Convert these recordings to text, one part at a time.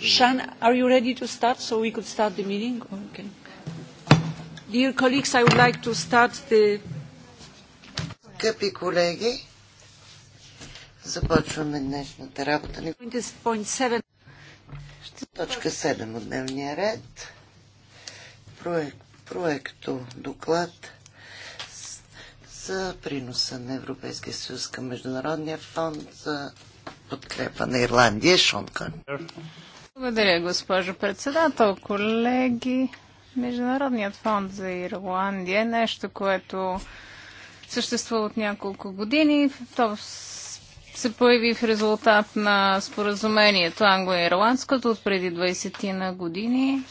Shan, are you ready to start so we could start the meeting? Okay. Dear colleagues, I would like to start the... Скъпи колеги, започваме днешната работа. Точка 7 от дневния ред. проекто доклад за приноса на Европейския съюз към Международния фонд за подкрепа на Ирландия. Шонка. Благодаря, госпожо председател. Колеги, Международният фонд за Ирландия е нещо, което съществува от няколко години. То се появи в резултат на споразумението англо-ирландското от преди 20 на години.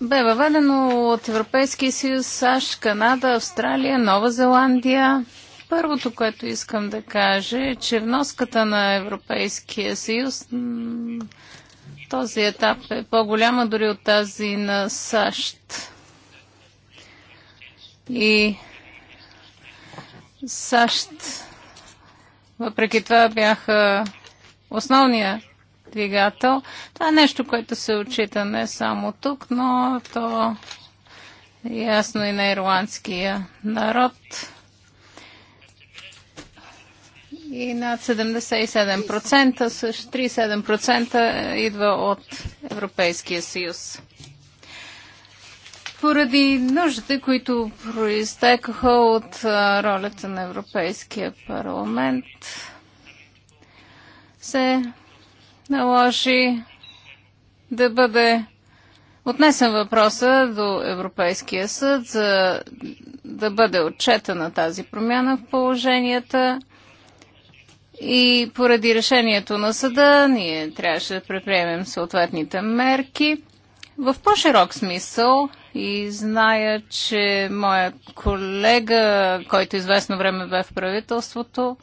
Бе въведено от Европейския съюз, САЩ, Канада, Австралия, Нова Зеландия, Първото, което искам да кажа е, че вноската на Европейския съюз този етап е по-голяма дори от тази на САЩ. И САЩ, въпреки това, бяха основния двигател. Това е нещо, което се отчита не само тук, но то е ясно и на ирландския народ и над 77%, също 37% идва от Европейския съюз. Поради нуждите, които произтекаха от ролята на Европейския парламент, се наложи да бъде отнесен въпроса до Европейския съд за да бъде отчетена тази промяна в положенията и поради решението на съда ние трябваше да предприемем съответните мерки. В по-широк смисъл и зная, че моя колега, който известно време бе в правителството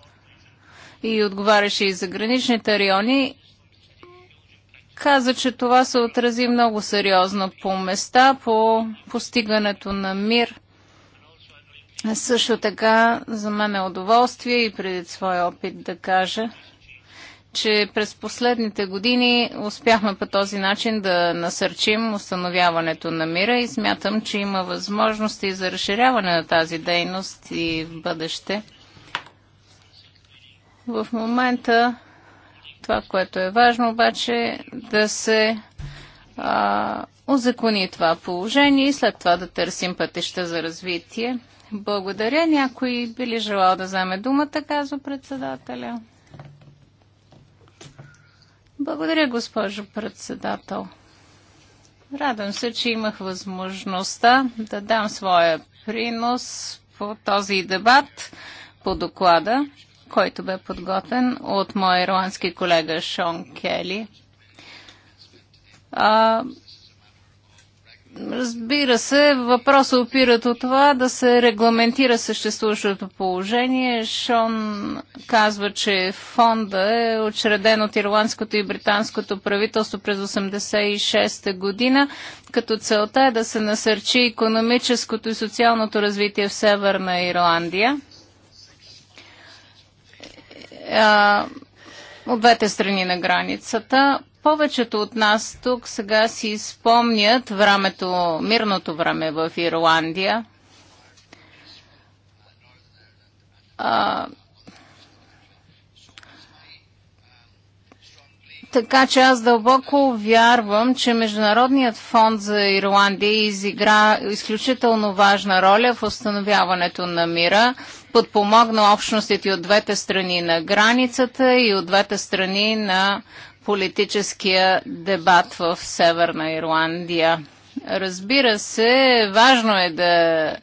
и отговаряше и за граничните райони, каза, че това се отрази много сериозно по места, по постигането на мир – също така, за мен е удоволствие и преди своя опит да кажа, че през последните години успяхме по този начин да насърчим установяването на мира и смятам, че има възможности за разширяване на тази дейност и в бъдеще. В момента това, което е важно обаче, да се а, озакони това положение и след това да търсим пътища за развитие. Благодаря. Някой би ли желал да вземе думата, казва председателя. Благодаря, госпожо председател. Радвам се, че имах възможността да дам своя принос по този дебат, по доклада, който бе подготвен от моя ирландски колега Шон Кели. А, Разбира се, въпроса опират от това да се регламентира съществуващото положение. Шон казва, че фонда е учреден от ирландското и британското правителство през 1986 година, като целта е да се насърчи економическото и социалното развитие в Северна Ирландия. от двете страни на границата. Повечето от нас тук сега си спомнят времето, мирното време в Ирландия. А, Така че аз дълбоко вярвам, че Международният фонд за Ирландия изигра изключително важна роля в установяването на мира, подпомогна общностите от двете страни на границата и от двете страни на политическия дебат в Северна Ирландия. Разбира се, важно е да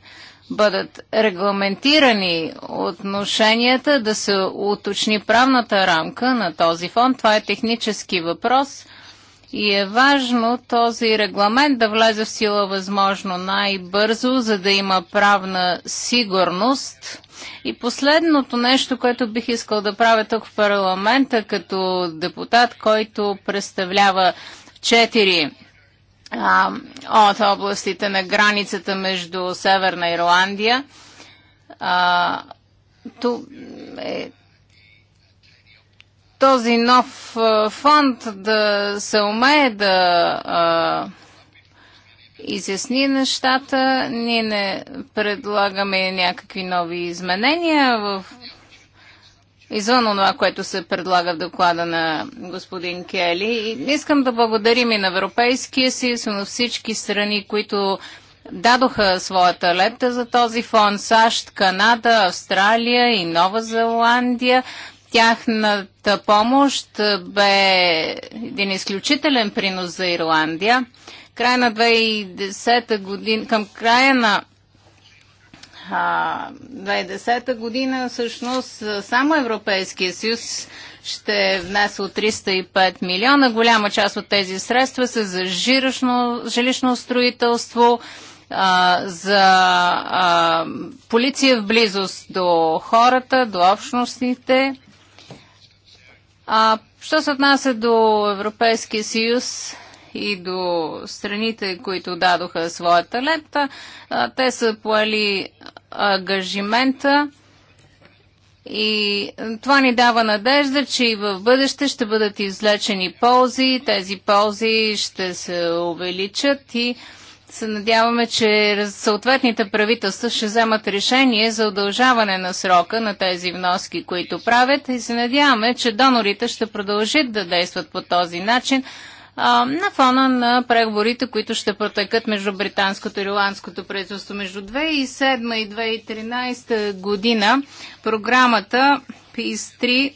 бъдат регламентирани отношенията, да се уточни правната рамка на този фонд. Това е технически въпрос и е важно този регламент да влезе в сила възможно най-бързо, за да има правна сигурност и последното нещо, което бих искал да правя тук в парламента, като депутат, който представлява четири от областите на границата между Северна Ирландия, а, то е този нов фонд да се умее да а, изясни нещата. Ние не предлагаме някакви нови изменения в извън това, което се предлага в доклада на господин Кели. И искам да благодарим и на Европейския съюз, и на всички страни, които дадоха своята лепта за този фонд. САЩ, Канада, Австралия и Нова Зеландия. Тяхната помощ бе един изключителен принос за Ирландия края на 2010 година, към края на 2010 година всъщност само Европейския съюз ще внесе от 305 милиона. Голяма част от тези средства са за жилищно, жилищно строителство, а, за а, полиция в близост до хората, до общностите. А, що се отнася до Европейския съюз, и до страните, които дадоха своята лепта. Те са поели ангажимента и това ни дава надежда, че и в бъдеще ще бъдат излечени ползи, тези ползи ще се увеличат и се надяваме, че съответните правителства ще вземат решение за удължаване на срока на тези вноски, които правят и се надяваме, че донорите ще продължат да действат по този начин, а, на фона на преговорите, които ще протекат между британското и ирландското правителство. Между 2007 и 2013 година програмата PIS-3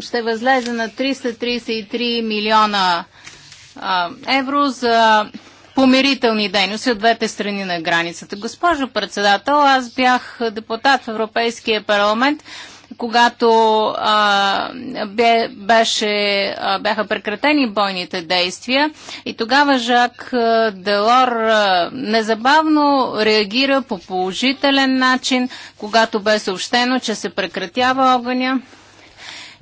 ще възлезе на 333 милиона а, евро за помирителни дейности от двете страни на границата. Госпожо председател, аз бях депутат в Европейския парламент когато а, бе, беше, а, бяха прекратени бойните действия и тогава Жак Делор а, незабавно реагира по положителен начин, когато бе съобщено, че се прекратява огъня.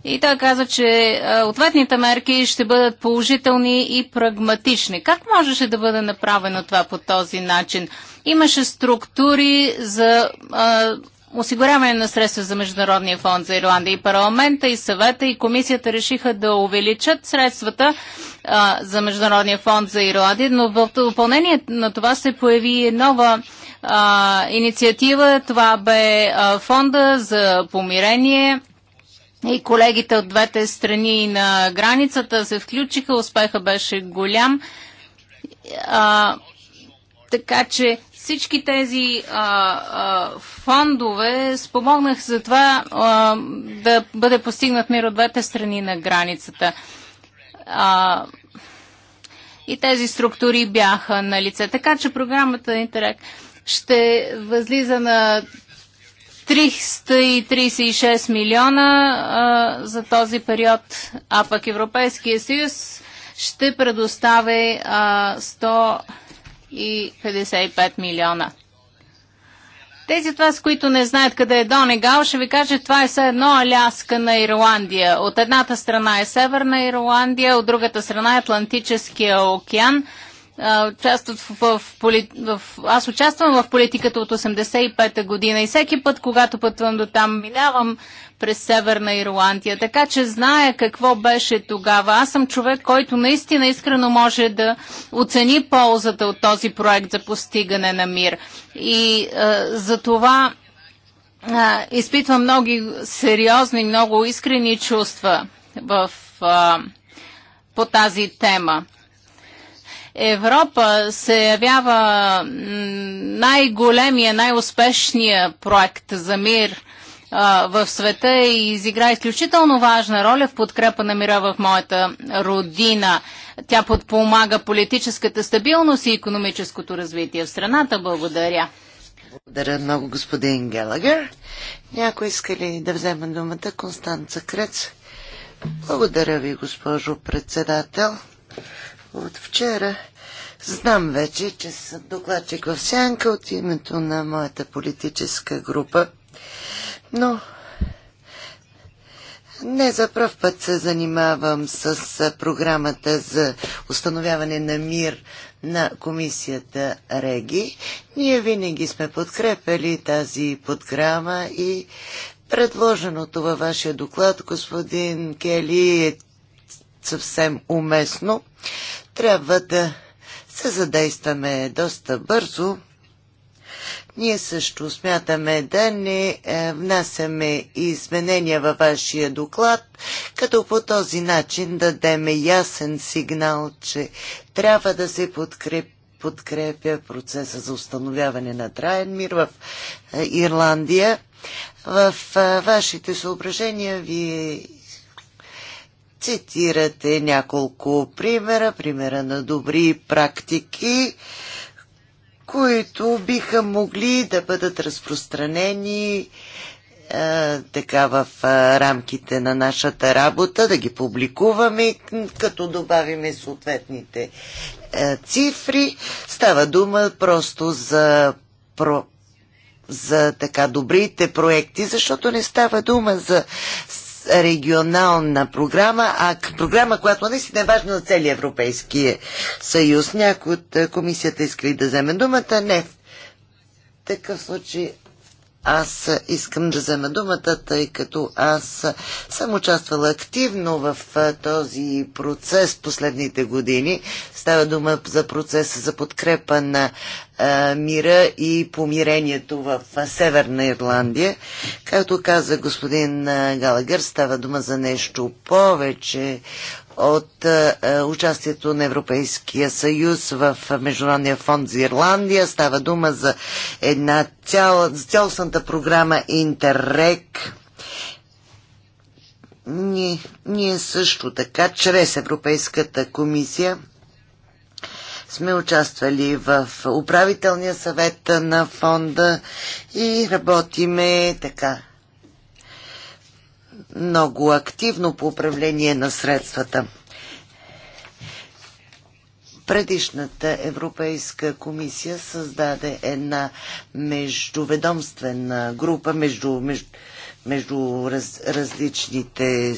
И той каза, че а, ответните мерки ще бъдат положителни и прагматични. Как можеше да бъде направено това по този начин? Имаше структури за а, осигуряване на средства за Международния фонд за Ирландия и парламента и съвета и комисията решиха да увеличат средствата а, за Международния фонд за Ирландия, но в допълнение на това се появи нова а, инициатива. Това бе а, фонда за помирение и колегите от двете страни на границата се включиха. Успеха беше голям. А, така че всички тези а, а, фондове спомогнах за това а, да бъде постигнат мир от двете страни на границата. А, и тези структури бяха на лице. Така че програмата Интерект ще възлиза на 336 милиона а, за този период, а пък Европейския съюз ще предоставя 100 и 55 милиона. Тези от вас, които не знаят къде е Донегал, ще ви кажа, това е все едно Аляска на Ирландия. От едната страна е Северна Ирландия, от другата страна е Атлантическия океан. в, в, в... Аз участвам в политиката от 85-та година и всеки път, когато пътувам до там, минавам през Северна Ирландия. Така че зная какво беше тогава. Аз съм човек, който наистина искрено може да оцени ползата от този проект за постигане на мир. И а, за това а, изпитвам много сериозни, много искрени чувства в, а, по тази тема. Европа се явява най-големия, най-успешния проект за мир – в света и изигра изключително важна роля в подкрепа на мира в моята родина. Тя подпомага политическата стабилност и економическото развитие в страната. Благодаря. Благодаря много, господин Гелагер. Някой иска ли да вземе думата? Констанца Крец. Благодаря ви, госпожо председател. От вчера знам вече, че съм докладчик в сянка от името на моята политическа група. Но не за пръв път се занимавам с програмата за установяване на мир на комисията Реги. Ние винаги сме подкрепили тази подграма и предложеното във вашия доклад, господин Кели, е съвсем уместно. Трябва да се задействаме доста бързо, ние също смятаме да не е, внасяме изменения във вашия доклад, като по този начин дадеме ясен сигнал, че трябва да се подкрепи подкрепя процеса за установяване на траен мир в е, Ирландия. В е, вашите съображения вие цитирате няколко примера, примера на добри практики които биха могли да бъдат разпространени така в рамките на нашата работа, да ги публикуваме, като добавиме съответните цифри. Става дума просто за, про, за така добрите проекти, защото не става дума за регионална програма, а програма, която наистина е важна за целия Европейски съюз. Някой от е, комисията иска да вземе думата? Не. В такъв случай аз искам да взема думата, тъй като аз съм участвала активно в този процес последните години. Става дума за процеса за подкрепа на мира и помирението в Северна Ирландия. Както каза господин Галагър, става дума за нещо повече от е, е, участието на Европейския съюз в Международния фонд за Ирландия. Става дума за една цяла, цялостната програма Интеррек. Ние, ние също така, чрез Европейската комисия, сме участвали в управителния съвет на фонда и работиме така много активно по управление на средствата. Предишната Европейска комисия създаде една междуведомствена група между, между, между раз, различните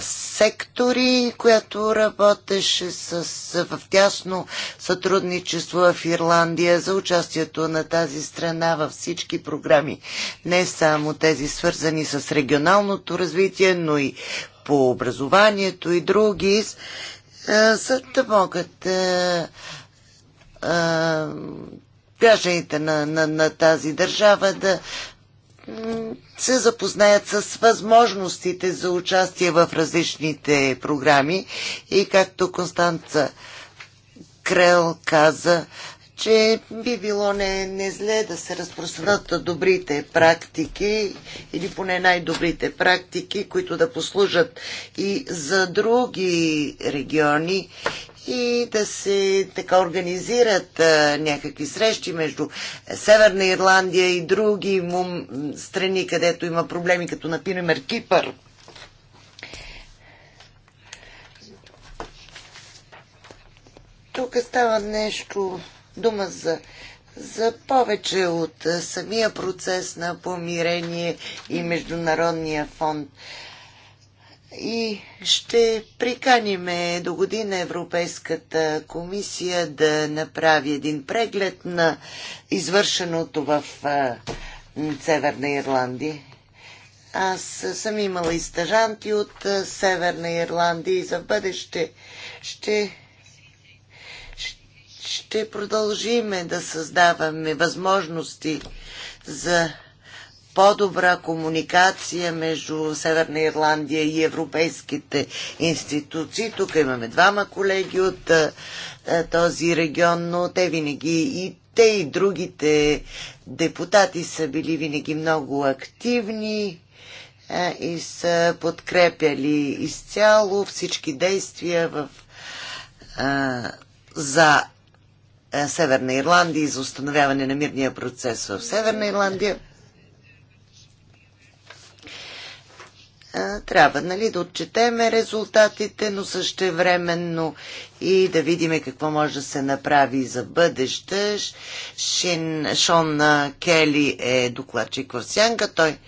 сектори, която работеше с, в тясно сътрудничество в Ирландия за участието на тази страна във всички програми. Не само тези свързани с регионалното развитие, но и по образованието и други, за да могат гражданите на, на, на тази държава да се запознаят с възможностите за участие в различните програми и както Констанца Крел каза, че би било не, не зле да се разпространят добрите практики или поне най-добрите практики, които да послужат и за други региони и да се така организират а, някакви срещи между Северна Ирландия и други мум, страни, където има проблеми, като например Кипър. Тук става нещо дума за за повече от самия процес на помирение и Международния фонд и ще приканиме до година Европейската комисия да направи един преглед на извършеното в Северна Ирландия. Аз съм имала и стажанти от Северна Ирландия и за бъдеще ще, ще продължиме да създаваме възможности за по-добра комуникация между Северна Ирландия и европейските институции. Тук имаме двама колеги от този регион, но те винаги и те и другите депутати са били винаги много активни и са подкрепяли изцяло всички действия в, а, за Северна Ирландия и за установяване на мирния процес в Северна Ирландия. трябва нали, да отчетеме резултатите, но същевременно и да видим какво може да се направи за бъдеще. Шин, Шон Кели е докладчик в Сянка. Той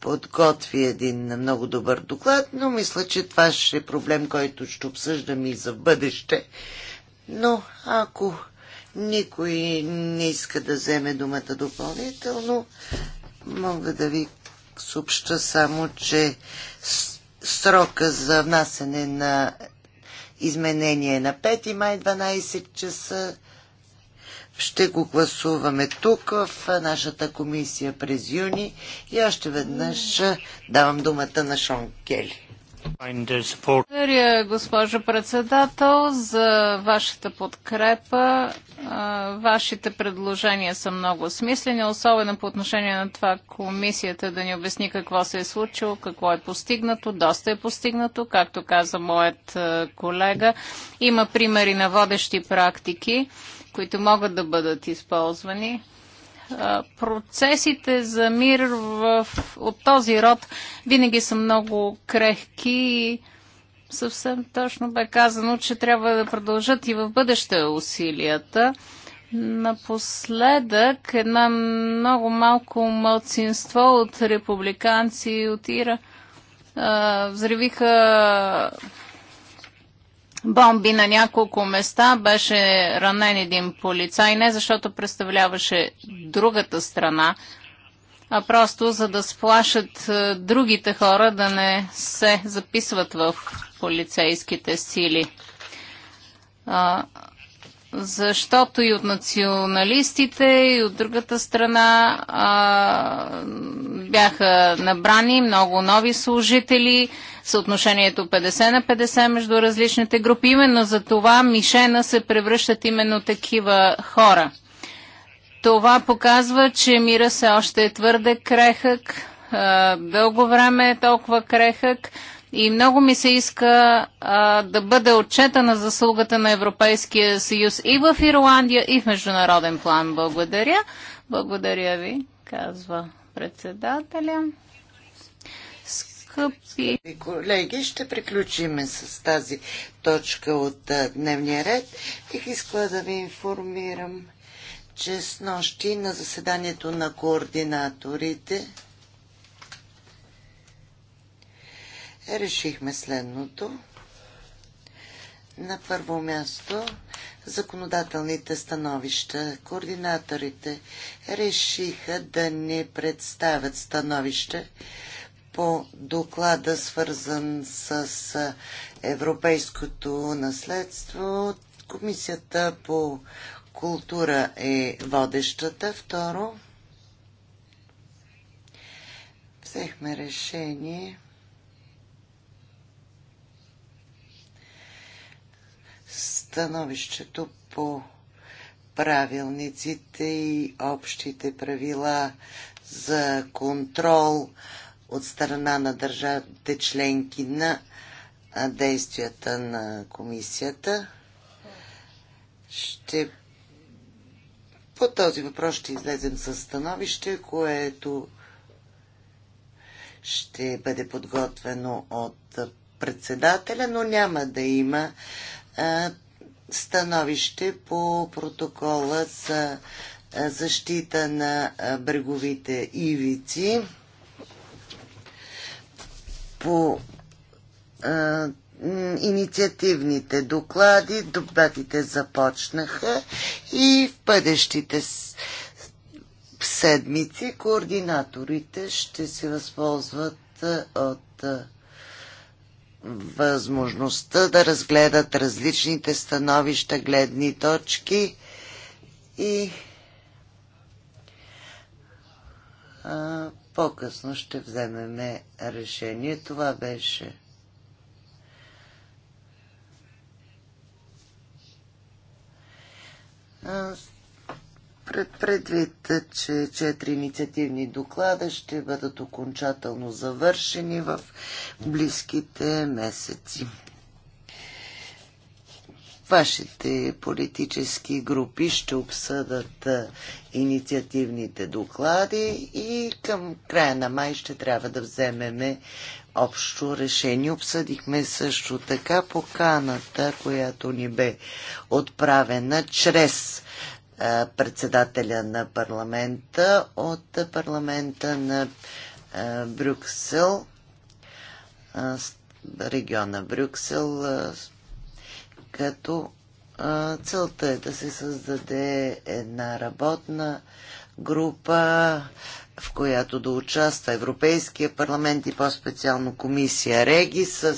подготви един много добър доклад, но мисля, че това ще е проблем, който ще обсъждам и за бъдеще. Но ако никой не иска да вземе думата допълнително. Мога да ви съобща само, че срока за внасене на изменение е на 5 май 12 часа. Ще го гласуваме тук в нашата комисия през юни и още веднъж давам думата на Шон Кели. Благодаря, госпожо председател, за вашата подкрепа. Вашите предложения са много смислени, особено по отношение на това комисията да ни обясни какво се е случило, какво е постигнато, доста е постигнато, както каза моят колега. Има примери на водещи практики, които могат да бъдат използвани процесите за мир в, от този род винаги са много крехки и съвсем точно бе казано, че трябва да продължат и в бъдеще усилията. Напоследък една много малко мълцинство от републиканци от Ира взривиха бомби на няколко места. Беше ранен един полицай, не защото представляваше другата страна, а просто за да сплашат е, другите хора да не се записват в полицейските сили защото и от националистите, и от другата страна а, бяха набрани много нови служители, съотношението 50 на 50 между различните групи. Именно за това мишена се превръщат именно такива хора. Това показва, че мира се още е твърде крехък, а, дълго време е толкова крехък, и много ми се иска а, да бъде отчетена заслугата на Европейския съюз и в Ирландия, и в международен план. Благодаря. Благодаря ви, казва председателя. Скъпи колеги, ще приключиме с тази точка от дневния ред. Бих искала да ви информирам, че с нощи на заседанието на координаторите решихме следното. На първо място законодателните становища. Координаторите решиха да не представят становище по доклада, свързан с европейското наследство. Комисията по култура е водещата. Второ, взехме решение становището по правилниците и общите правила за контрол от страна на държавите членки на действията на комисията. Ще по този въпрос ще излезем с становище, което ще бъде подготвено от председателя, но няма да има становище по протокола за е, защита на е, бреговите ивици по е, инициативните доклади. Дебатите започнаха и в бъдещите седмици координаторите ще се възползват от възможността да разгледат различните становища, гледни точки и по-късно ще вземем решение. Това беше. Пред предвид, че четири инициативни доклада ще бъдат окончателно завършени в близките месеци. Вашите политически групи ще обсъдат инициативните доклади и към края на май ще трябва да вземеме общо решение. Обсъдихме също така поканата, която ни бе отправена чрез председателя на парламента от парламента на Брюксел, региона Брюксел, като целта е да се създаде една работна група, в която да участва Европейския парламент и по-специално комисия Реги с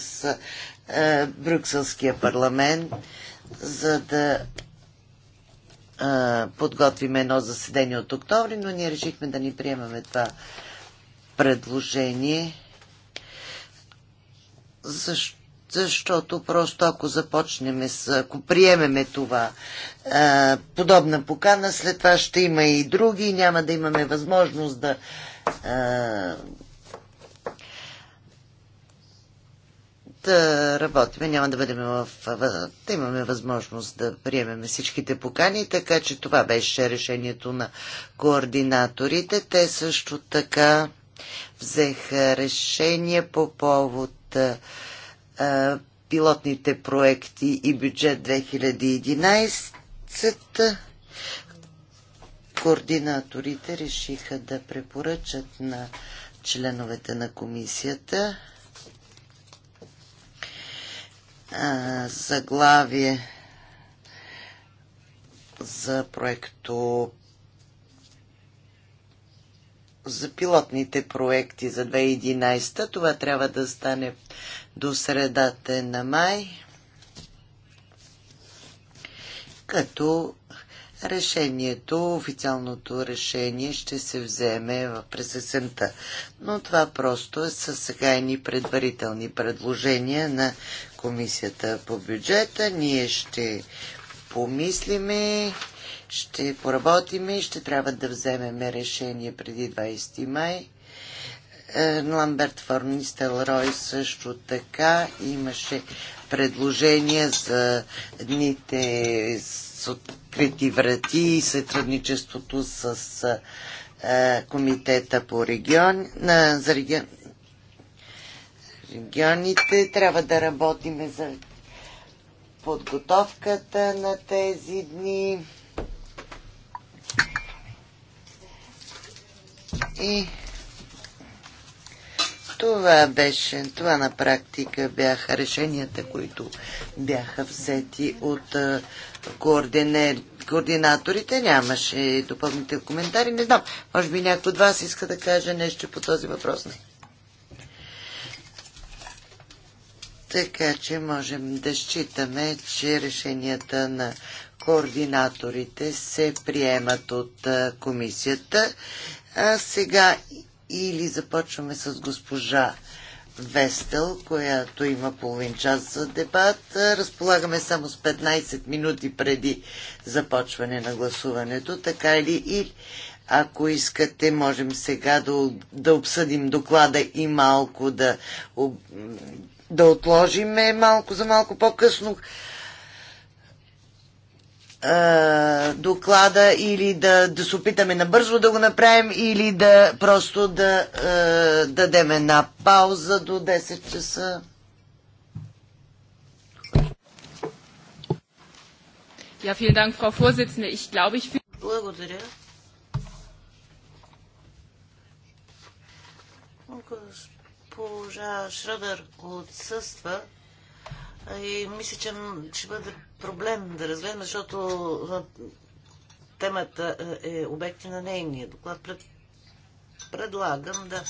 Брюкселския парламент, за да подготвим едно заседение от октомври, но ние решихме да ни приемаме това предложение, защо, защото просто ако започнем, с, ако приемеме това а, подобна покана, след това ще има и други, няма да имаме възможност да а, да работиме, няма да бъдем в... да имаме възможност да приемеме всичките покани, така че това беше решението на координаторите. Те също така взеха решение по повод а, пилотните проекти и бюджет 2011. Координаторите решиха да препоръчат на членовете на комисията заглавие за проекто за пилотните проекти за 2011. Това трябва да стане до средата на май. Като решението, официалното решение ще се вземе в през есента. Но това просто е са сега едни предварителни предложения на комисията по бюджета. Ние ще помислиме, ще поработиме и ще трябва да вземеме решение преди 20 май. Е, Ламберт Форнистел Рой също така имаше предложения за дните с открити врати и сътрудничеството с е, комитета по регион, на, за регион, регионите. Трябва да работиме за подготовката на тези дни. И това беше, това на практика бяха решенията, които бяха взети от координер, координаторите. Нямаше допълнителни коментари. Не знам, може би някой от вас иска да каже нещо по този въпрос. Не. Така че можем да считаме, че решенията на координаторите се приемат от комисията. А сега или започваме с госпожа Вестел, която има половин час за дебат. Разполагаме само с 15 минути преди започване на гласуването, така или и ако искате, можем сега да, да обсъдим доклада и малко да да отложим малко за малко по-късно доклада или да, да се опитаме набързо да го направим или да просто да е, дадем една пауза до 10 часа. Ja, vielen Dank, Frau Vorsitzende. Ich glaube, ich finde... Госпожа Шрадър отсъства и мисля, че ще бъде проблем да разгледаме, защото темата е обекти на нейния доклад. Пред... Предлагам да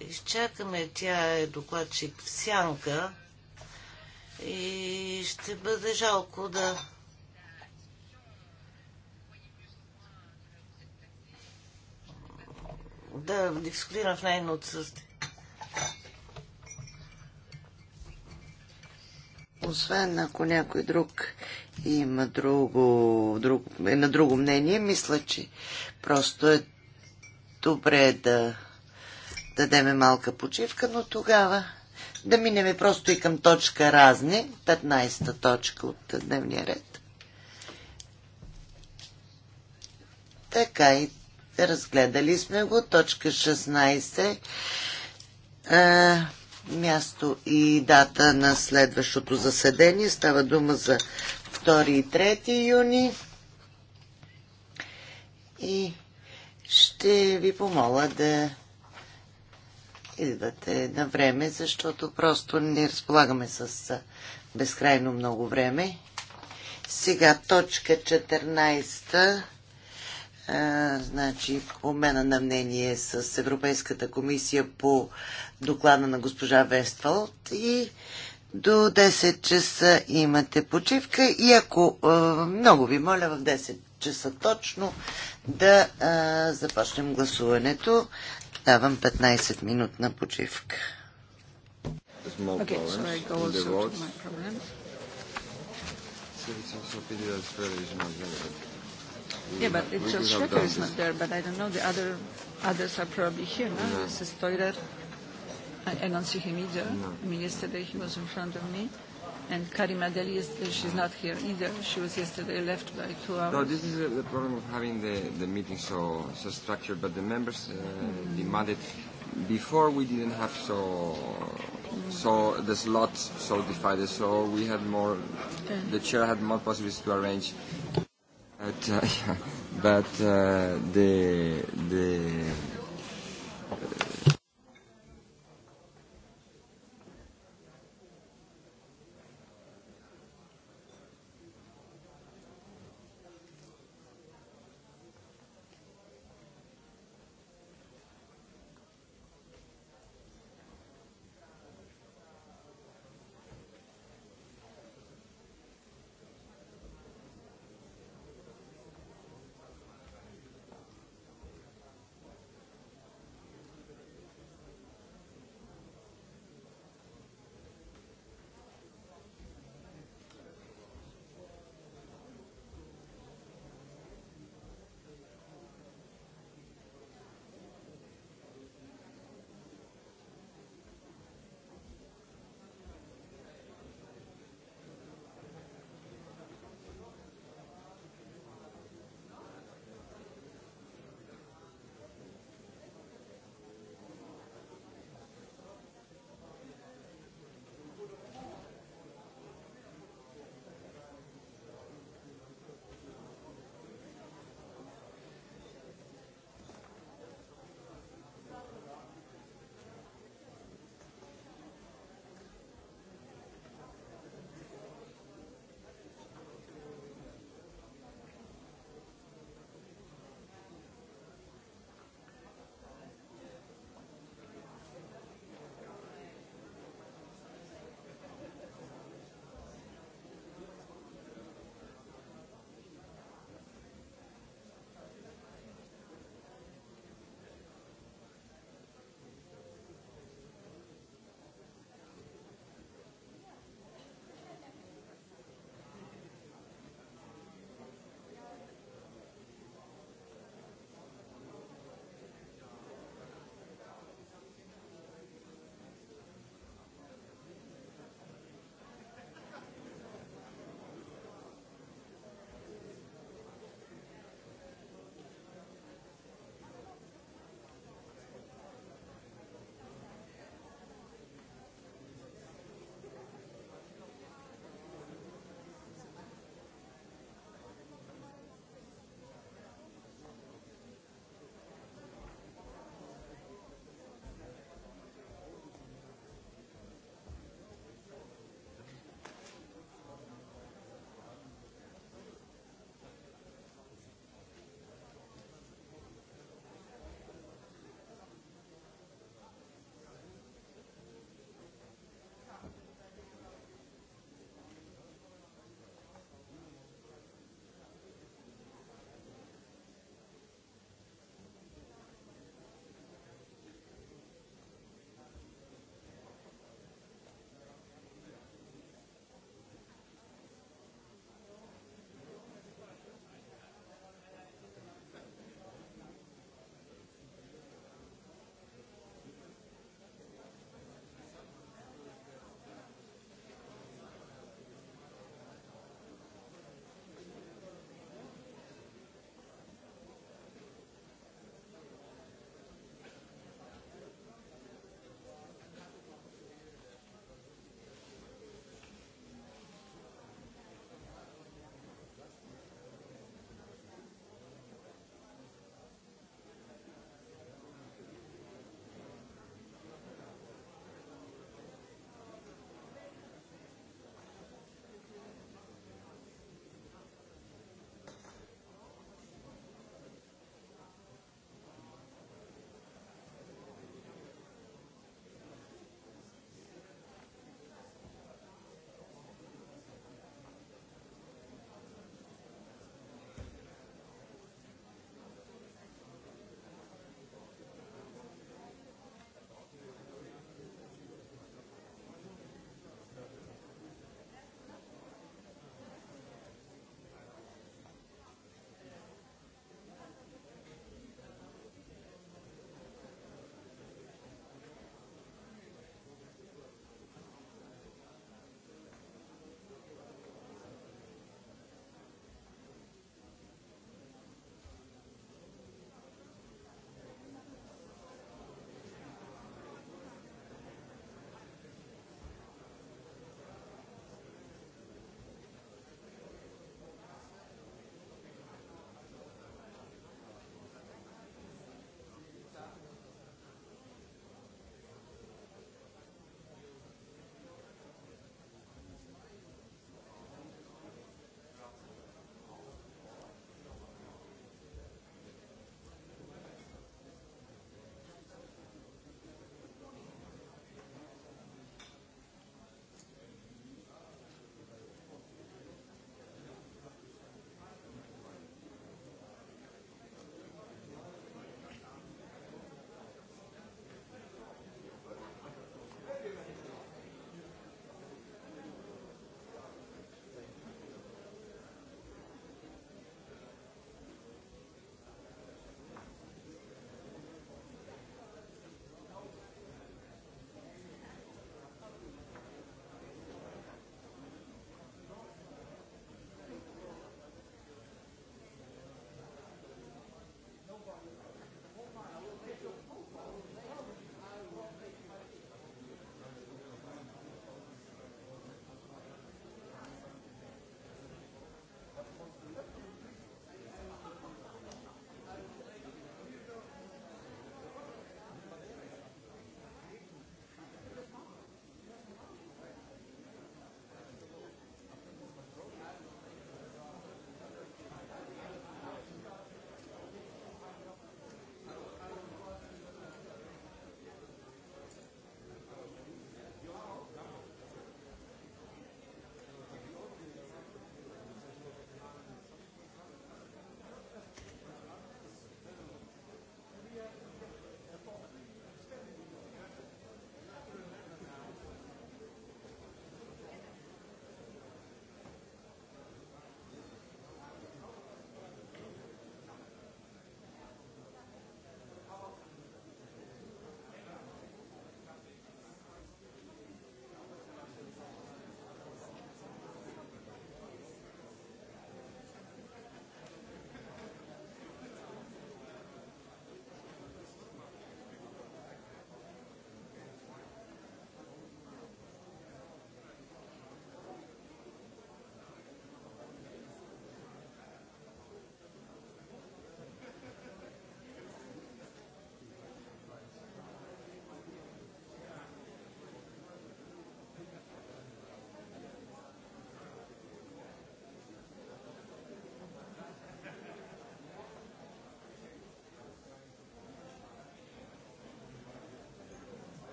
изчакаме. Тя е докладчик в сянка и ще бъде жалко да да дискутирам в нейно отсъствие. Освен ако някой друг има друго, друг, е на друго мнение, мисля, че просто е добре да дадеме малка почивка, но тогава да минеме просто и към точка разни, 15-та точка от дневния ред. Така и разгледали сме го, точка 16. А, място и дата на следващото заседение. Става дума за 2 и 3 юни. И ще ви помоля да идвате на време, защото просто не разполагаме с безкрайно много време. Сега точка 14 значи, обмена на мнение с Европейската комисия по доклада на госпожа Вестфалт и до 10 часа имате почивка и ако много ви моля в 10 часа точно да започнем гласуването. Давам 15 минут на почивка. Okay, sorry, go also to my problem. Yeah, but it's just Schrecker is not there, but I don't know. The other others are probably here. No, yeah. this is Teurer. I, I don't see him either. No. I mean, yesterday he was in front of me. And Karima Deli, she's not here either. She was yesterday left by two hours. No, this is uh, the problem of having the, the meeting so, so structured, but the members uh, mm. demanded. Before we didn't have so so the slots so divided, so we had more, the chair had more possibilities to arrange But, uh, but uh, the, the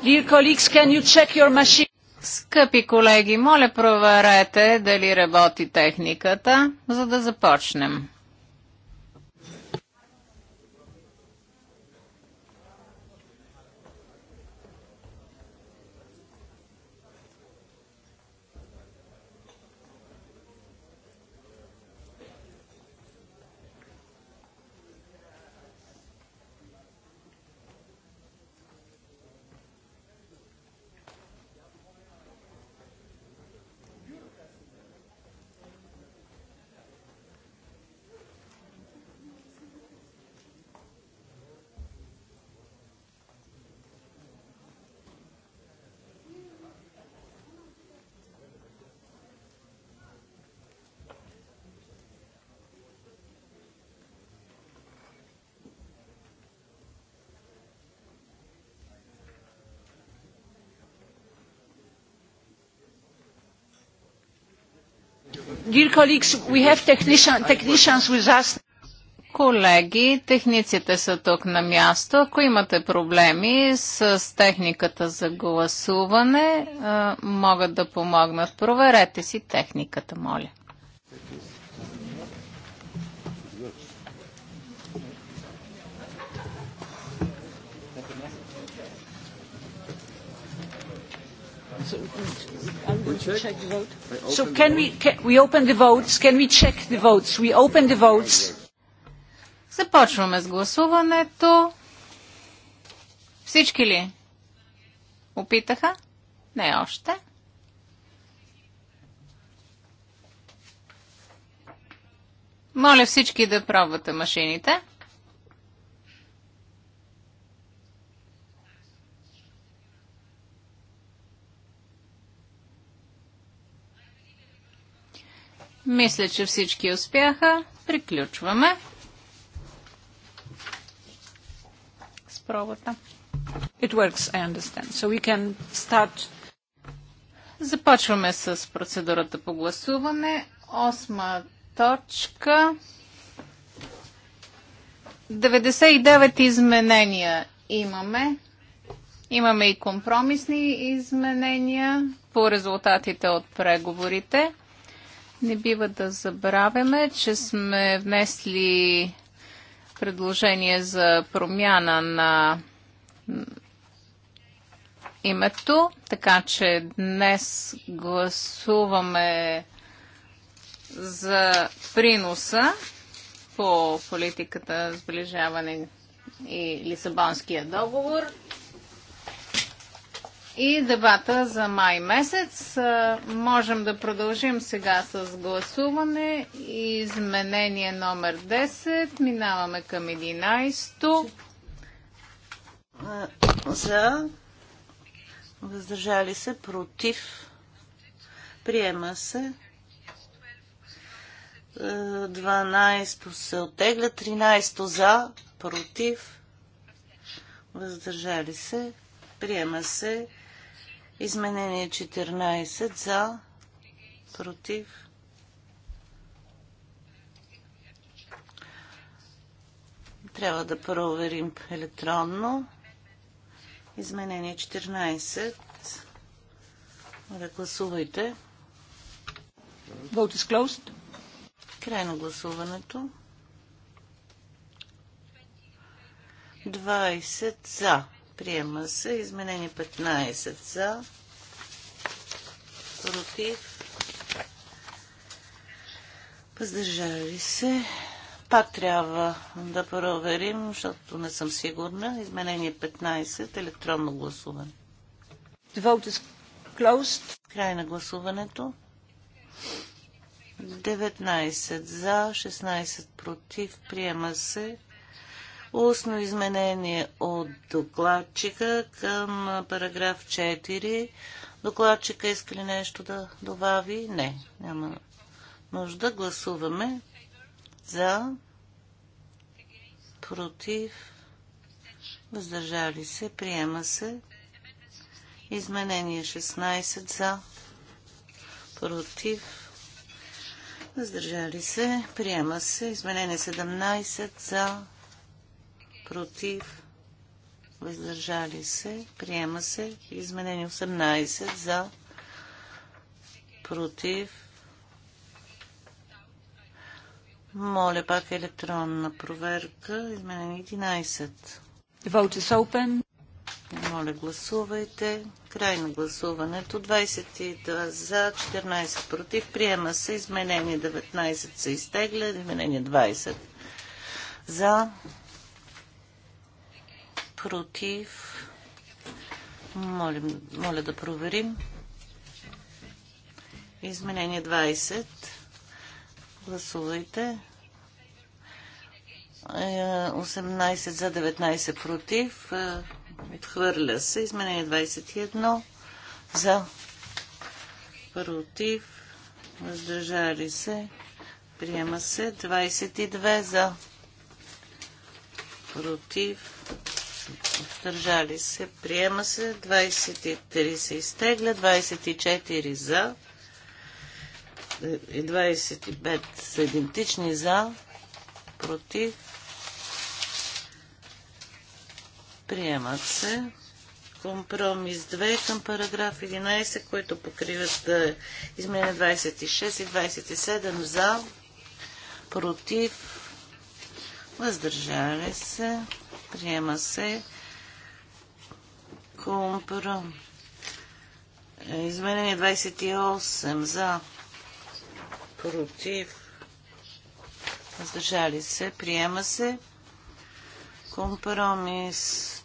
Dear colleagues, can you check your machine? Скъпи колеги, моля проверете дали работи техниката, за да започнем. Dear colleagues, we have technician, technicians with us. Колеги, техниците са тук на място. Ако имате проблеми с техниката за гласуване, могат да помогнат. Проверете си техниката, моля. So, Започваме с гласуването. Всички ли опитаха? Не още. Моля всички да пробвате машините. Мисля, че всички успяха. Приключваме. С It works, I understand. So we can start... Започваме с процедурата по гласуване. Осма точка. 99 изменения имаме. Имаме и компромисни изменения по резултатите от преговорите. Не бива да забравяме, че сме внесли предложение за промяна на името, така че днес гласуваме за приноса по политиката сближаване и Лисабонския договор и дебата за май месец. Можем да продължим сега с гласуване. Изменение номер 10. Минаваме към 11. За. Въздържали се. Против. Приема се. 12 се отегля, 13 за. Против. Въздържали се. Приема се. Изменение 14 за, против. Трябва да проверим електронно. Изменение 14. Да гласувайте. Vote is closed. Край на гласуването. 20 за. Приема се. Изменение 15 за. Против. Въздържали се. Пак трябва да проверим, защото не съм сигурна. Изменение 15. Електронно гласуване. The vote is closed. Край на гласуването. 19 за, 16 против. Приема се. Устно изменение от докладчика към параграф 4. Докладчика иска ли нещо да добави? Не, няма нужда. Гласуваме за, против, въздържали се, приема се. Изменение 16 за, против, въздържали се, приема се. Изменение 17 за, против, въздържали се, приема се. Изменени 18 за, против. Моля пак електронна проверка. Изменение 11. vote is open. Моля, гласувайте. Край на гласуването. 22 за, 14 против. Приема се. Изменение 19 се изтегля. Изменение 20 за, против. Моля, моля да проверим. Изменение 20. Гласувайте. 18 е, за 19 против. Е, отхвърля се. Изменение 21 за против. Въздържали се. Приема се. 22 за против въздържали се, приема се, 23 се изтегля, 24 за и 25 са идентични за, против, приемат се. Компромис 2 към параграф 11, който покриват да изменя 26 и 27 за, против, въздържали се, приема се. Компром. Изменение 28 за против. Въздържали се. Приема се. Компромис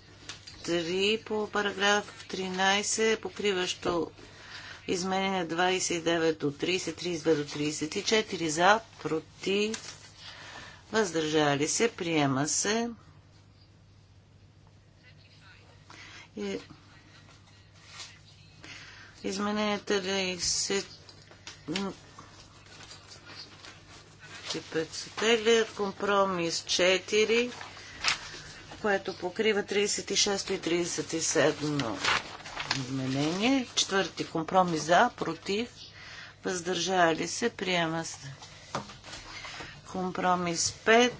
3 по параграф 13, покриващо изменение 29 до 30, 32 до 34 за, против, въздържали се, приема се. И... Измененията ли се председателя, компромис 4, което покрива 36 и 37 изменение. Четвърти компромис за, против, въздържали се, приема се. Компромис 5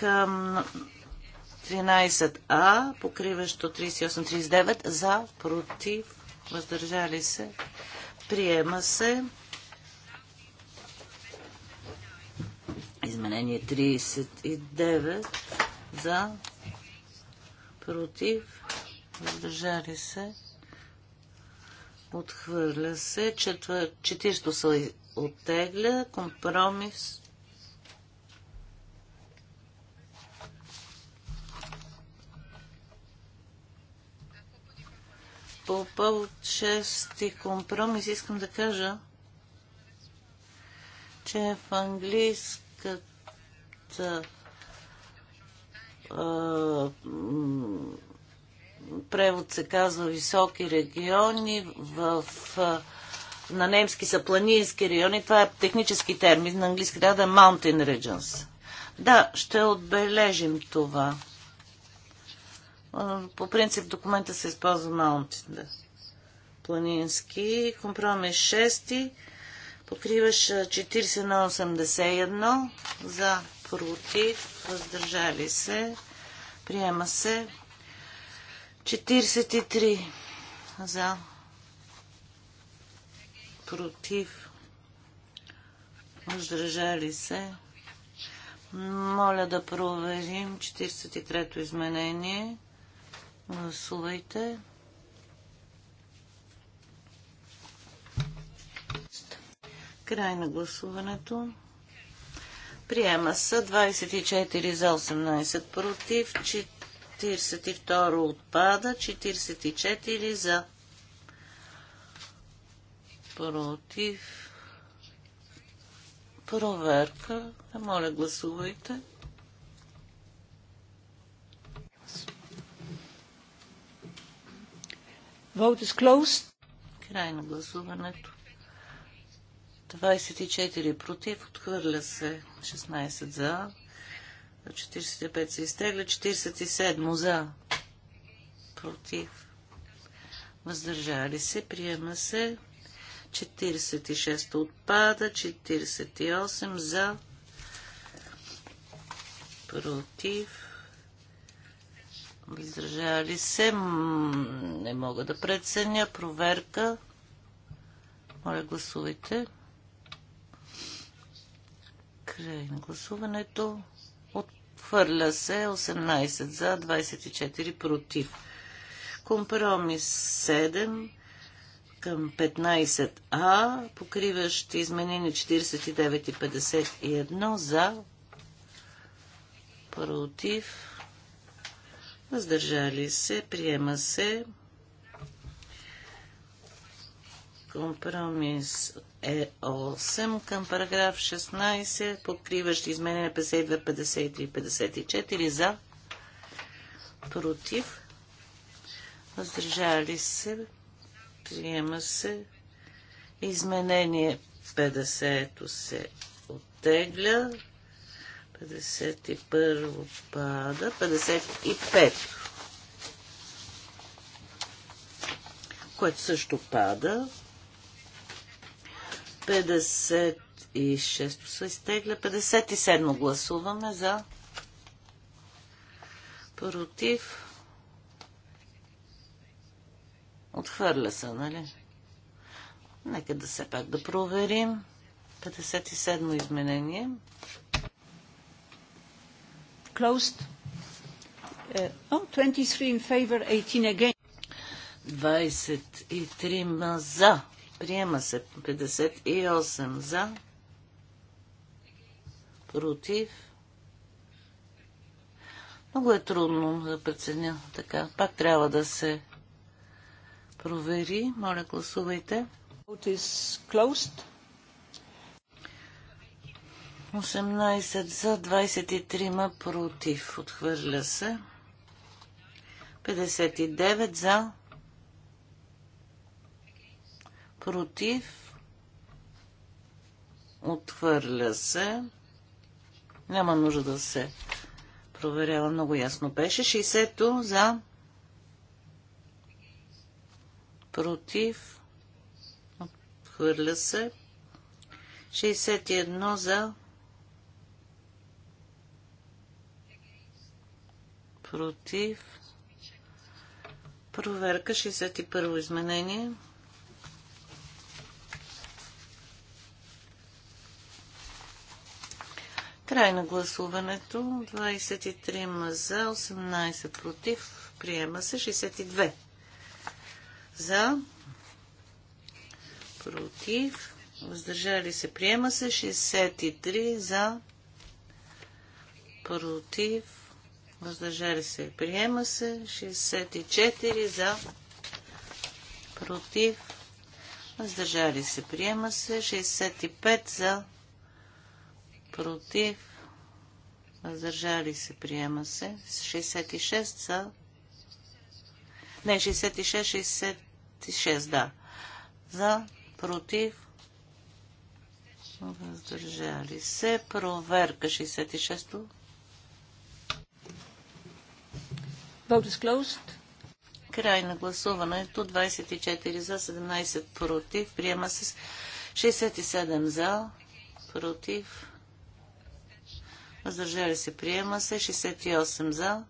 към 13А, покриващо 38-39, за, против, въздържали се, приема се. Изменение 39 за, против, въздържали се, отхвърля се, 40 се оттегля, компромис По повод шести компромис искам да кажа, че в английската превод се казва високи региони, в, на немски са планински райони. Това е технически термин, на английски да е mountain regions. Да, ще отбележим това. По принцип документа се използва Mountain. Да. Планински. Компромис 6. Покриваш 40 на 81. За, против, въздържали се. Приема се. 43 за, против, въздържали се. Моля да проверим 43-то изменение. Гласувайте. Край на гласуването. Приема се 24 за 18 против, 42 отпада, 44 за против. Проверка. Моля, гласувайте. Vote is closed. Край на гласуването. 24 против, отхвърля се 16 за, 45 се изтегля, 47 за, против, въздържали се, приема се, 46 отпада, 48 за, против, Въздържали се. Не мога да преценя. Проверка. Моля, гласувайте. Край на гласуването. Отхвърля се 18 за, 24 против. Компромис 7 към 15А, покриващи изменени 49 и 51 за, против, въздържали се, приема се. Компромис е 8 към параграф 16, покриващи изменения 52, 53, 54 за, против, въздържали се, приема се. Изменение 50 се оттегля. 51 пада. 55. Което също пада. 56 се изтегля. 57 гласуваме за. Против. Отхвърля се, нали? Нека да се пак да проверим. 57 изменение. Closed. Uh, oh, 23 in favor, 18 again. 23 за. Приема се 58 за. Против. Много е трудно да преценя така. Пак трябва да се провери. Моля, гласувайте. Vote is closed. 18 за, 23 против. Отхвърля се. 59 за. Против. Отхвърля се. Няма нужда да се проверява. Много ясно беше. 60-то за. Против. Отхвърля се. 61 за против. Проверка 61 изменение. Край на гласуването. 23 за, 18 против. Приема се 62. За, против. Въздържали се. Приема се 63 за, против въздържали се, приема се. 64 за, против, въздържали се, приема се. 65 за, против, въздържали се, приема се. 66 за, не, 66, 66, да. За, против, въздържали се, проверка 66-то. Vote is closed. Край на гласуването. 24 за, 17 против. Приема се 67 за, против. Въздържали се. Приема се 68 за,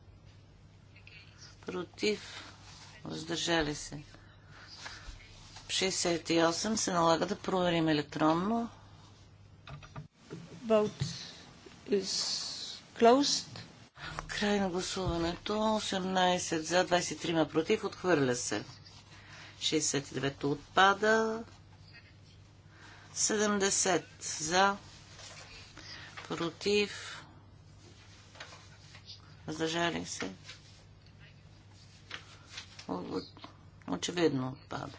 против. Въздържали се. 68 се налага да проверим електронно. Vote is closed. Край на гласуването. 18 за, 23 против. Отхвърля се. 69-то отпада. 70 за, против. Въздържали се. Очевидно отпада.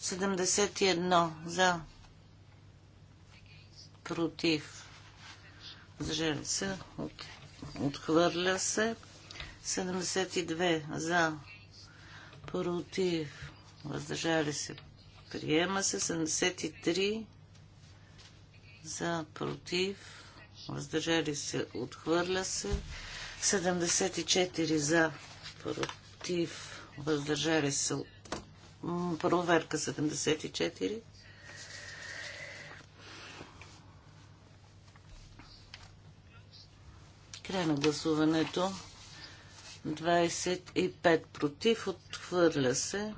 71 за, против. Въздържали се. Okay. Отхвърля се. 72 за. Против. Въздържали се. Приема се. 73 за. Против. Въздържали се. Отхвърля се. 74 за. Против. Въздържали се. Проверка 74. Край на гласуването. 25 против. Отхвърля се.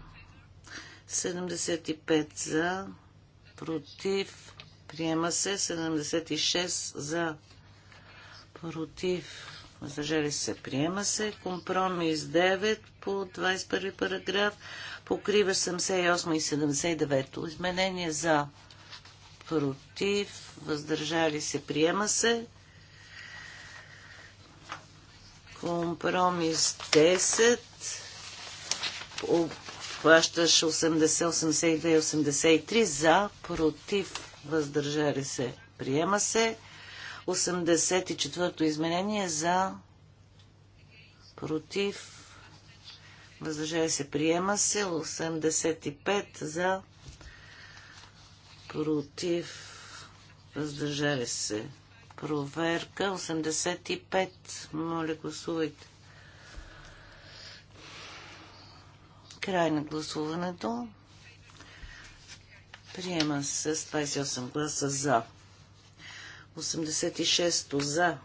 75 за. Против. Приема се. 76 за. Против. Въздържали се. Приема се. Компромис 9 по 21 параграф. Покрива 78 и 79. Изменение за. Против. Въздържали се. Приема се. Компромис 10 Оплащаш 80, 82 83 за, против, въздържали се, приема се. 84-то изменение за, против, въздържали се, приема се. 85 за, против, въздържали се, Проверка 85. Моля, гласувайте. Край на гласуването. Приема се с 28 гласа за. 86 за.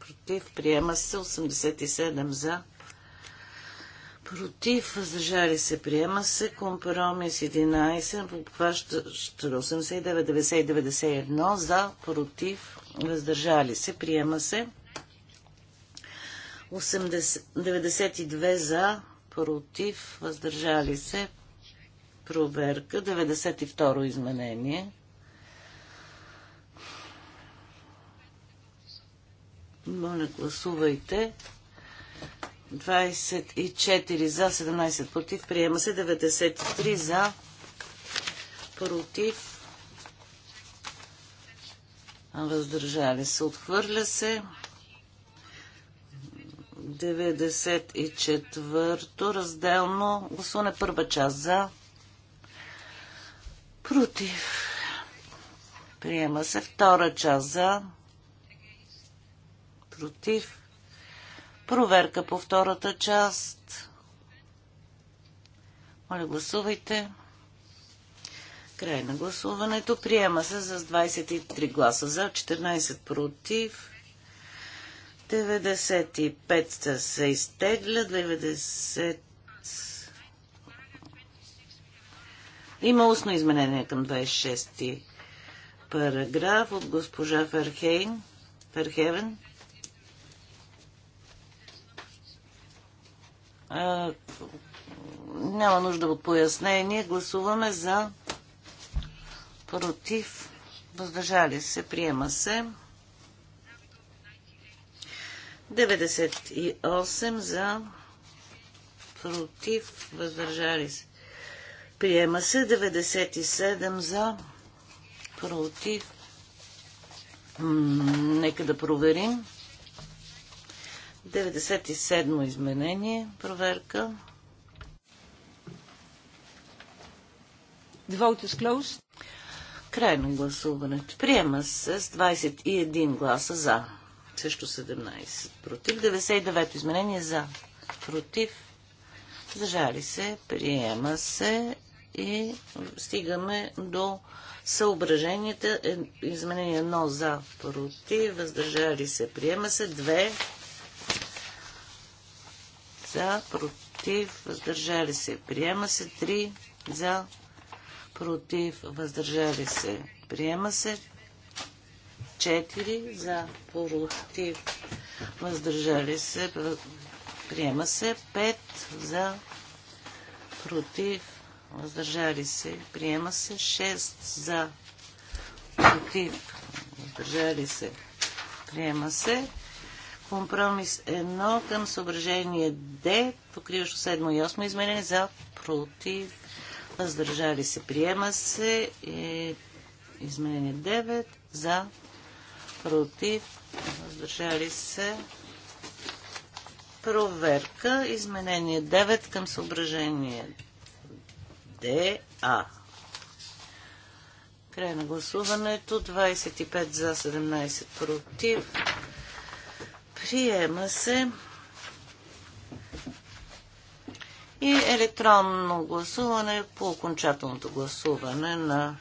Против. Приема се 87 за. Против, въздържали се, приема се компромис 11, обхващащ 89, 90 91, за, против, въздържали се, приема се 80, 92 за, против, въздържали се, проверка, 92 изменение. Моля, гласувайте. 24 за, 17 против. Приема се 93 за, против. Въздържали се. Отхвърля се. 94 разделно гласуване първа част за против приема се втора част за против Проверка по втората част. Моля, гласувайте. Край на гласуването. Приема се с 23 гласа за, 14 против. 95 се изтегля, 90... Има устно изменение към 26 параграф от госпожа Ферхейн. Ферхевен. няма нужда от пояснение. Гласуваме за против. Въздържали се. Приема се. 98 за против. Въздържали се. Приема се. 97 за против. М нека да проверим. 97 изменение. Проверка. The vote is closed. Крайно гласуването. Приема се с 21 гласа за. Също 17 против. 99 изменение за. Против. Зажали се. Приема се. И стигаме до съображенията. Е, изменение 1 за. Против. Въздържали се. Приема се. 2 за, против, въздържали се, приема се 3 за, против, въздържали се, приема се 4 за, против, въздържали се, приема се 5 за, против, въздържали се, приема се 6 за, против, въздържали се, приема се Компромис 1 към съображение Д, покриващо 7 и 8 изменение за против. Въздържали се. Приема се. Е, изменение 9 за против. Въздържали се. Проверка. Изменение 9 към съображение ДА. Край на гласуването. 25 за 17 против. Приема се. И електронно гласуване по окончателното гласуване на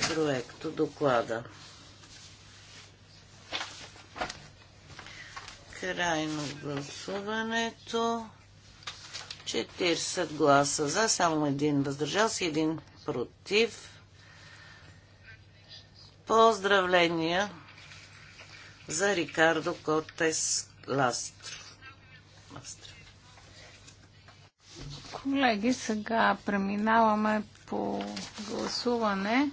проекто доклада. Крайно гласуването. 40 гласа за, само един въздържал се, един против. Поздравления за Рикардо Кортес Ластро. Колеги, сега преминаваме по гласуване.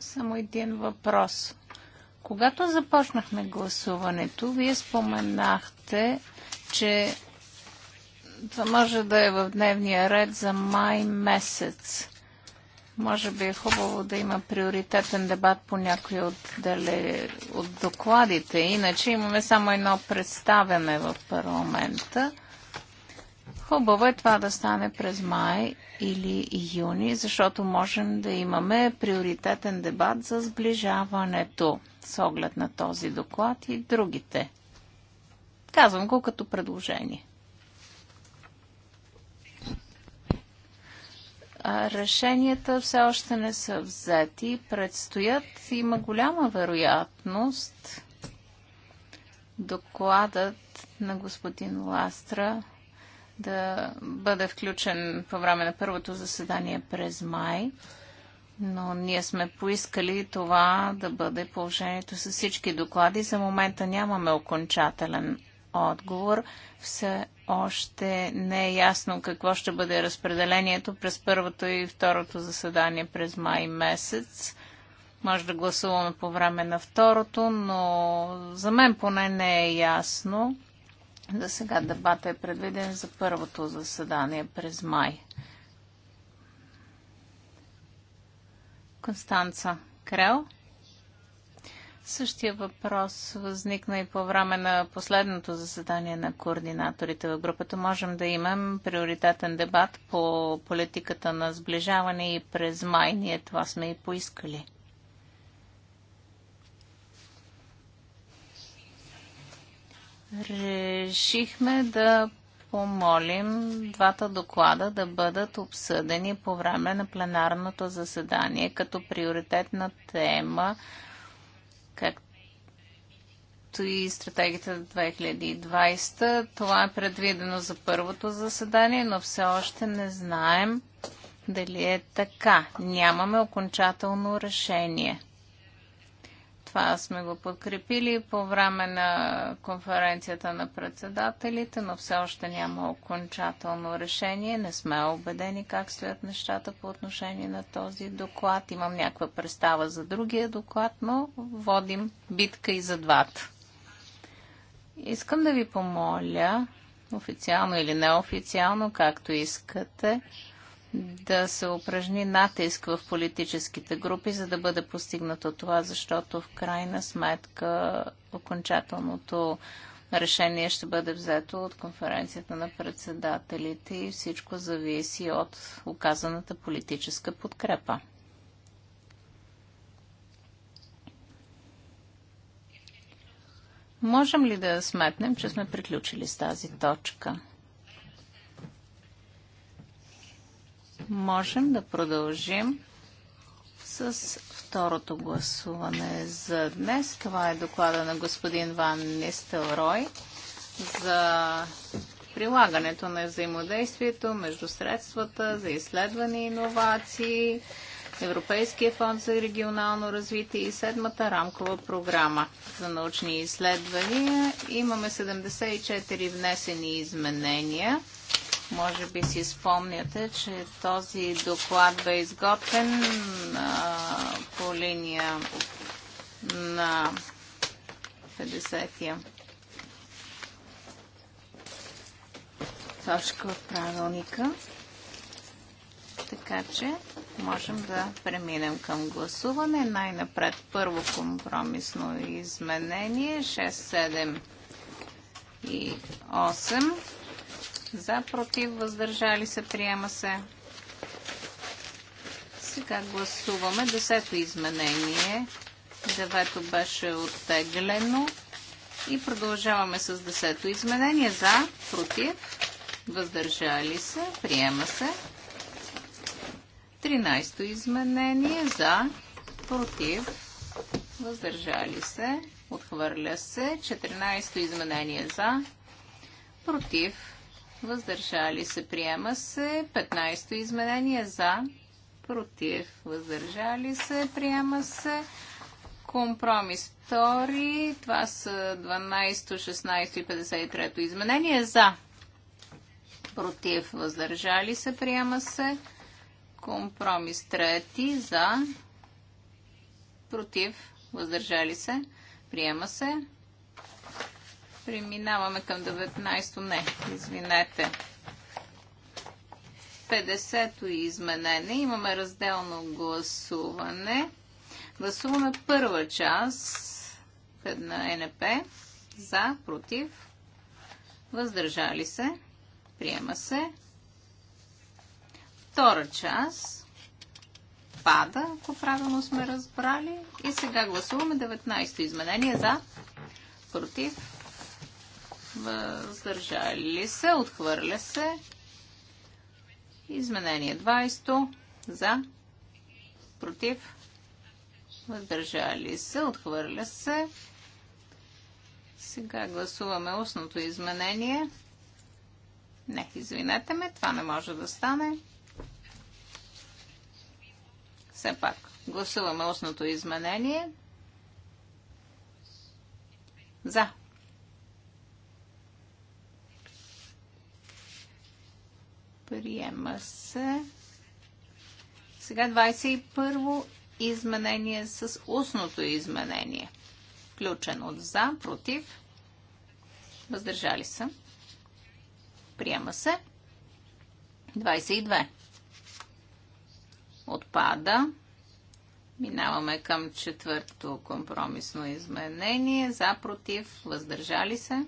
Само един въпрос. Когато започнахме гласуването, вие споменахте, че това може да е в дневния ред за май месец. Може би е хубаво да има приоритетен дебат по някои от, дали, от докладите. Иначе имаме само едно представяне в парламента. Хубаво е това да стане през май или юни, защото можем да имаме приоритетен дебат за сближаването с оглед на този доклад и другите. Казвам го като предложение. решенията все още не са взети, предстоят. Има голяма вероятност докладът на господин Ластра да бъде включен по време на първото заседание през май, но ние сме поискали това да бъде положението с всички доклади. За момента нямаме окончателен отговор. Все още не е ясно какво ще бъде разпределението през първото и второто заседание през май месец. Може да гласуваме по време на второто, но за мен поне не е ясно. За сега дебата е предвиден за първото заседание през май. Констанца Крел. Същия въпрос възникна и по време на последното заседание на координаторите в групата. Можем да имам приоритетен дебат по политиката на сближаване и през май ние това сме и поискали. Решихме да помолим двата доклада да бъдат обсъдени по време на пленарното заседание като приоритетна тема както и стратегията 2020. Това е предвидено за първото заседание, но все още не знаем дали е така. Нямаме окончателно решение. Това сме го подкрепили по време на конференцията на председателите, но все още няма окончателно решение. Не сме убедени как стоят нещата по отношение на този доклад. Имам някаква представа за другия доклад, но водим битка и за двата. Искам да ви помоля, официално или неофициално, както искате, да се упражни натиск в политическите групи, за да бъде постигнато това, защото в крайна сметка окончателното решение ще бъде взето от конференцията на председателите и всичко зависи от оказаната политическа подкрепа. Можем ли да сметнем, че сме приключили с тази точка? можем да продължим с второто гласуване за днес. Това е доклада на господин Ван Нистелрой за прилагането на взаимодействието между средствата за изследване и иновации, Европейския фонд за регионално развитие и седмата рамкова програма за научни изследвания. Имаме 74 внесени изменения. Може би си спомняте, че този доклад бе изготвен а, по линия на 50-я точка в правилника. Така че можем да преминем към гласуване. Най-напред първо компромисно изменение 6, 7 и 8. За, против, въздържали се, приема се. Сега гласуваме десето изменение. Девето беше оттеглено. И продължаваме с десето изменение. За, против, въздържали се, приема се. Тринайсто изменение. За, против, въздържали се, отхвърля се. 14 изменение за, против, въздържали се, приема се. 15-то изменение за, против, въздържали се, приема се. Компромис 2, това са 12-то, 16-то и 53-то изменение за, против, въздържали се, приема се. Компромис 3 за, против, въздържали се, приема се. Преминаваме към 19-то. Не, извинете. 50-то изменение. Имаме разделно гласуване. Гласуваме първа част на НП. За, против, въздържали се. Приема се. Втора част пада, ако правилно сме разбрали. И сега гласуваме 19-то изменение за, против, въздържали се, отхвърля се. Изменение 20 за, против, въздържали се, отхвърля се. Сега гласуваме устното изменение. Не, извинете ме, това не може да стане. Все пак, гласуваме устното изменение. За, Приема се. Сега 21 изменение с устното изменение. Включен от за, против, въздържали се. Приема се. 22. Отпада. Минаваме към четвърто компромисно изменение. За, против, въздържали се.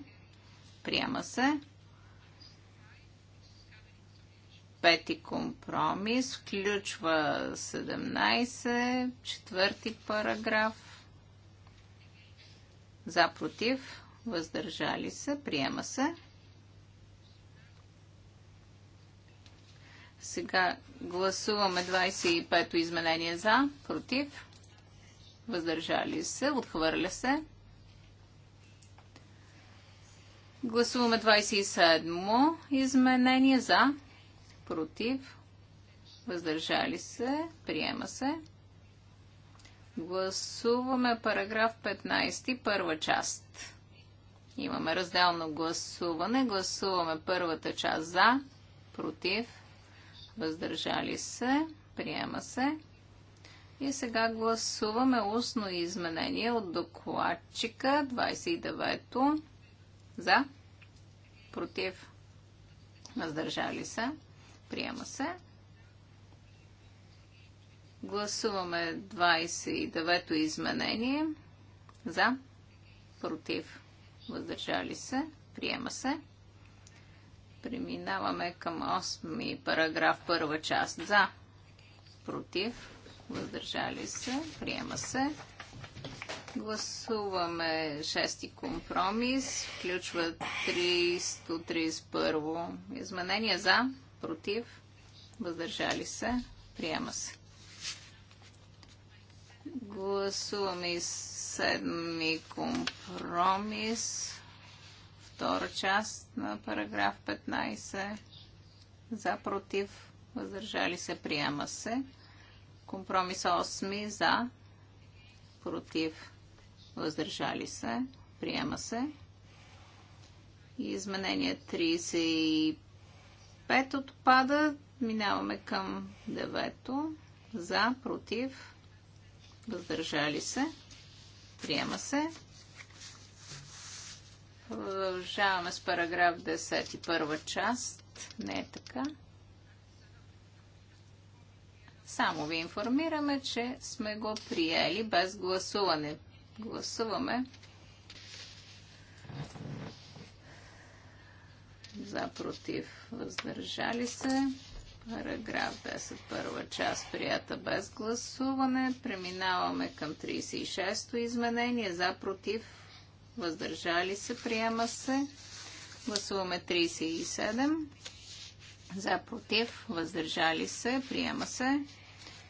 Приема се. пети компромис включва 17, четвърти параграф. За, против, въздържали се, приема се. Сега гласуваме 25-то изменение за, против, въздържали се, отхвърля се. Гласуваме 27-мо изменение за, против против, въздържали се, приема се. Гласуваме параграф 15, първа част. Имаме разделно гласуване. Гласуваме първата част за, против, въздържали се, приема се. И сега гласуваме устно изменение от докладчика 29-то за, против, въздържали се. Приема се. Гласуваме 29-то изменение. За. Против. Въздържали се. Приема се. Преминаваме към 8 параграф, първа част. За. Против. Въздържали се. Приема се. Гласуваме 6 6-ти компромис. Включва 331 изменение за против, въздържали се, приема се. Гласуваме и седми компромис, втора част на параграф 15, за, против, въздържали се, приема се. Компромис 8 за, против, въздържали се, приема се. И изменение 35 5 отпада. Минаваме към 9. За, против, въздържали се. Приема се. Продължаваме с параграф 10 и първа част. Не е така. Само ви информираме, че сме го приели без гласуване. Гласуваме за против въздържали се. Параграф 10, първа част, прията без гласуване. Преминаваме към 36-то изменение. За против въздържали се, приема се. Гласуваме 37. За против въздържали се, приема се.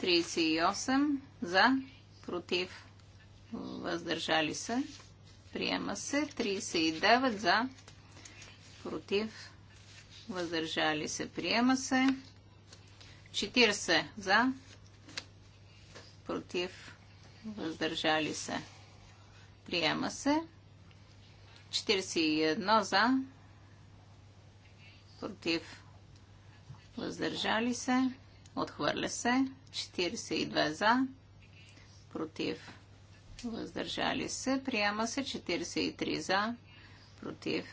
38 за против въздържали се. Приема се. 39 за против, въздържали се, приема се. 40 за, против, въздържали се, приема се. 41 за, против, въздържали се, отхвърля се. 42 за, против, въздържали се, приема се. 43 за, против,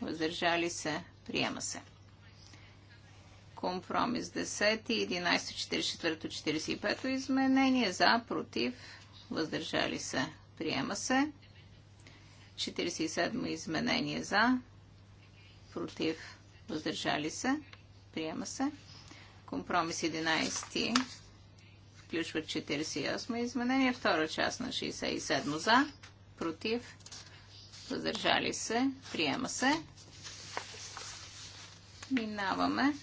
въздържали се, приема се. Компромис 10 и 11, 44, 45 изменение за, против, въздържали се, приема се. 47 изменение за, против, въздържали се, приема се. Компромис 11 включва 48 изменение, втора част на 67 за, против, въздържали се, приема се. Минаваме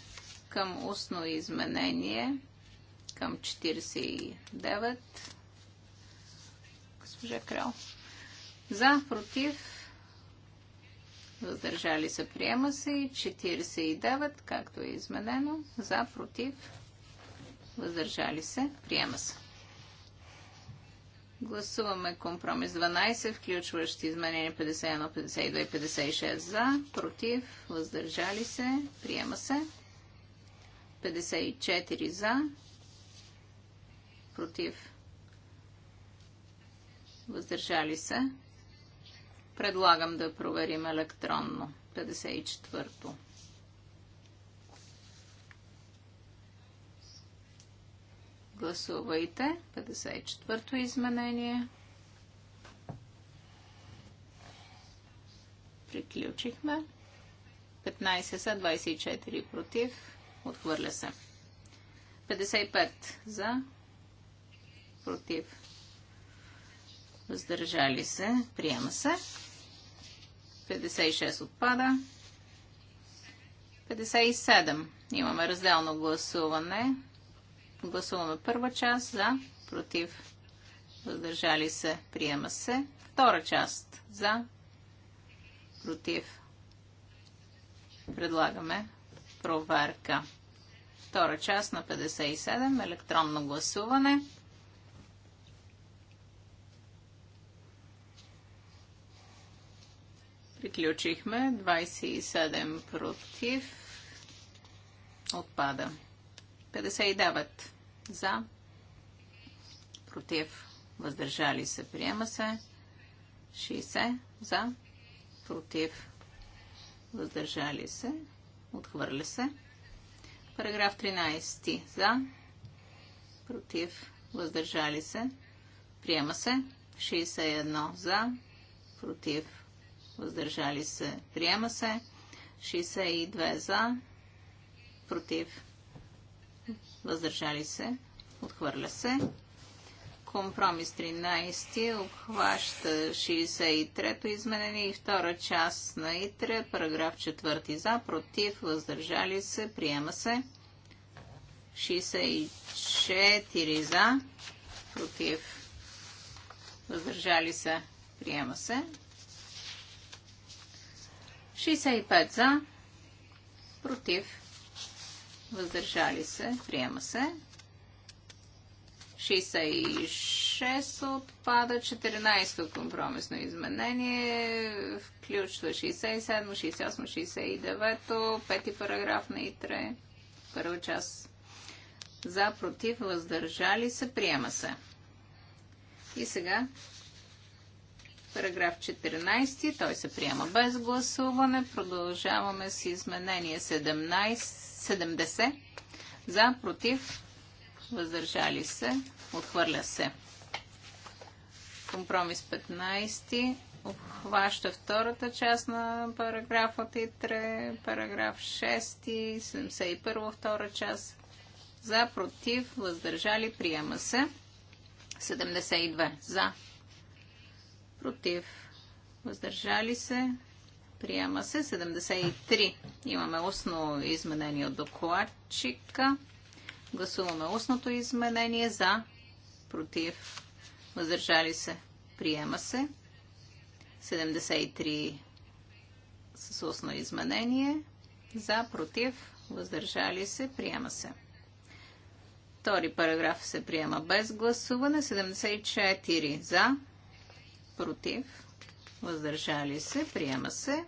към устно изменение към 49. Госпожа Крал. За, против, въздържали се, приема се 49, както е изменено. За, против, въздържали се, приема се. Гласуваме компромис 12, включващ изменение 51, 52 и 56 за, против, въздържали се, приема се. 54 за, против, въздържали се. Предлагам да проверим електронно. 54-то. Гласувайте. 54-то изменение. Приключихме. 15 за, 24 против. Отхвърля се. 55 за, против. Въздържали се. Приема се. 56 отпада. 57. Имаме разделно гласуване Гласуваме първа част за, против, въздържали се, приема се. Втора част за, против. Предлагаме проверка. Втора част на 57, електронно гласуване. Приключихме. 27 против. Отпада. 59 за. Против. Въздържали се. Приема се. 60. За. Против. Въздържали се. Отхвърля се. Параграф 13. За. Против. Въздържали се. Приема се. 61. За. Против. Въздържали се. Приема се. 62. За. Против въздържали се, отхвърля се. Компромис 13 обхваща 63-то изменение и втора част на ИТРЕ, параграф 4 за, против, въздържали се, приема се. 64 за, против, въздържали се, приема се. 65 за, против, въздържали се, приема се. 66 отпада, 14 компромисно изменение, включва 67, 68, 69, пети параграф на ИТРЕ, първа част. За, против, въздържали се, приема се. И сега параграф 14, той се приема без гласуване. Продължаваме с изменение 17 70 за, против, въздържали се, отхвърля се. Компромис 15 обхваща втората част на параграфа титре, параграф 6, 71 втора част. За, против, въздържали, приема се. 72 за, против, въздържали се, Приема се 73. Имаме устно изменение от докладчика. Гласуваме устното изменение за, против, въздържали се. Приема се 73 с устно изменение. За, против, въздържали се. Приема се. Втори параграф се приема без гласуване. 74 за, против, въздържали се, приема се.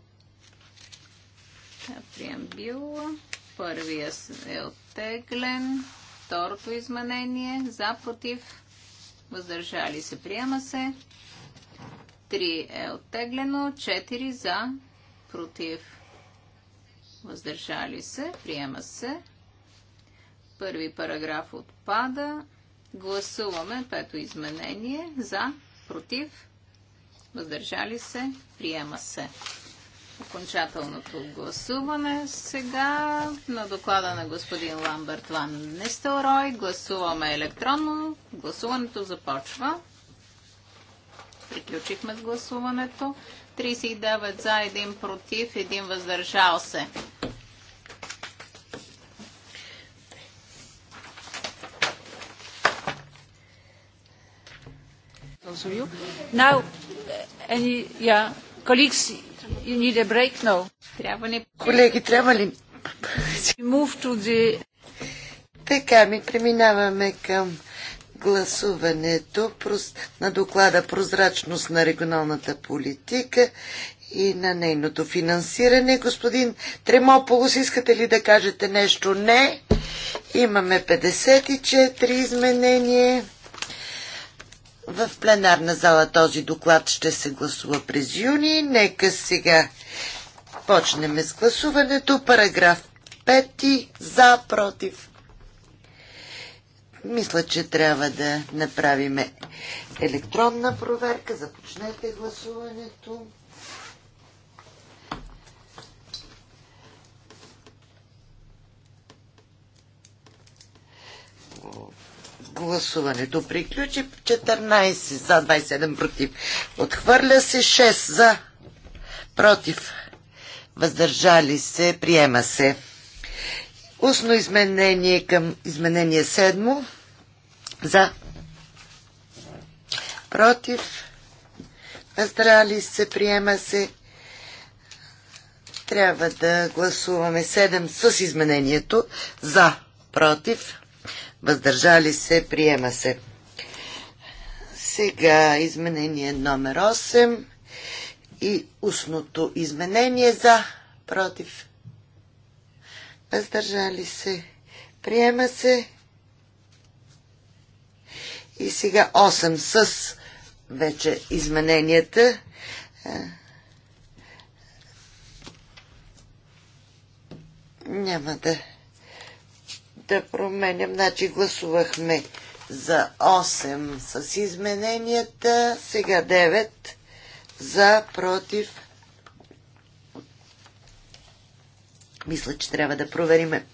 Прием бил. Първия е оттеглен. Второто изменение за, против, въздържали се, приема се. 3 е оттеглено, 4 за, против, въздържали се, приема се. Първи параграф отпада. Гласуваме пето изменение за, против, въздържали се, приема се. Окончателното гласуване сега на доклада на господин Ламберт Ван Нестелрой. Гласуваме електронно. Гласуването започва. Приключихме с гласуването. 39 за, 1 против, 1 въздържал се. you. Now, uh, any, yeah, colleagues, you need a break? No. Колеги, трябва ли... Move to the... Така, ми преминаваме към гласуването на доклада Прозрачност на регионалната политика и на нейното финансиране. Господин Тремополос, искате ли да кажете нещо? Не. Имаме 54 изменения. В пленарна зала този доклад ще се гласува през юни. Нека сега почнем с гласуването. Параграф 5 за против. Мисля, че трябва да направим електронна проверка. Започнете гласуването. Гласуването приключи. 14 за 27 против. Отхвърля се 6 за против. Въздържали се. Приема се. Устно изменение към изменение 7 за против. Въздържали се. Приема се. Трябва да гласуваме 7 с изменението за против въздържали се, приема се. Сега изменение номер 8 и устното изменение за, против, въздържали се, приема се. И сега 8 с вече измененията. Няма да да променям. Значи гласувахме за 8 с измененията, сега 9 за против. Мисля, че трябва да провериме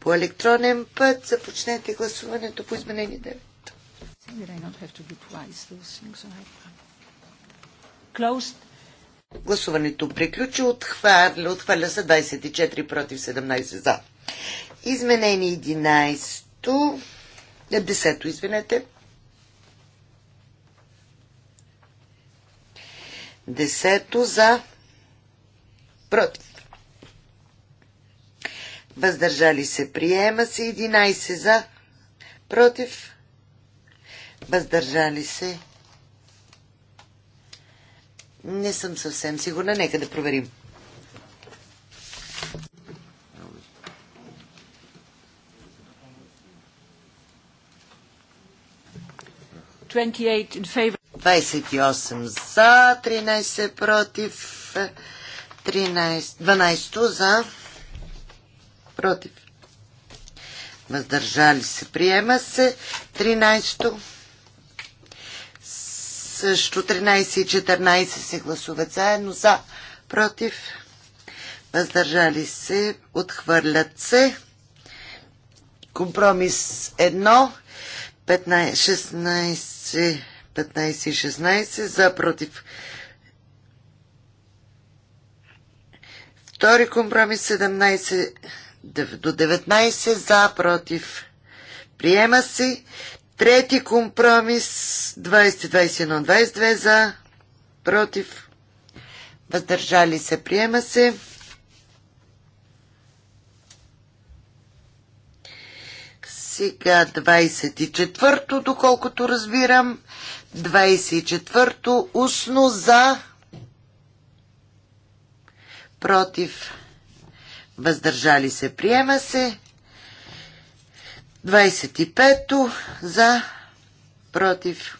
по електронен път. Започнете гласуването по изменение 9. Гласуването приключи. Отхвърля, отхвърля се 24 против 17 за. Изменение 11-то. 10-то, е, извинете. 10 за против. Въздържали се приема се 11 за против. Въздържали се. Не съм съвсем сигурна. Нека да проверим. 28 за, 13 против, 12 за, против. Въздържали се. Приема се 13 също 13 и 14 се гласуват заедно за, против, въздържали се, отхвърлят се. Компромис 1, 15, 16, се 15 16 за против. Втори компромис 17 до 19 за против. Приема се. Трети компромис 20, 21, 22 за против. Въздържали се. Приема се. Сега 24-то, доколкото разбирам. 24-то устно за против въздържали се приема се. 25-то за против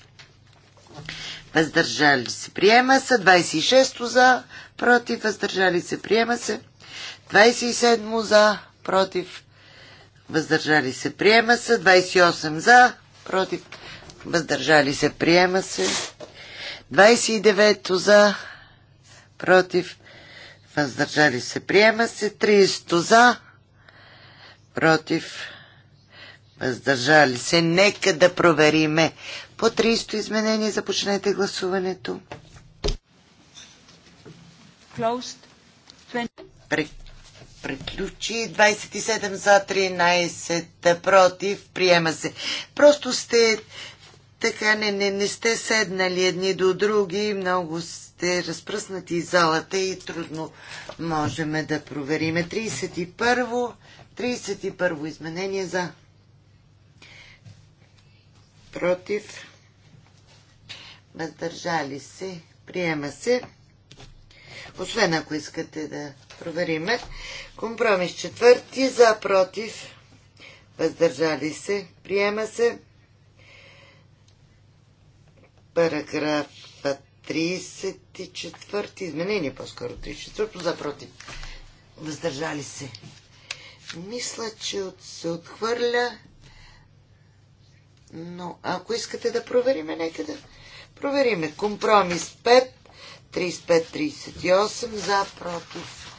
въздържали се приема се. 26-то за против въздържали се приема се. 27-то за против въздържали се, приема се. 28 за, против, въздържали се, приема се. 29 за, против, въздържали се, приема се. 30 за, против, въздържали се. Нека да провериме. По 30 изменение започнете гласуването. Closed приключи. 27 за 13 против. Приема се. Просто сте така не, не, не сте седнали едни до други, много сте разпръснати из залата и трудно можем да провериме. 31 31 изменение за против въздържали се, приема се освен ако искате да провериме. Компромис четвърти, за, против, въздържали се, приема се. Параграф 34, изменение по-скоро 34, за, против, въздържали се. Мисля, че от, се отхвърля, но ако искате да провериме, нека да провериме. Компромис 5 35-38 за, против,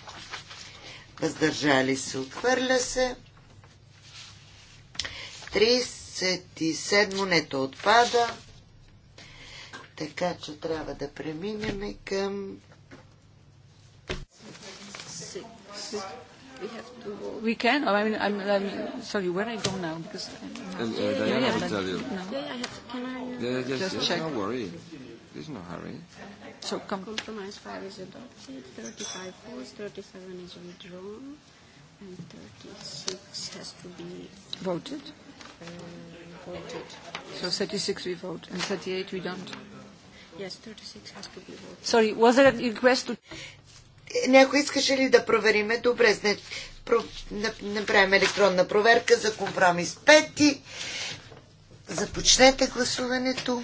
въздържали се, отхвърля се. 37 не отпада. Така че трябва да преминем към... We can. I mean, I'm, I'm sorry. Where I go now? Because. I'm not... And, uh, Diana yeah, yeah, will tell you. No. Yeah, yeah, I have, can I? Uh, yeah, just, just, just check. Don't worry. There's no hurry. So com- compromise five is adopted. Thirty-five falls. Thirty-seven is withdrawn, and thirty-six has to be voted. Uh, voted. So thirty-six we vote, and thirty-eight we don't. Yes, thirty-six has to be voted. Sorry, was there a request to... Някой искаше ли да провериме? Добре, не, про, направим електронна проверка за компромис Пети, Започнете гласуването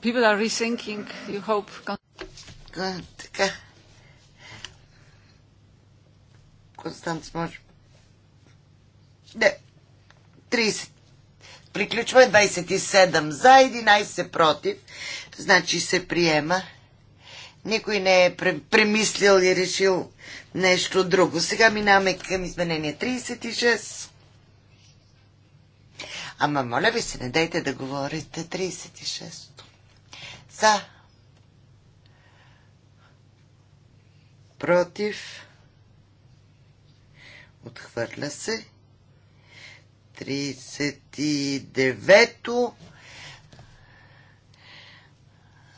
people are rethinking, you hope. Така. Констанц, може. Не. 30. Приключваме 27 за, 11 против. Значи се приема. Никой не е премислил и решил нещо друго. Сега минаваме към изменение 36. Ама моля ви се, не дайте да говорите 36. За. Против. Отхвърля се. 39-то.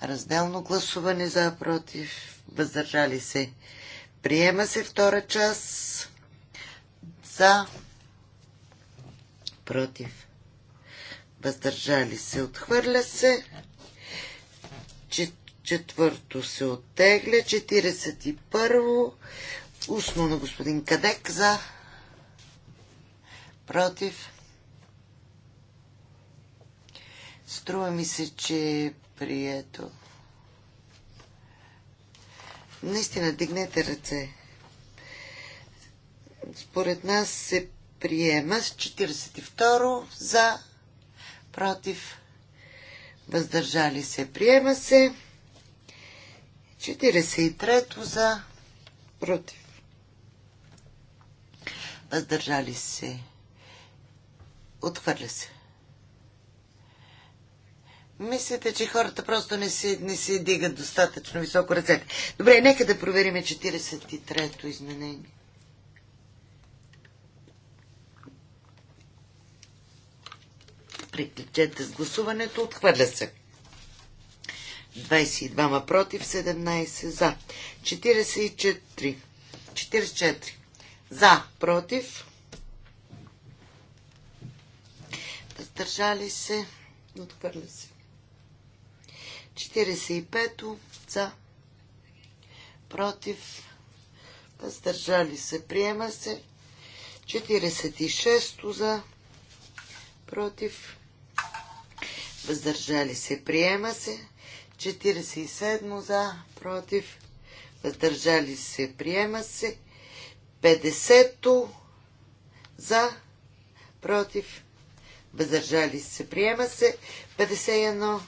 Разделно гласуване за, против, въздържали се. Приема се втора част за, против, въздържали се. Отхвърля се. Четвърто се оттегля. 41. Устно на господин Кадек за. Против. Струва ми се, че е прието. Наистина, дигнете ръце. Според нас се приема с 42 за, против въздържали се, приема се. 43-то за против. Въздържали се. Отхвърля се. Мислите, че хората просто не си, не си дигат достатъчно високо ръцете. Добре, нека да проверим 43-то изменение. Приключете с гласуването. Отхвърля се. 22 против, 17 за. 44. 44. За, против. Въздържали се. Отхвърля се. 45 за. Против. Въздържали се. Приема се. 46 за. Против въздържали се, приема се. 47 за, против, въздържали се, приема се. 50 за, против, въздържали се, приема се. 51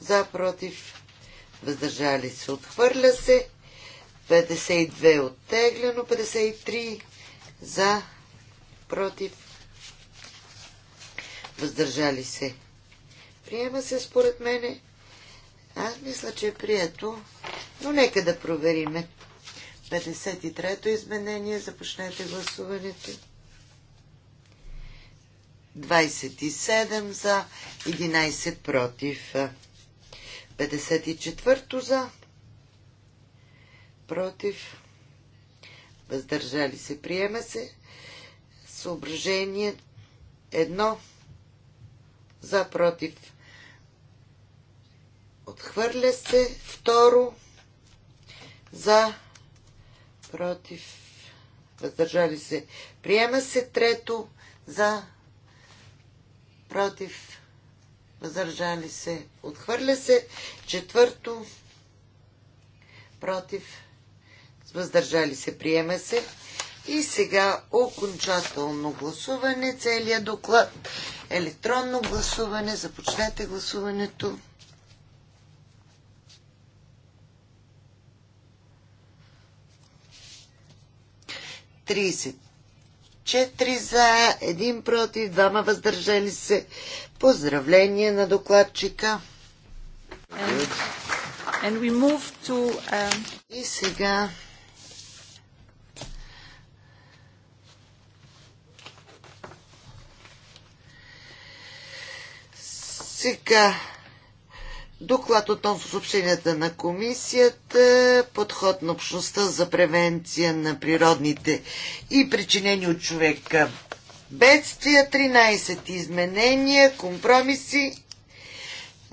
за, против, въздържали се, отхвърля се. 52 е оттеглено, 53 за, против, въздържали се, Приема се според мене. Аз мисля, че е прието, но нека да провериме. 53-то изменение, започнете гласуването. 27 за, 11 против. 54-то за, против, въздържали се, приема се. Съображение 1 за, против, Отхвърля се. Второ. За. Против. Въздържали се. Приема се. Трето. За. Против. Въздържали се. Отхвърля се. Четвърто. Против. Въздържали се. Приема се. И сега окончателно гласуване, целият доклад, електронно гласуване, започнете гласуването. 30. четири за, 1 против, 2 въздържали се. Поздравление на докладчика. And, and we move to, uh... И сега сега Доклад относно съобщенията на комисията, подход на общността за превенция на природните и причинени от човека бедствия, 13 изменения, компромиси.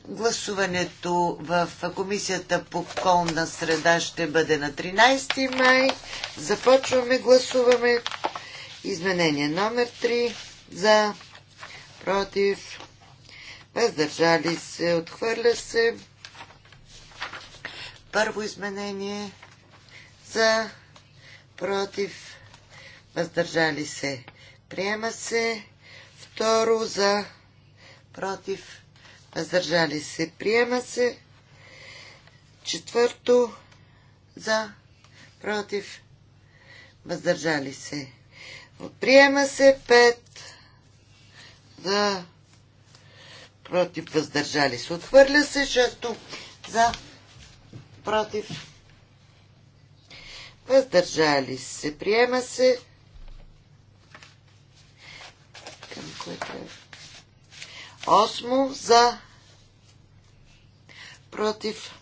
Гласуването в Комисията по колна среда ще бъде на 13 май. Започваме, гласуваме. Изменение номер 3 за против въздържали се, отхвърля се. Първо изменение за, против, въздържали се, приема се. Второ за, против, въздържали се, приема се. Четвърто за, против, въздържали се. Приема се 5 за против, въздържали се. Отхвърля се. Шесто за, против, въздържали се. Приема се. Към което е? Осмо за, против,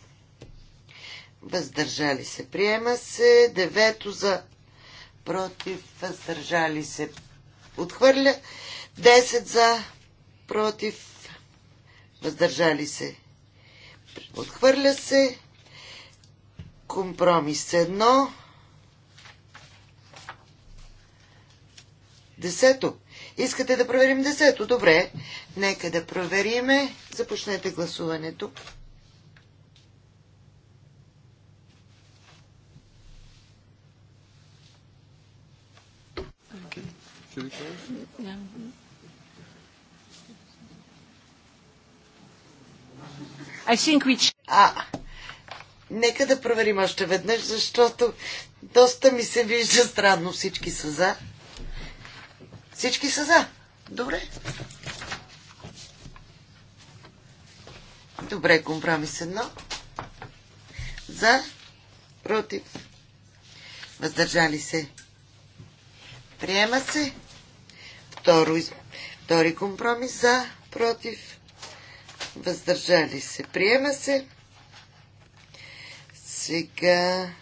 въздържали се. Приема се. Девето за, против, въздържали се. Отхвърля. 10 за, против, въздържали се, отхвърля се, компромис 1, десето. Искате да проверим десето? Добре. Нека да провериме. Започнете гласуването. Okay. We... А, нека да проверим още веднъж, защото доста ми се вижда странно. Всички са за. Всички са за. Добре. Добре, компромис едно. За, против, въздържали се. Приема се. Второ, втори компромис за, против, въздържали се. Приема се. Сега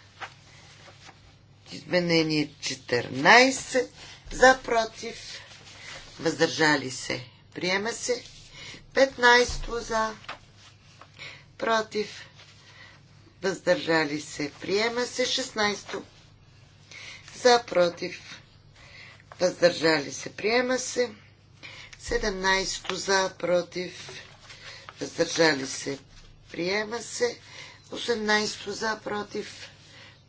изменение 14 за против въздържали се. Приема се. 15 за против въздържали се. Приема се. 16 за против въздържали се. Приема се. 17 за против въздържали се, приема се. 18 за, против,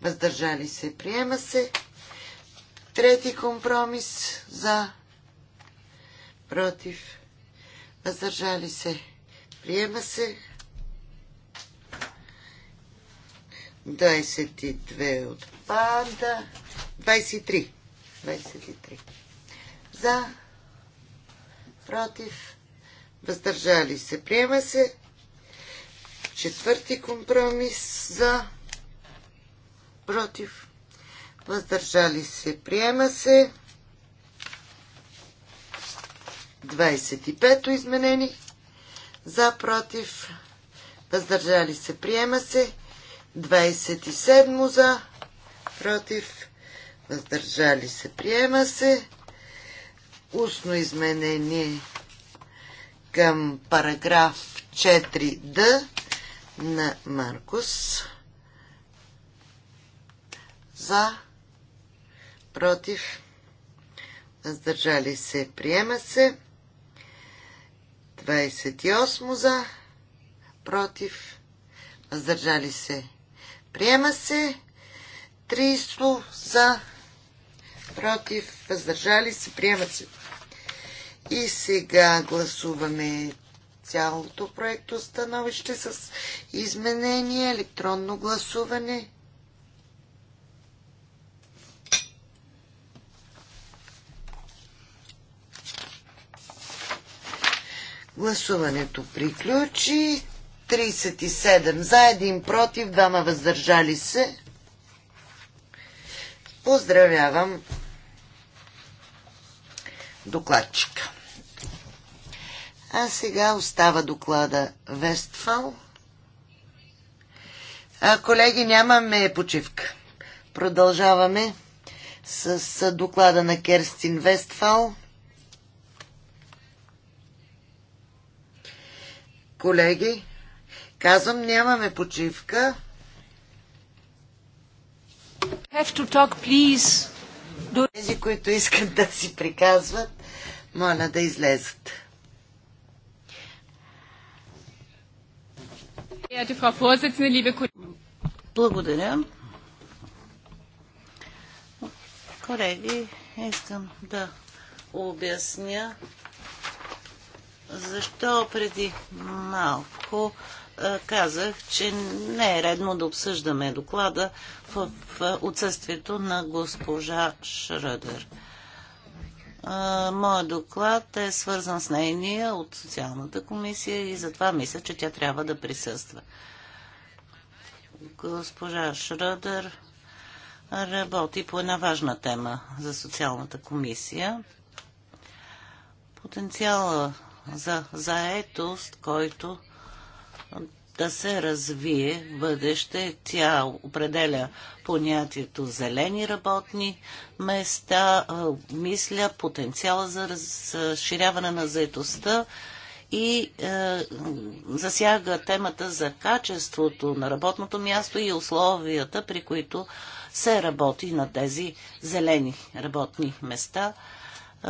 въздържали се, приема се. Трети компромис за, против, въздържали се, приема се. 22 отпада. 23. 23. За, против, въздържали се, приема се. Четвърти компромис за, против, въздържали се, приема се. 25-то изменени, за, против, въздържали се, приема се. 27 за, против, въздържали се, приема се. Устно изменение към параграф 4д на Маркус за против въздържали се приема се 28 за против въздържали се приема се 30 за против въздържали се приема се и сега гласуваме цялото проекто становище с изменение, електронно гласуване. Гласуването приключи. 37 за, 1 против, 2 въздържали се. Поздравявам докладчика. А сега остава доклада Вестфал. А, колеги, нямаме почивка. Продължаваме с доклада на Керстин Вестфал. Колеги, казвам, нямаме почивка. Have to talk, please. Тези, които искат да си приказват, моля да излезат. Благодаря. Колеги, искам да обясня защо преди малко казах, че не е редно да обсъждаме доклада в отсъствието на госпожа Шръдър. Моят доклад е свързан с нейния от социалната комисия и затова мисля, че тя трябва да присъства. Госпожа Шрадър работи по една важна тема за социалната комисия. Потенциала за заетост, който да се развие в бъдеще. Тя определя понятието зелени работни места, мисля потенциала за разширяване на заетостта и е, засяга темата за качеството на работното място и условията, при които се работи на тези зелени работни места –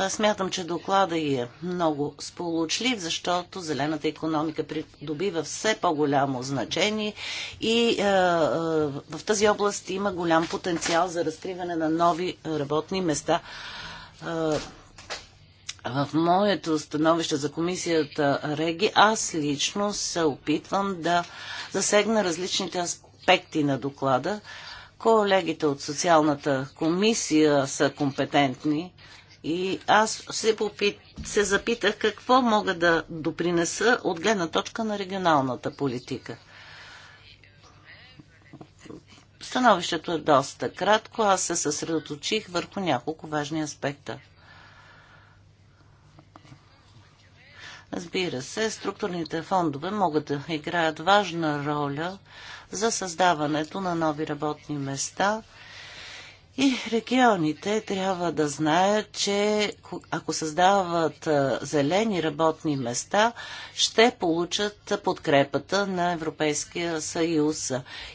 Смятам, че доклада и е много сполучлив, защото зелената економика придобива все по-голямо значение и е, е, в тази област има голям потенциал за разкриване на нови работни места. Е, в моето становище за комисията Реги аз лично се опитвам да засегна различните аспекти на доклада. Колегите от социалната комисия са компетентни и аз се, попит, се запитах какво мога да допринеса от гледна точка на регионалната политика. Становището е доста кратко. Аз се съсредоточих върху няколко важни аспекта. Разбира се, структурните фондове могат да играят важна роля за създаването на нови работни места – и регионите трябва да знаят, че ако създават зелени работни места, ще получат подкрепата на Европейския съюз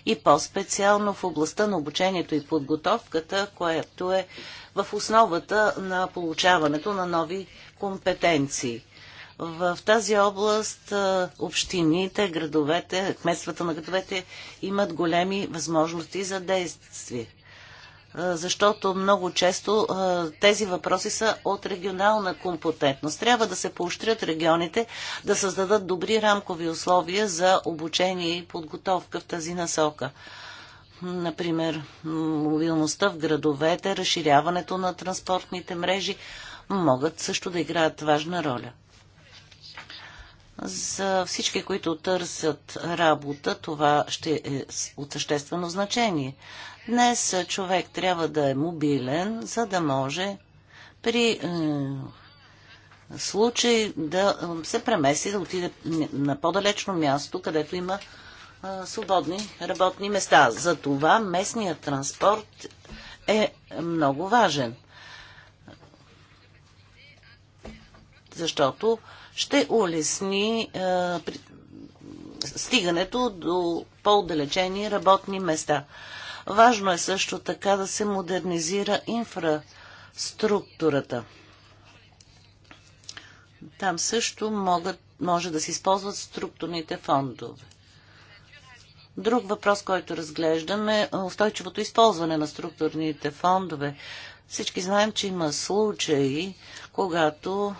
и по-специално в областта на обучението и подготовката, което е в основата на получаването на нови компетенции. В тази област общините, градовете, кметствата на градовете имат големи възможности за действие защото много често тези въпроси са от регионална компетентност. Трябва да се поощрят регионите да създадат добри рамкови условия за обучение и подготовка в тази насока. Например, мобилността в градовете, разширяването на транспортните мрежи могат също да играят важна роля. За всички, които търсят работа, това ще е от съществено значение. Днес човек трябва да е мобилен, за да може при е, случай да е, се премести, да отиде на по-далечно място, където има е, свободни работни места. За това местният транспорт е много важен. Защото ще улесни е, стигането до по-отдалечени работни места. Важно е също така да се модернизира инфраструктурата. Там също могат, може да се използват структурните фондове. Друг въпрос, който разглеждаме е устойчивото използване на структурните фондове. Всички знаем, че има случаи, когато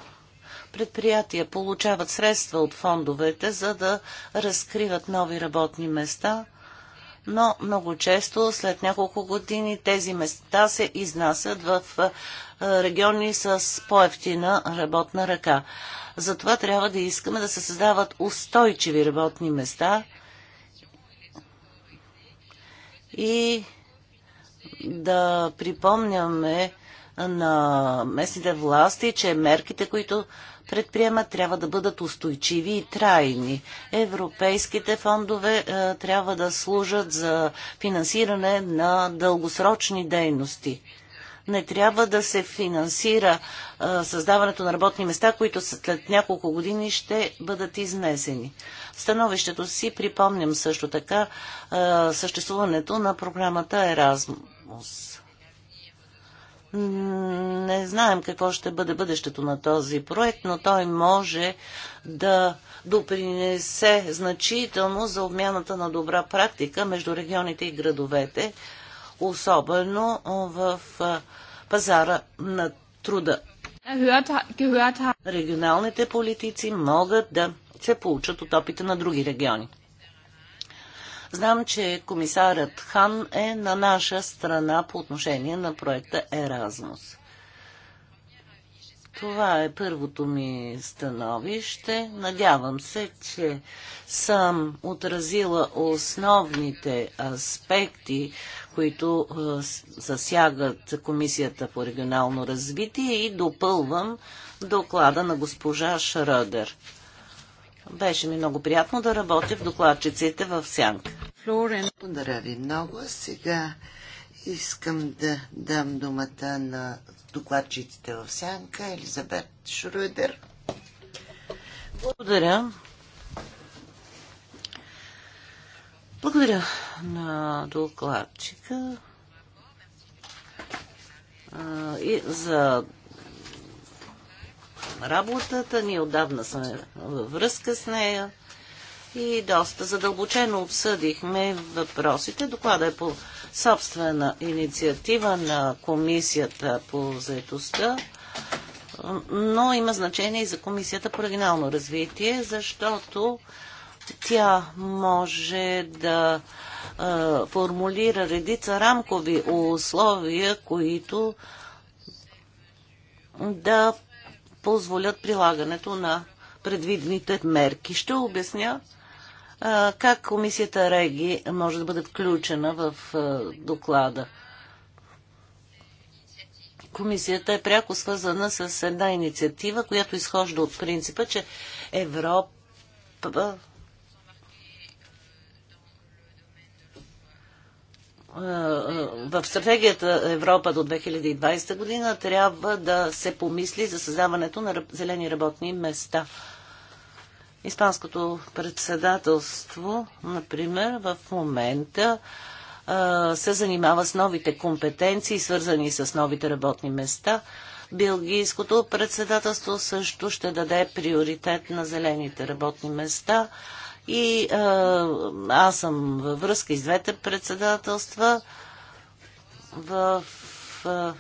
предприятия получават средства от фондовете, за да разкриват нови работни места но много често след няколко години тези места се изнасят в региони с по-ефтина работна ръка. Затова трябва да искаме да се създават устойчиви работни места и да припомняме на местните власти, че мерките, които предприемат, трябва да бъдат устойчиви и трайни. Европейските фондове е, трябва да служат за финансиране на дългосрочни дейности. Не трябва да се финансира е, създаването на работни места, които след няколко години ще бъдат изнесени. В становището си припомням също така е, съществуването на програмата Еразмус не знаем какво ще бъде бъдещето на този проект, но той може да допринесе значително за обмяната на добра практика между регионите и градовете, особено в пазара на труда. Регионалните политици могат да се получат от опита на други региони. Знам, че комисарът Хан е на наша страна по отношение на проекта Еразмус. Това е първото ми становище. Надявам се, че съм отразила основните аспекти, които засягат Комисията по регионално развитие и допълвам доклада на госпожа Шрадер. Беше ми много приятно да работя в докладчиците в Сянка. Флорен. Благодаря ви много. Сега искам да дам думата на докладчиците в Сянка, Елизабет Шруйдер. Благодаря. Благодаря на докладчика и за работата. Ние отдавна сме във връзка с нея и доста задълбочено обсъдихме въпросите. Доклада е по собствена инициатива на Комисията по заедостта, но има значение и за Комисията по регионално развитие, защото тя може да е, формулира редица рамкови условия, които да позволят прилагането на предвидните мерки. Ще обясня а, как комисията Реги може да бъде включена в а, доклада. Комисията е пряко свързана с една инициатива, която изхожда от принципа, че Европа в стратегията Европа до 2020 година трябва да се помисли за създаването на зелени работни места. Испанското председателство, например, в момента се занимава с новите компетенции, свързани с новите работни места. Белгийското председателство също ще даде приоритет на зелените работни места – и а, аз съм във връзка и с двете председателства в а,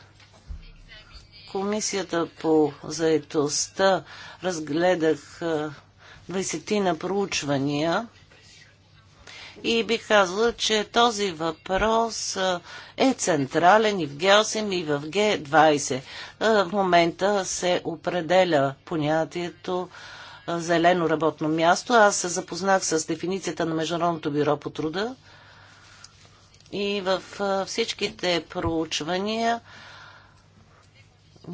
Комисията по заетостта разгледах 20 на проучвания и бих казала, че този въпрос е централен и в Г8 и в Г20. В момента се определя понятието зелено работно място. Аз се запознах с дефиницията на Международното бюро по труда и в всичките проучвания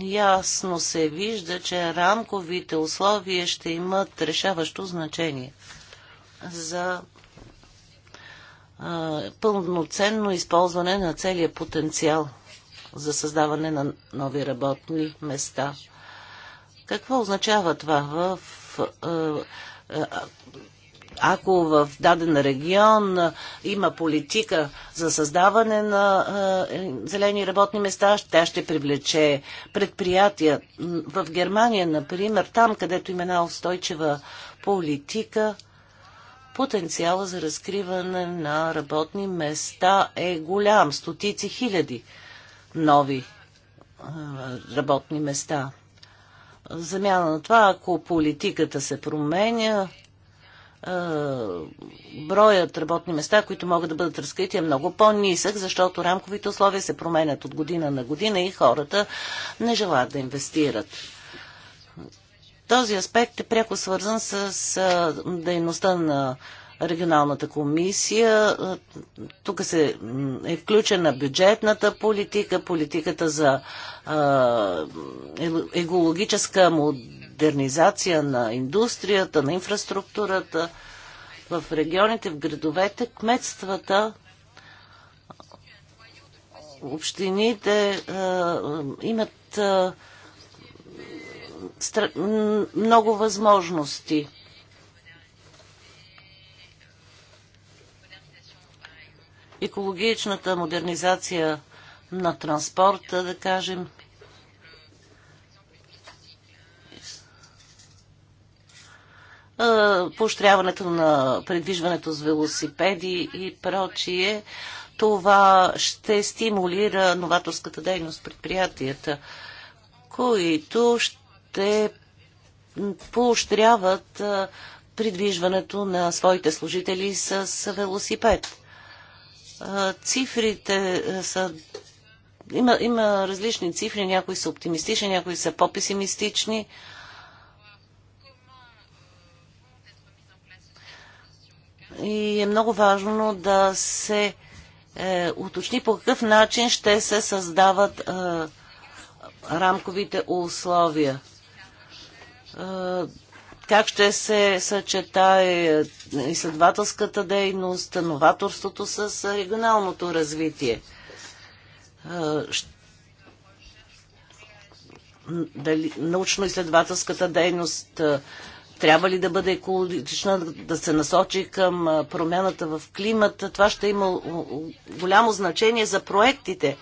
ясно се вижда, че рамковите условия ще имат решаващо значение за пълноценно използване на целия потенциал за създаване на нови работни места. Какво означава това в е, е, ако в даден регион е, има политика за създаване на зелени работни места, тя ще привлече предприятия. В Германия, например, там, където има една устойчива политика, потенциала за разкриване на работни места е голям. Стотици хиляди нови работни места замяна на това, ако политиката се променя, броят работни места, които могат да бъдат разкрити е много по-нисък, защото рамковите условия се променят от година на година и хората не желаят да инвестират. Този аспект е пряко свързан с дейността на регионалната комисия. Тук се е включена бюджетната политика, политиката за екологическа модернизация на индустрията, на инфраструктурата в регионите, в градовете, кметствата, общините имат много възможности екологичната модернизация на транспорта, да кажем. Поощряването на предвижването с велосипеди и прочие. Това ще стимулира новаторската дейност предприятията, които ще поощряват придвижването на своите служители с велосипед. Цифрите е, са. Има, има различни цифри, някои са оптимистични, някои са по-песимистични. И е много важно да се е, уточни по какъв начин ще се създават е, рамковите условия. Е, как ще се съчетае е, изследователската дейност, новаторството с е, регионалното развитие. Е, дали научно-изследователската дейност трябва ли да бъде екологична, да се насочи към промяната в климата. Това ще има голямо значение за проектите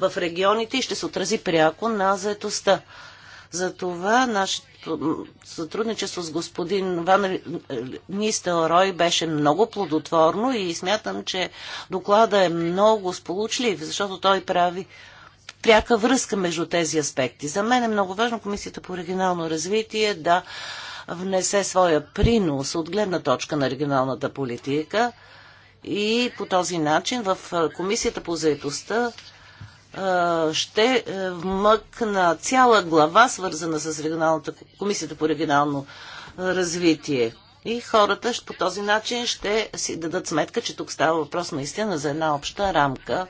в регионите и ще се отрази пряко на заетостта. Затова нашите сътрудничество с господин Ван е, Нистелрой беше много плодотворно и смятам, че доклада е много сполучлив, защото той прави пряка връзка между тези аспекти. За мен е много важно Комисията по регионално развитие да внесе своя принос от гледна точка на регионалната политика и по този начин в Комисията по заедостта ще е, вмъкна цяла глава, свързана с регионалната, комисията по регионално развитие. И хората по този начин ще си дадат сметка, че тук става въпрос наистина за една обща рамка,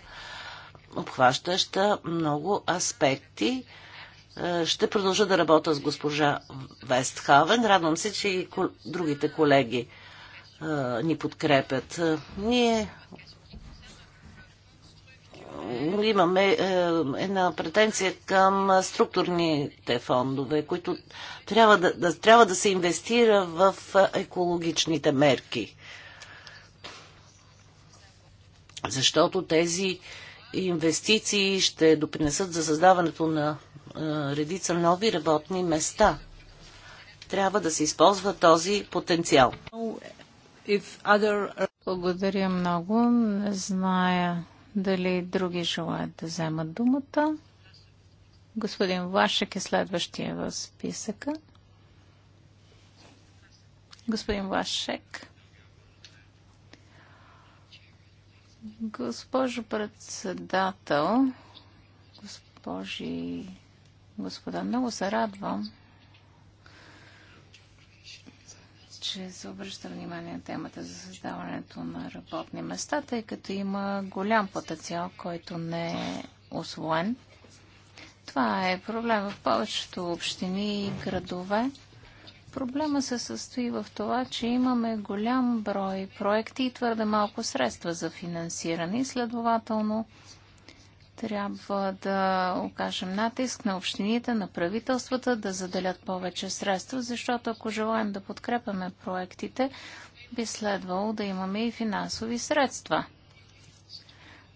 обхващаща много аспекти. Е, ще продължа да работя с госпожа Вестхавен. Радвам се, че и другите колеги е, ни подкрепят. Ние имаме е, една претенция към структурните фондове, които трябва да, да, трябва да се инвестира в е, екологичните мерки. Защото тези инвестиции ще допринесат за създаването на е, редица нови работни места. Трябва да се използва този потенциал. Благодаря много. Не зная дали други желаят да вземат думата? Господин Вашек е следващия в списъка. Господин Вашек. Госпожо председател, госпожи господа, много се радвам, че се обръща внимание на темата за създаването на работни места, тъй като има голям потенциал, който не е освоен. Това е проблем в повечето общини и градове. Проблема се състои в това, че имаме голям брой проекти и твърде малко средства за финансиране. Следователно, трябва да окажем натиск на общините, на правителствата да заделят повече средства, защото ако желаем да подкрепяме проектите, би следвало да имаме и финансови средства.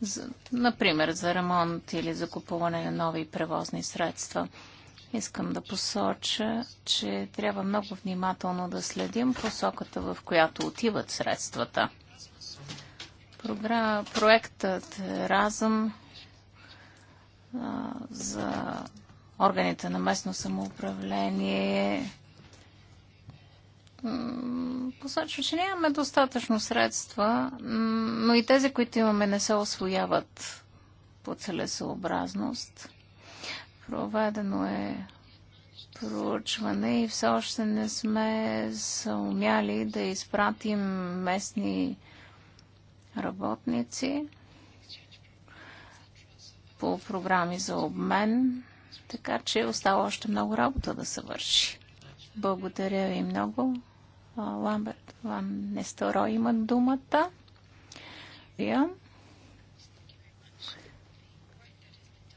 За, например, за ремонт или за купуване на нови превозни средства. Искам да посоча, че трябва много внимателно да следим посоката, в която отиват средствата. Програ... Проектът Разъм за органите на местно самоуправление посочва, че нямаме достатъчно средства, но и тези, които имаме, не се освояват по целесообразност. Проведено е проучване и все още не сме съумяли да изпратим местни работници по програми за обмен, така че остава още много работа да се върши. Благодаря ви много. Ламберт Ван Несторо има думата.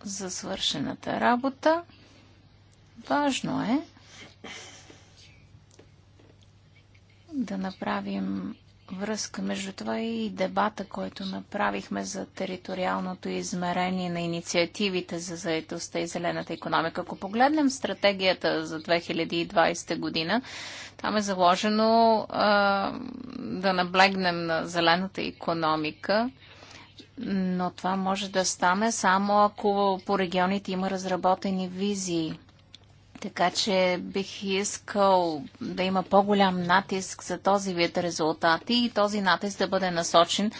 За свършената работа. Важно е да направим връзка между това и дебата, който направихме за териториалното измерение на инициативите за заедостта и зелената економика. Ако погледнем стратегията за 2020 година, там е заложено а, да наблегнем на зелената економика, но това може да стане само ако по регионите има разработени визии така че бих искал да има по-голям натиск за този вид резултати и този натиск да бъде насочен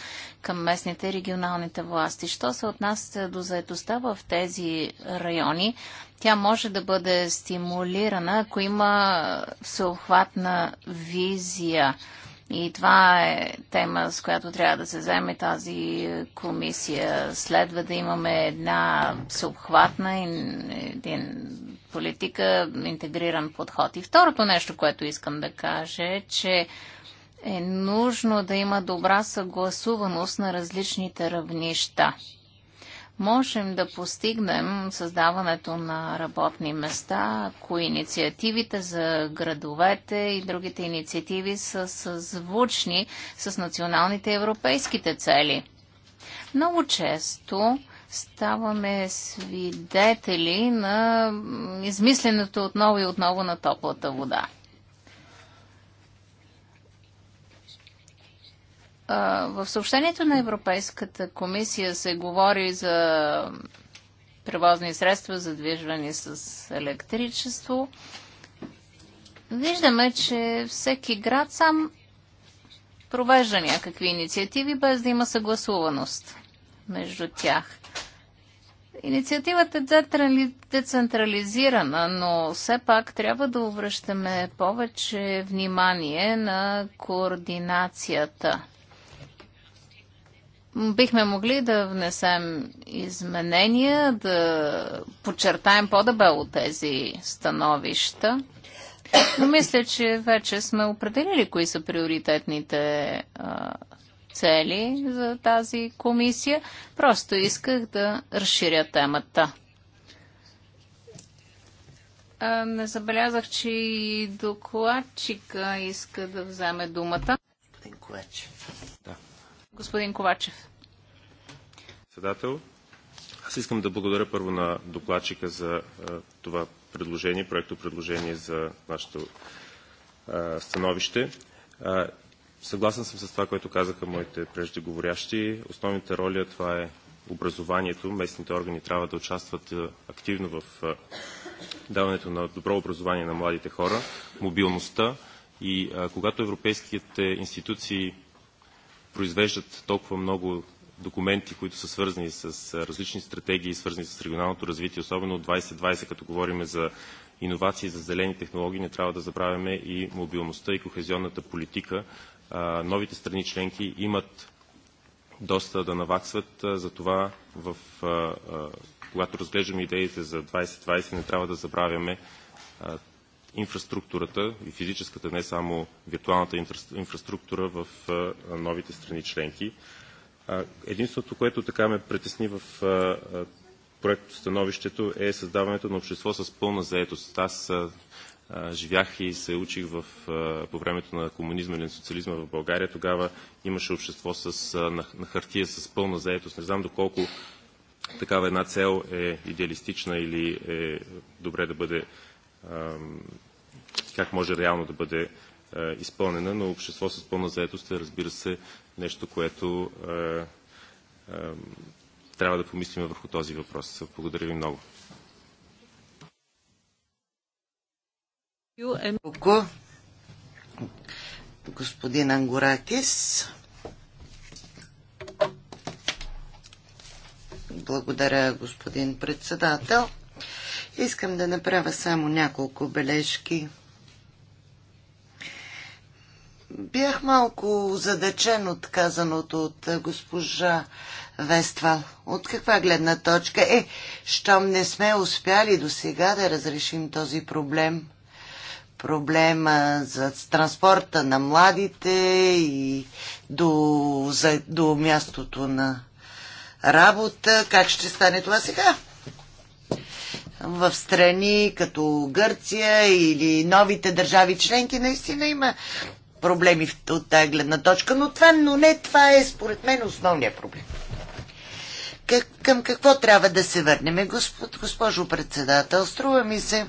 към местните и регионалните власти. Що се отнася до заедостта в тези райони, тя може да бъде стимулирана, ако има всеобхватна визия. И това е тема, с която трябва да се вземе тази комисия. Следва да имаме една всеобхватна, един политика, интегриран подход. И второто нещо, което искам да кажа е, че е нужно да има добра съгласуваност на различните равнища. Можем да постигнем създаването на работни места, ако инициативите за градовете и другите инициативи са съзвучни с националните европейските цели. Много често ставаме свидетели на измисленото отново и отново на топлата вода. В съобщението на Европейската комисия се говори за превозни средства, движване с електричество. Виждаме, че всеки град сам провежда някакви инициативи, без да има съгласуваност между тях. Инициативата е децентрализирана, но все пак трябва да обръщаме повече внимание на координацията. Бихме могли да внесем изменения, да подчертаем по-дебело тези становища. Но мисля, че вече сме определили кои са приоритетните а, цели за тази комисия. Просто исках да разширя темата. Не забелязах, че и докладчика иска да вземе думата. Господин Ковачев. Да. Господин Ковачев. Председател, аз искам да благодаря първо на докладчика за това предложение, проекто предложение за нашето становище. Съгласен съм с това, което казаха моите преждеговорящи. Основните роли това е образованието. Местните органи трябва да участват активно в даването на добро образование на младите хора, мобилността. И а, когато европейските институции произвеждат толкова много документи, които са свързани с различни стратегии, свързани с регионалното развитие, особено от 2020, като говорим за иновации, за зелени технологии, не трябва да забравяме и мобилността и кохезионната политика, новите страни членки имат доста да наваксват. За това в, когато разглеждаме идеите за 2020, не трябва да забравяме инфраструктурата и физическата, не само виртуалната инфраструктура в новите страни членки. Единството, което така ме притесни в проектостановището е създаването на общество с пълна заетост. Аз живях и се учих в, по времето на комунизма или на социализма в България. Тогава имаше общество с, на, на хартия с пълна заетост. Не знам доколко такава една цел е идеалистична или е добре да бъде как може реално да бъде изпълнена, но общество с пълна заетост е, разбира се, нещо, което е, е, трябва да помислим върху този въпрос. Благодаря ви много. господин Ангоракис. Благодаря, господин председател. Искам да направя само няколко бележки. Бях малко задачен от казаното от госпожа Вествал. От каква гледна точка? Е, щом не сме успяли до сега да разрешим този проблем – проблема за транспорта на младите и до, за, до мястото на работа. Как ще стане това сега? В страни като Гърция или новите държави членки наистина има проблеми от тази гледна точка, но, това, но не това е според мен основният проблем. към какво трябва да се върнем, госпожо председател? Струва ми се,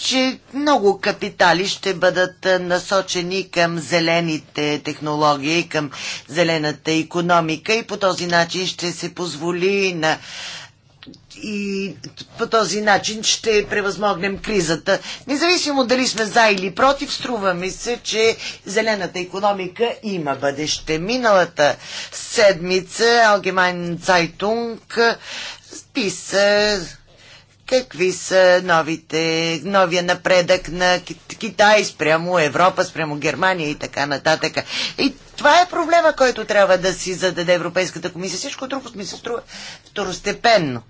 че много капитали ще бъдат насочени към зелените технологии, към зелената економика и по този начин ще се позволи на и по този начин ще превъзмогнем кризата. Независимо дали сме за или против, струва ми се, че зелената економика има бъдеще. Миналата седмица Алгемайн Цайтунг писа Какви са новите, новия напредък на Китай спрямо Европа, спрямо Германия и така нататък. И това е проблема, който трябва да си зададе Европейската комисия. Всичко друго ми се струва второстепенно.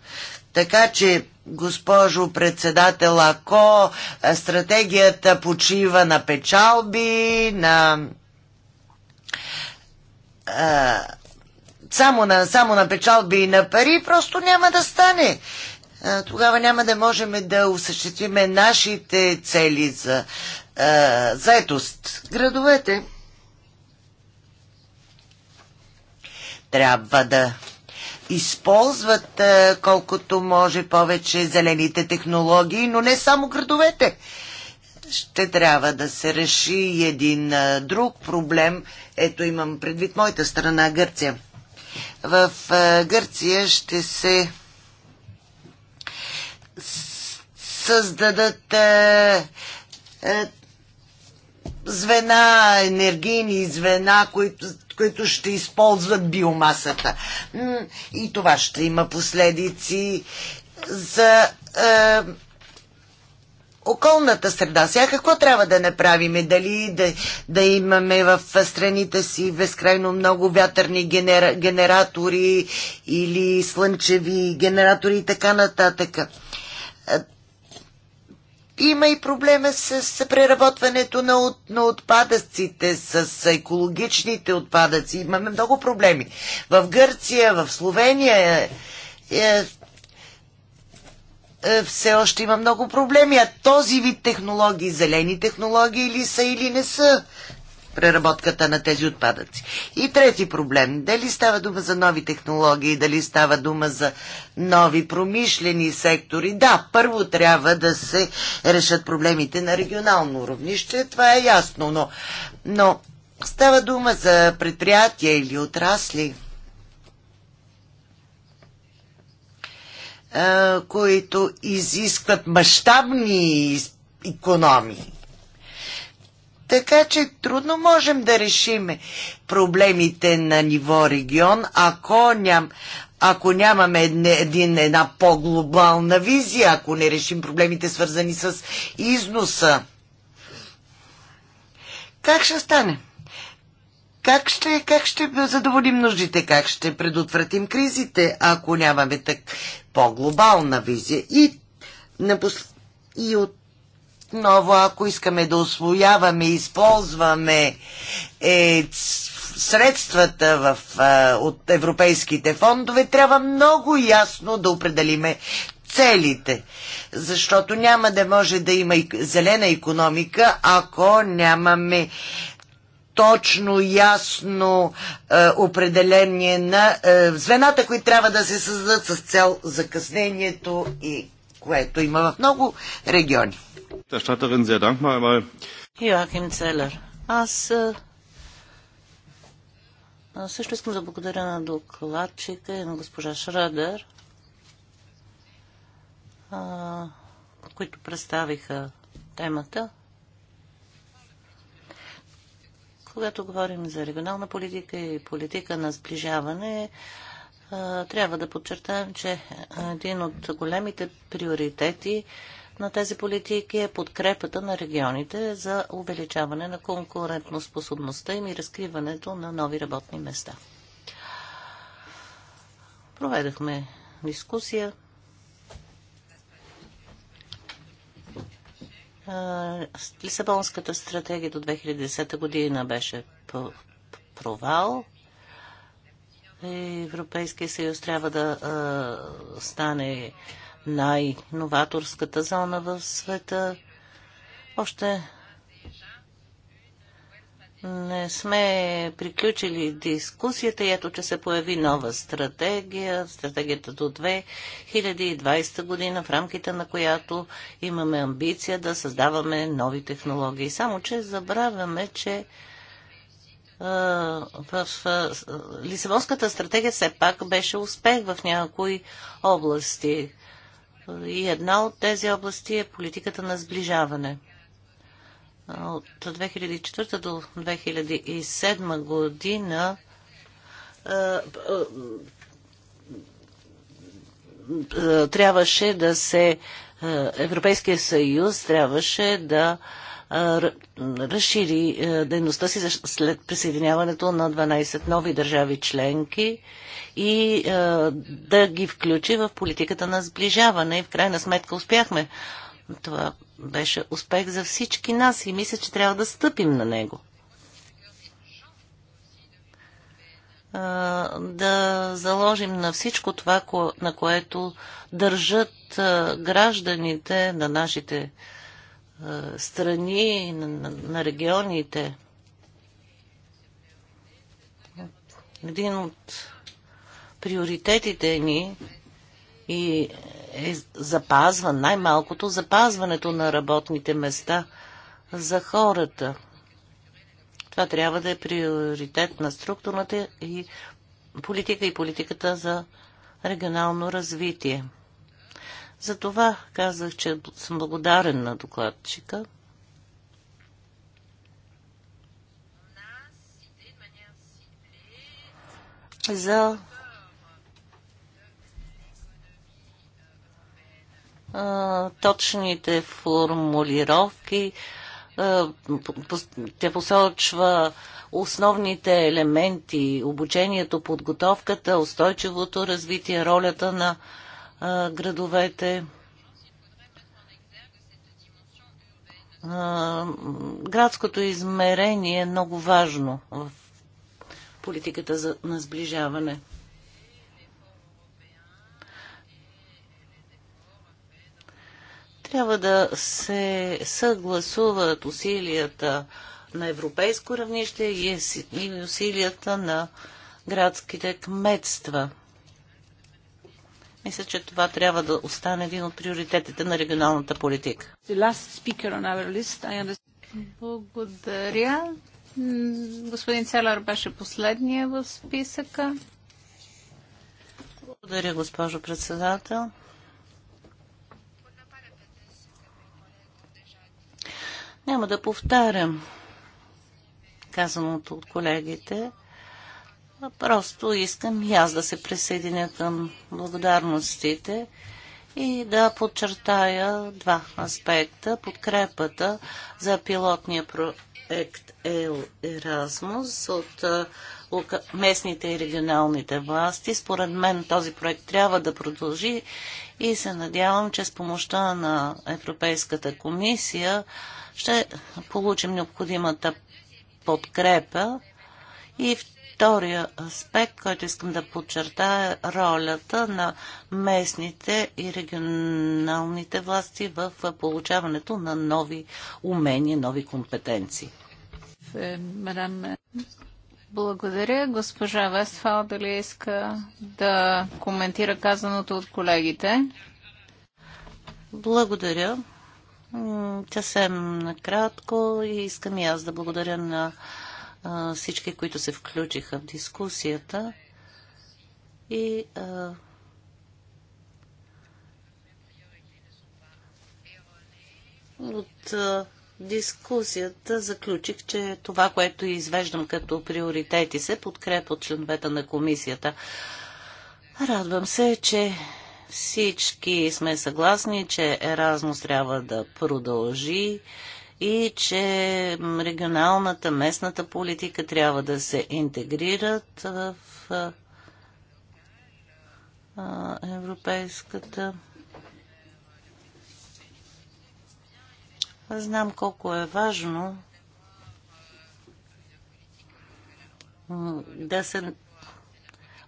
Така че, госпожо председател, ако стратегията почива на печалби, на а, само на, само на печалби и на пари, просто няма да стане тогава няма да можем да осъществиме нашите цели за а, заетост. Градовете трябва да използват а, колкото може повече зелените технологии, но не само градовете. Ще трябва да се реши един а, друг проблем. Ето имам предвид моята страна Гърция. В а, Гърция ще се създадат е, е, звена, енергийни звена, които, които ще използват биомасата. И това ще има последици за е, околната среда. Сега какво трябва да направим? Дали да, да имаме в страните си безкрайно много вятърни генера, генератори или слънчеви генератори и така нататък? Има и проблема с, преработването на, от, на отпадъците, с, с екологичните отпадъци. Имаме много проблеми. В Гърция, в Словения е, е, е все още има много проблеми. А този вид технологии, зелени технологии ли са или не са? преработката на тези отпадъци. И трети проблем. Дали става дума за нови технологии, дали става дума за нови промишлени сектори? Да, първо трябва да се решат проблемите на регионално равнище, това е ясно, но, но става дума за предприятия или отрасли, които изискват мащабни економии. Така че трудно можем да решиме проблемите на ниво регион, ако, ням, ако нямаме един, една по-глобална визия, ако не решим проблемите свързани с износа. Как ще стане? Как ще, как ще задоволим нуждите, как ще предотвратим кризите, ако нямаме так по-глобална визия? И, напос... и от отново, ако искаме да освояваме и използваме е, средствата в, а, от европейските фондове, трябва много ясно да определиме целите, защото няма да може да има зелена економика, ако нямаме точно, ясно е, определение на е, звената, които трябва да се създадат с цел закъснението и което има в много региони. Йоахим Целер. Аз също искам да благодаря на докладчика и на госпожа Шрадер, които представиха темата. Когато говорим за регионална политика и политика на сближаване, трябва да подчертаем, че един от големите приоритети е на тези политики е подкрепата на регионите за увеличаване на конкурентноспособността им и разкриването на нови работни места. Проведахме дискусия. Лисабонската стратегия до 2010 година беше провал. Европейския съюз трябва да а, стане най-новаторската зона в света. Още не сме приключили дискусията, ето че се появи нова стратегия, стратегията до 2020 година, в рамките на която имаме амбиция да създаваме нови технологии. Само, че забравяме, че в Лисабонската стратегия все пак беше успех в някои области. И една от тези области е политиката на сближаване. От 2004 до 2007 година трябваше да се Европейския съюз трябваше да разшири дейността си след присъединяването на 12 нови държави членки и да ги включи в политиката на сближаване. И в крайна сметка успяхме. Това беше успех за всички нас и мисля, че трябва да стъпим на него. да заложим на всичко това, на което държат гражданите на нашите страни, на, на, на регионите. Един от приоритетите ни и е запазван, най-малкото запазването на работните места за хората. Това трябва да е приоритет на структурната и политика и политиката за регионално развитие. За това казах, че съм благодарен на докладчика. За а, точните формулировки. А, те посочва основните елементи, обучението, подготовката, устойчивото развитие, ролята на градовете. градското измерение е много важно в политиката за, на сближаване. Трябва да се съгласуват усилията на европейско равнище и усилията на градските кметства – мисля, че това трябва да остане един от приоритетите на регионалната политика. Благодаря. Господин Целър беше последния в списъка. Благодаря, госпожо председател. Няма да повтарям казаното от колегите. Просто искам и аз да се присъединя към благодарностите и да подчертая два аспекта. Подкрепата за пилотния проект Еразмус от местните и регионалните власти. Според мен този проект трябва да продължи и се надявам, че с помощта на Европейската комисия ще получим необходимата подкрепа. И Втория аспект, който искам да подчертая, е ролята на местните и регионалните власти в получаването на нови умения, нови компетенции. Е, е. Благодаря. Госпожа Вестфал, дали иска да коментира казаното от колегите? Благодаря. Съвсем накратко и искам и аз да благодаря на всички, които се включиха в дискусията и от дискусията заключих, че това, което извеждам като приоритети се подкрепа от членовете на комисията. Радвам се, че всички сме съгласни, че Еразмус трябва да продължи и че регионалната, местната политика трябва да се интегрират в европейската. Аз знам колко е важно да се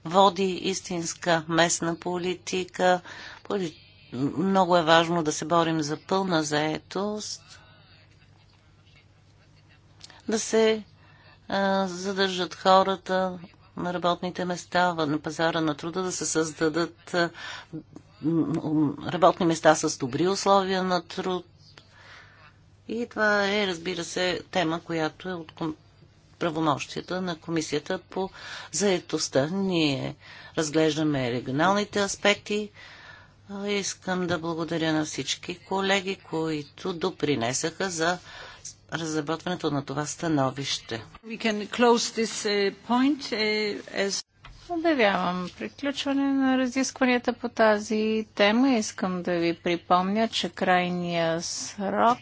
води истинска местна политика. Много е важно да се борим за пълна заетост да се а, задържат хората на работните места, на пазара на труда, да се създадат а, работни места с добри условия на труд. И това е, разбира се, тема, която е от правомощията на Комисията по заедостта. Ние разглеждаме регионалните аспекти. Искам да благодаря на всички колеги, които допринесаха за разработването на това становище. Uh, point, uh, as... Обявявам приключване на разискванията по тази тема. Искам да ви припомня, че крайния срок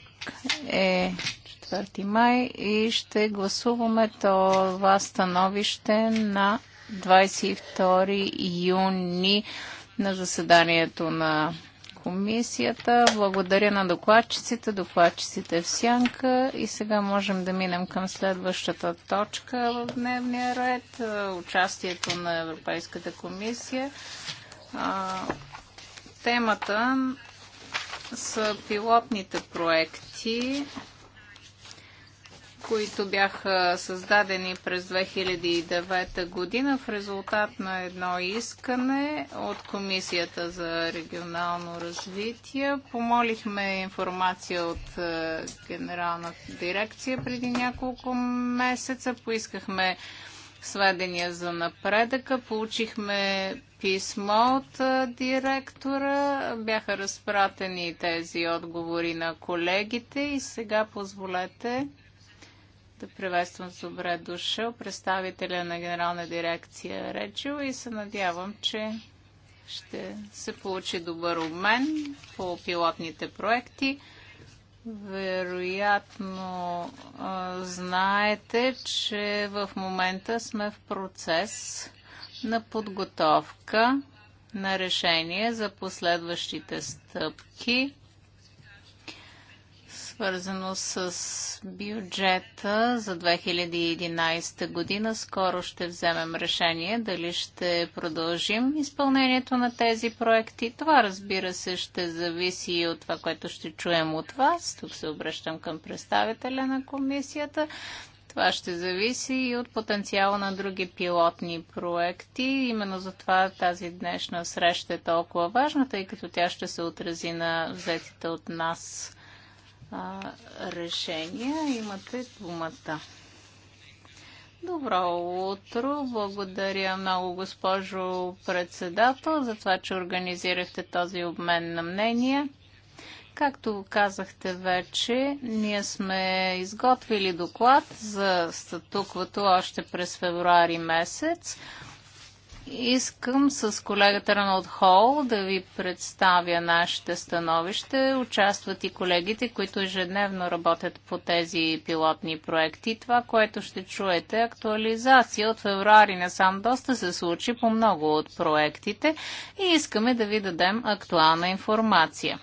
е 4 май и ще гласуваме това становище на 22 юни на заседанието на комисията. Благодаря на докладчиците, докладчиците в сянка. И сега можем да минем към следващата точка в дневния ред. Участието на Европейската комисия. темата са пилотните проекти които бяха създадени през 2009 година в резултат на едно искане от Комисията за регионално развитие. Помолихме информация от е, Генерална дирекция преди няколко месеца. Поискахме сведения за напредъка. Получихме писмо от е, директора. Бяха разпратени тези отговори на колегите и сега позволете да приветствам с добре дошъл представителя на Генерална дирекция Реджо и се надявам, че ще се получи добър обмен по пилотните проекти. Вероятно а, знаете, че в момента сме в процес на подготовка на решение за последващите стъпки свързано с бюджета за 2011 година. Скоро ще вземем решение дали ще продължим изпълнението на тези проекти. Това, разбира се, ще зависи и от това, което ще чуем от вас. Тук се обръщам към представителя на комисията. Това ще зависи и от потенциала на други пилотни проекти. Именно затова тази днешна среща е толкова важна, тъй като тя ще се отрази на взетите от нас решения. Имате думата. Добро утро! Благодаря много, госпожо председател, за това, че организирахте този обмен на мнения. Както казахте вече, ние сме изготвили доклад за статуквото още през февруари месец. Искам с колегата Ранолд Хол да ви представя нашите становище. Участват и колегите, които ежедневно работят по тези пилотни проекти. Това, което ще чуете, е актуализация от февруари насам доста се случи по много от проектите и искаме да ви дадем актуална информация.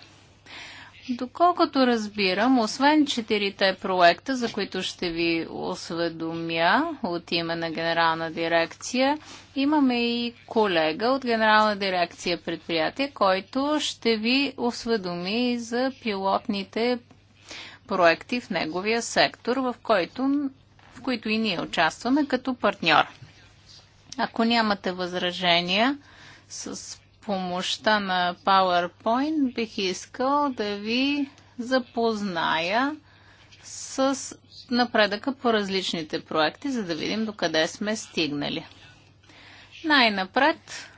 Доколкото разбирам, освен четирите проекта, за които ще ви осведомя от име на Генерална дирекция, имаме и колега от Генерална дирекция предприятие, който ще ви осведоми за пилотните проекти в неговия сектор, в, който, в които и ние участваме като партньор. Ако нямате възражения с помощта на PowerPoint бих искал да ви запозная с напредъка по различните проекти, за да видим докъде сме стигнали. Най-напред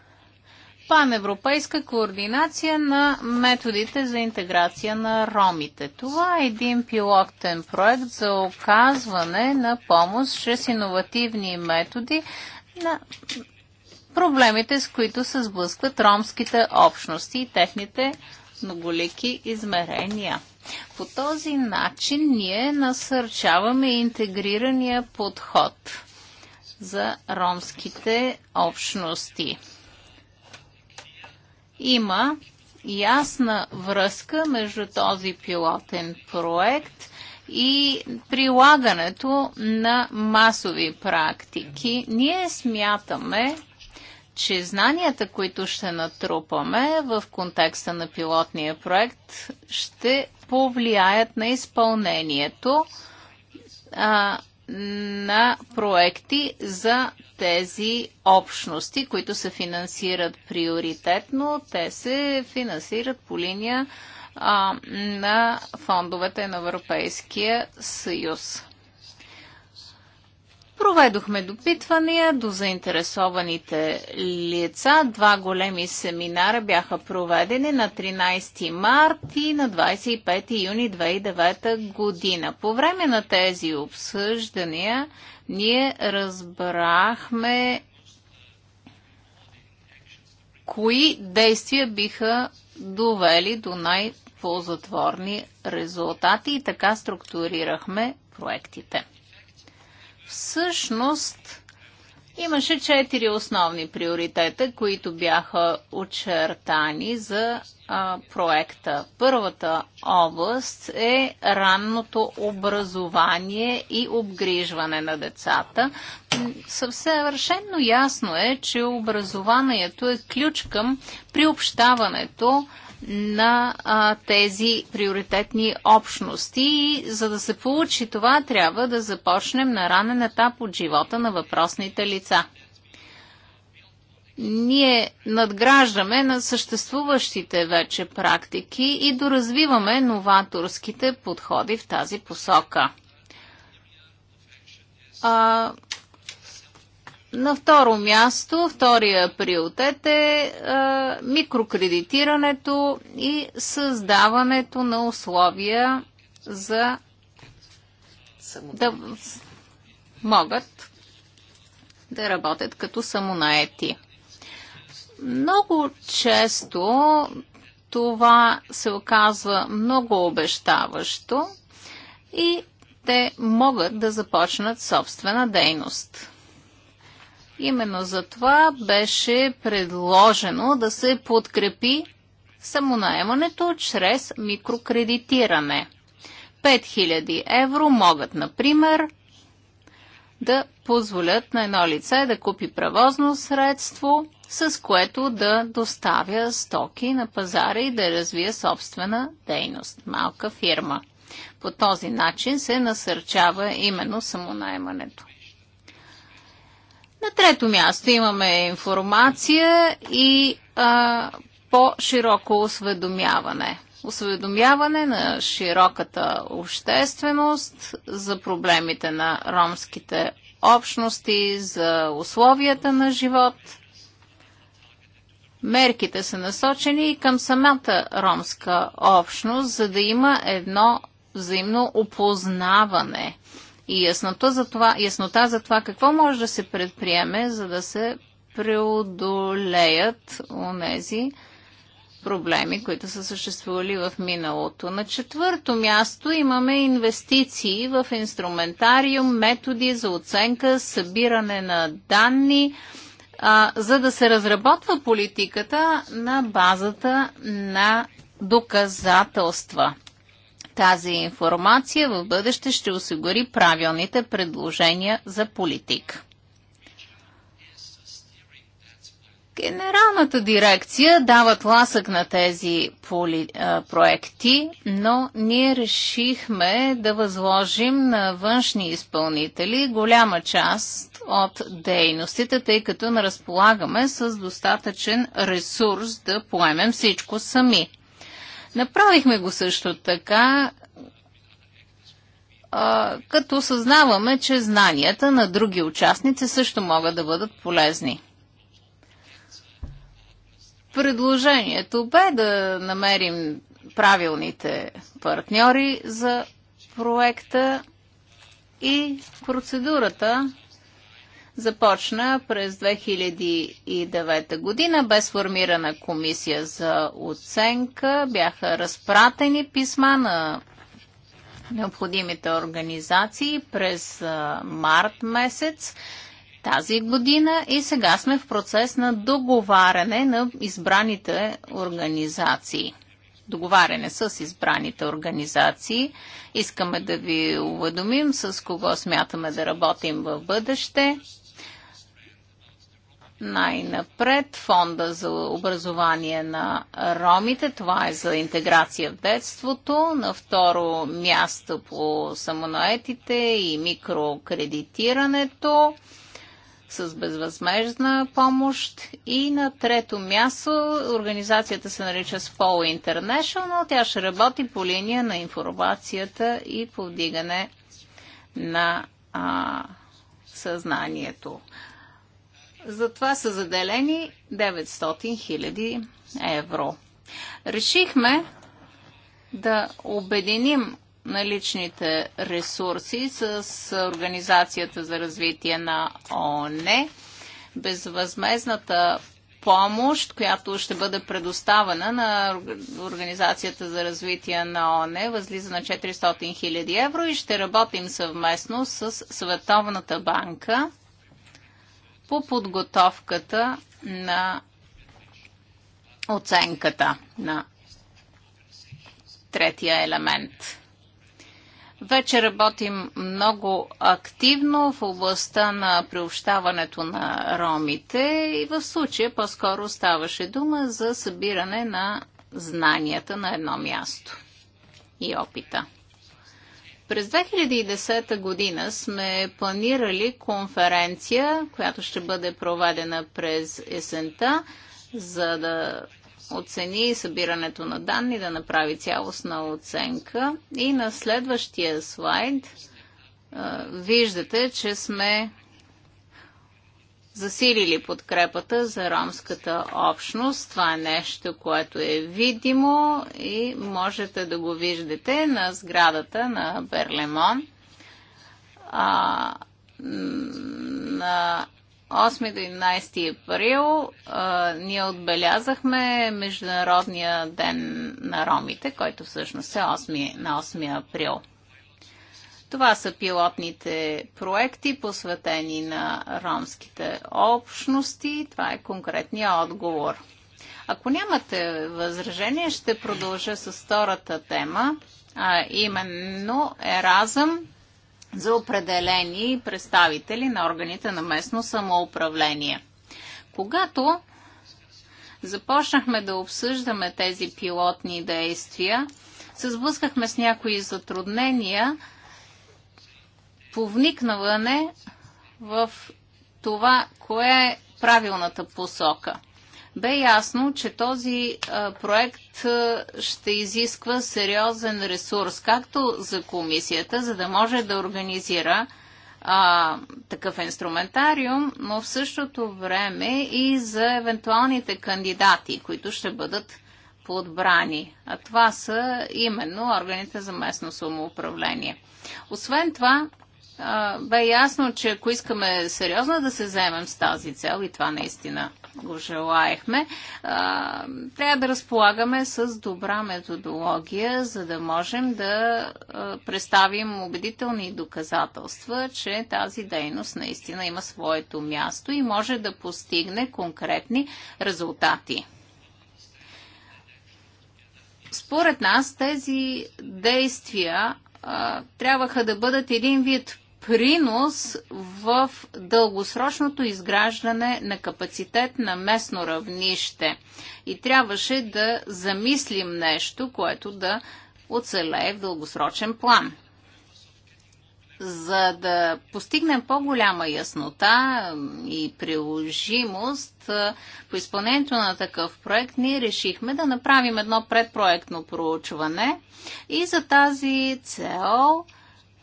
паневропейска координация на методите за интеграция на ромите. Това е един пилотен проект за оказване на помощ чрез иновативни методи на проблемите, с които се сблъскват ромските общности и техните многолики измерения. По този начин ние насърчаваме интегрирания подход за ромските общности. Има ясна връзка между този пилотен проект и прилагането на масови практики. Ние смятаме, че знанията, които ще натрупаме в контекста на пилотния проект, ще повлияят на изпълнението а, на проекти за тези общности, които се финансират приоритетно. Те се финансират по линия а, на фондовете на Европейския съюз. Проведохме допитвания до заинтересованите лица. Два големи семинара бяха проведени на 13 март и на 25 юни 2009 година. По време на тези обсъждания ние разбрахме кои действия биха довели до най-ползотворни резултати и така структурирахме проектите. Всъщност, имаше четири основни приоритета, които бяха очертани за а, проекта. Първата област е ранното образование и обгрижване на децата. Съвършенно ясно е, че образованието е ключ към приобщаването на а, тези приоритетни общности. И за да се получи това, трябва да започнем на ранен етап от живота на въпросните лица. Ние надграждаме на съществуващите вече практики и доразвиваме новаторските подходи в тази посока. А, на второ място, втория приоритет е, микрокредитирането и създаването на условия за да могат да работят като самонаети. Много често това се оказва много обещаващо и те могат да започнат собствена дейност. Именно за това беше предложено да се подкрепи самонаемането чрез микрокредитиране. 5000 евро могат, например, да позволят на едно лице да купи превозно средство, с което да доставя стоки на пазара и да развие собствена дейност, малка фирма. По този начин се насърчава именно самонаемането. На трето място имаме информация и по-широко осведомяване. Осведомяване на широката общественост за проблемите на ромските общности, за условията на живот. Мерките са насочени и към самата ромска общност, за да има едно взаимно опознаване и яснота за това, яснота за това какво може да се предприеме, за да се преодолеят онези проблеми, които са съществували в миналото. На четвърто място имаме инвестиции в инструментариум, методи за оценка, събиране на данни, а, за да се разработва политиката на базата на доказателства. Тази информация в бъдеще ще осигури правилните предложения за политик. Генералната дирекция дава ласък на тези поли, а, проекти, но ние решихме да възложим на външни изпълнители голяма част от дейностите, тъй като не разполагаме с достатъчен ресурс да поемем всичко сами. Направихме го също така, а, като съзнаваме, че знанията на други участници също могат да бъдат полезни. Предложението бе да намерим правилните партньори за проекта и процедурата започна през 2009 година без формирана комисия за оценка. Бяха разпратени писма на необходимите организации през март месец тази година и сега сме в процес на договаряне на избраните организации. Договаряне с избраните организации. Искаме да ви уведомим с кого смятаме да работим в бъдеще. Най-напред фонда за образование на ромите, това е за интеграция в детството. На второ място по самонаетите и микрокредитирането с безвъзмежна помощ. И на трето място организацията се нарича SPOL International. Тя ще работи по линия на информацията и повдигане на а, съзнанието. За това са заделени 900 000 евро. Решихме да обединим наличните ресурси с Организацията за развитие на ООН, безвъзмезната помощ, която ще бъде предоставена на Организацията за развитие на ООН, възлиза на 400 000 евро и ще работим съвместно с Световната банка по подготовката на оценката на третия елемент. Вече работим много активно в областта на приобщаването на ромите и в случая по-скоро ставаше дума за събиране на знанията на едно място и опита. През 2010 година сме планирали конференция, която ще бъде проведена през есента, за да оцени събирането на данни, да направи цялостна оценка. И на следващия слайд виждате, че сме засилили подкрепата за ромската общност. Това е нещо, което е видимо и можете да го виждате на сградата на Берлемон. А, на 8 11 април а, ние отбелязахме Международния ден на ромите, който всъщност е 8, на 8 април. Това са пилотните проекти, посветени на ромските общности. Това е конкретния отговор. Ако нямате възражение, ще продължа с втората тема, а именно еразъм за определени представители на органите на местно самоуправление. Когато започнахме да обсъждаме тези пилотни действия, се сблъскахме с някои затруднения – повникнаване в това, кое е правилната посока. Бе ясно, че този проект ще изисква сериозен ресурс, както за комисията, за да може да организира а, такъв инструментариум, но в същото време и за евентуалните кандидати, които ще бъдат подбрани. А това са именно органите за местно самоуправление. Освен това, бе ясно, че ако искаме сериозно да се заемем с тази цел, и това наистина го желаехме, трябва да разполагаме с добра методология, за да можем да представим убедителни доказателства, че тази дейност наистина има своето място и може да постигне конкретни резултати. Според нас тези действия трябваха да бъдат един вид принос в дългосрочното изграждане на капацитет на местно равнище. И трябваше да замислим нещо, което да оцелее в дългосрочен план. За да постигнем по-голяма яснота и приложимост по изпълнението на такъв проект, ние решихме да направим едно предпроектно проучване и за тази цел –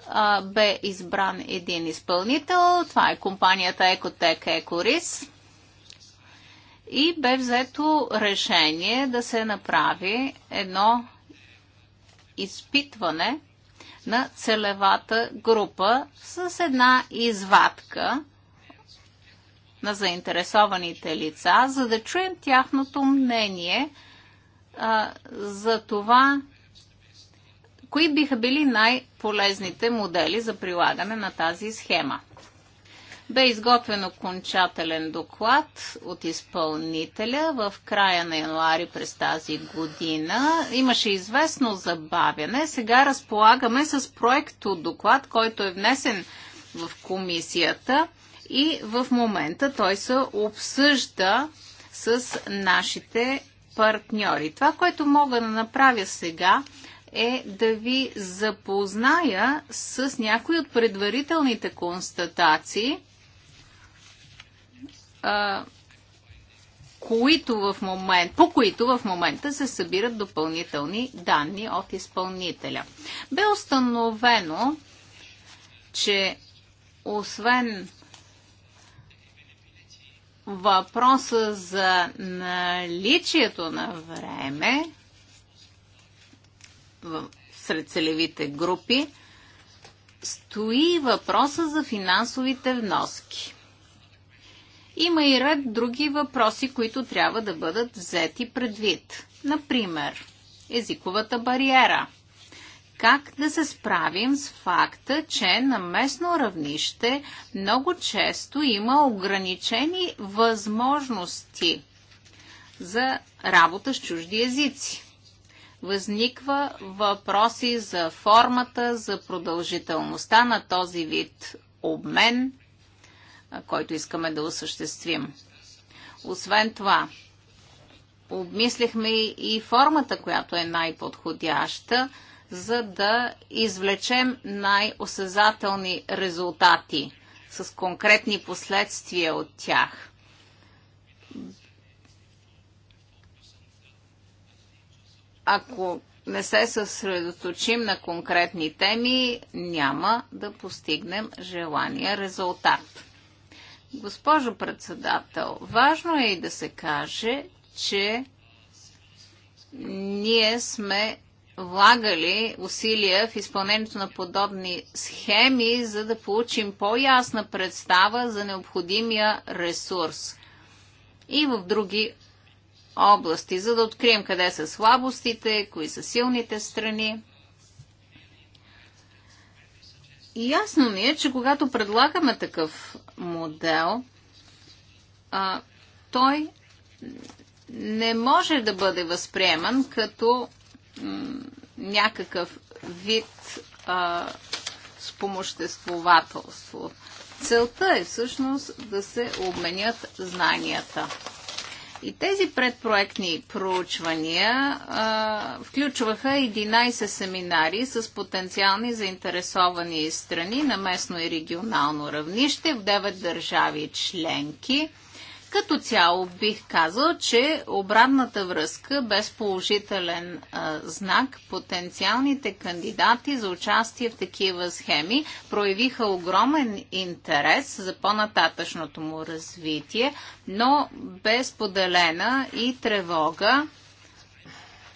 а, бе избран един изпълнител. Това е компанията Екотек Екорис. И бе взето решение да се направи едно изпитване на целевата група с една извадка на заинтересованите лица, за да чуем тяхното мнение а, за това кои биха били най-полезните модели за прилагане на тази схема? Бе изготвен окончателен доклад от изпълнителя в края на януари през тази година. Имаше известно забавяне. Сега разполагаме с проекто доклад, който е внесен в комисията и в момента той се обсъжда с нашите партньори. Това, което мога да направя сега, е да ви запозная с някои от предварителните констатации, които в момент, по които в момента се събират допълнителни данни от изпълнителя. Бе установено, че освен въпроса за наличието на време, сред целевите групи, стои въпроса за финансовите вноски. Има и ред други въпроси, които трябва да бъдат взети предвид. Например, езиковата бариера. Как да се справим с факта, че на местно равнище много често има ограничени възможности за работа с чужди езици? възниква въпроси за формата, за продължителността на този вид обмен, който искаме да осъществим. Освен това, обмислихме и формата, която е най-подходяща, за да извлечем най-осезателни резултати с конкретни последствия от тях. ако не се съсредоточим на конкретни теми, няма да постигнем желания резултат. Госпожо председател, важно е и да се каже, че ние сме влагали усилия в изпълнението на подобни схеми, за да получим по-ясна представа за необходимия ресурс и в други области, за да открием къде са слабостите, кои са силните страни. И ясно ми е, че когато предлагаме такъв модел, а, той не може да бъде възприеман като някакъв вид а, спомоществователство. Целта е всъщност да се обменят знанията. И тези предпроектни проучвания а, включваха 11 семинари с потенциални заинтересовани страни на местно и регионално равнище в 9 държави членки – като цяло бих казал, че обратната връзка без положителен а, знак, потенциалните кандидати за участие в такива схеми проявиха огромен интерес за по-нататъчното му развитие, но без поделена и тревога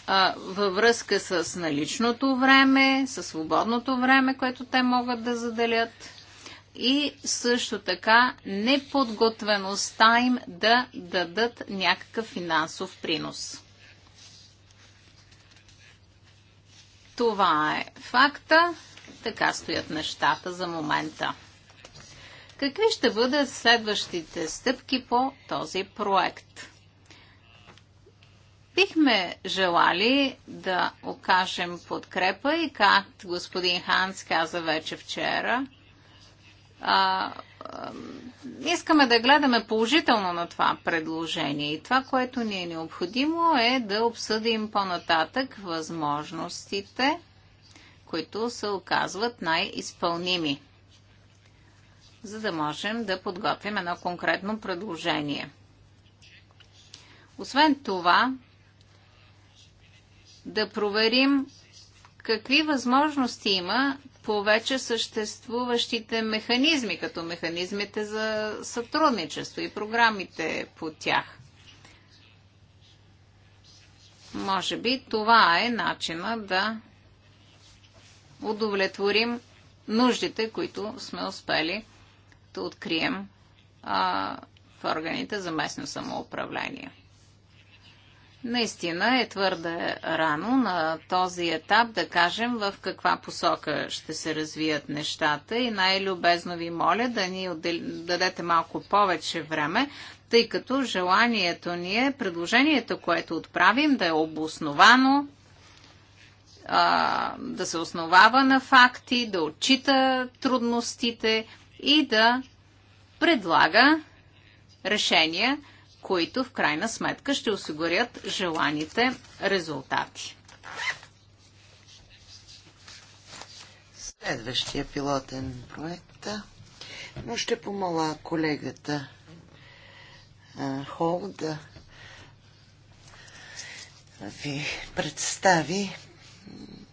а, във връзка с наличното време, със свободното време, което те могат да заделят и също така неподготвеността им да дадат някакъв финансов принос. Това е факта. Така стоят нещата за момента. Какви ще бъдат следващите стъпки по този проект? Бихме желали да окажем подкрепа и, както господин Ханс каза вече вчера, а, а, искаме да гледаме положително на това предложение и това, което ни е необходимо е да обсъдим по-нататък възможностите, които се оказват най-изпълними, за да можем да подготвим едно конкретно предложение. Освен това, да проверим какви възможности има повече съществуващите механизми, като механизмите за сътрудничество и програмите по тях. Може би това е начина да удовлетворим нуждите, които сме успели да открием а, в органите за местно самоуправление. Наистина е твърде рано на този етап да кажем в каква посока ще се развият нещата и най-любезно ви моля да ни дадете малко повече време, тъй като желанието ни е предложението, което отправим, да е обосновано, да се основава на факти, да отчита трудностите и да предлага решения, които в крайна сметка ще осигурят желаните резултати. Следващия пилотен проект. Но ще помоля колегата Хол да ви представи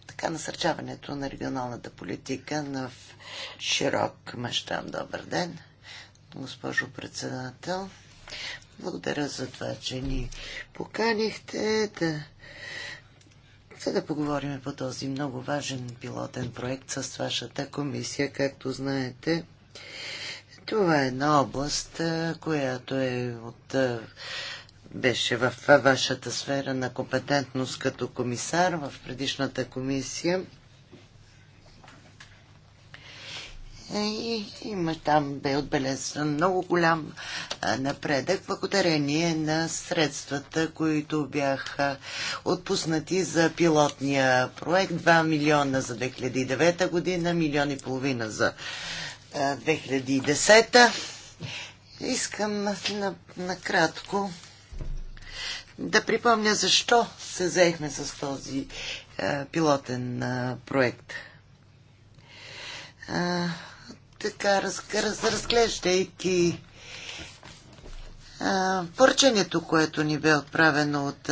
така насърчаването на регионалната политика на широк мащаб. Добър ден, госпожо председател. Благодаря за това, че ни поканихте да за да поговорим по този много важен пилотен проект с вашата комисия, както знаете. Това е една област, която е от, беше в вашата сфера на компетентност като комисар в предишната комисия. Е, и има там бе отбелезан много голям напредък, благодарение на средствата, които бяха отпуснати за пилотния проект. 2 милиона за 2009 година, милион и половина за 2010. Искам накратко да припомня защо се заехме с този пилотен проект така раз, раз, разглеждайки поръчението, което ни бе отправено от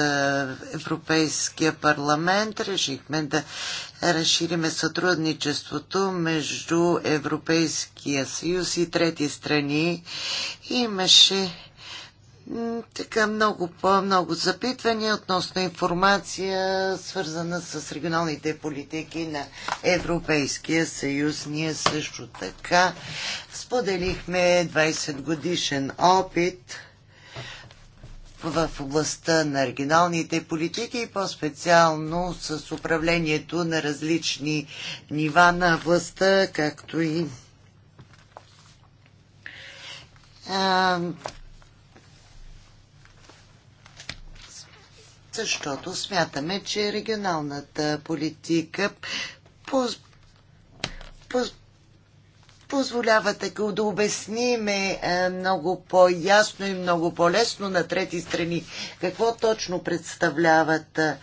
Европейския парламент, решихме да разшириме сътрудничеството между Европейския съюз и трети страни. Имаше така много по-много запитвания относно информация, свързана с регионалните политики на Европейския съюз. Ние също така споделихме 20 годишен опит в областта на регионалните политики и по-специално с управлението на различни нива на властта, както и защото смятаме, че регионалната политика поз... Поз... позволява така да обясниме е, много по-ясно и много по-лесно на трети страни какво точно представляват е,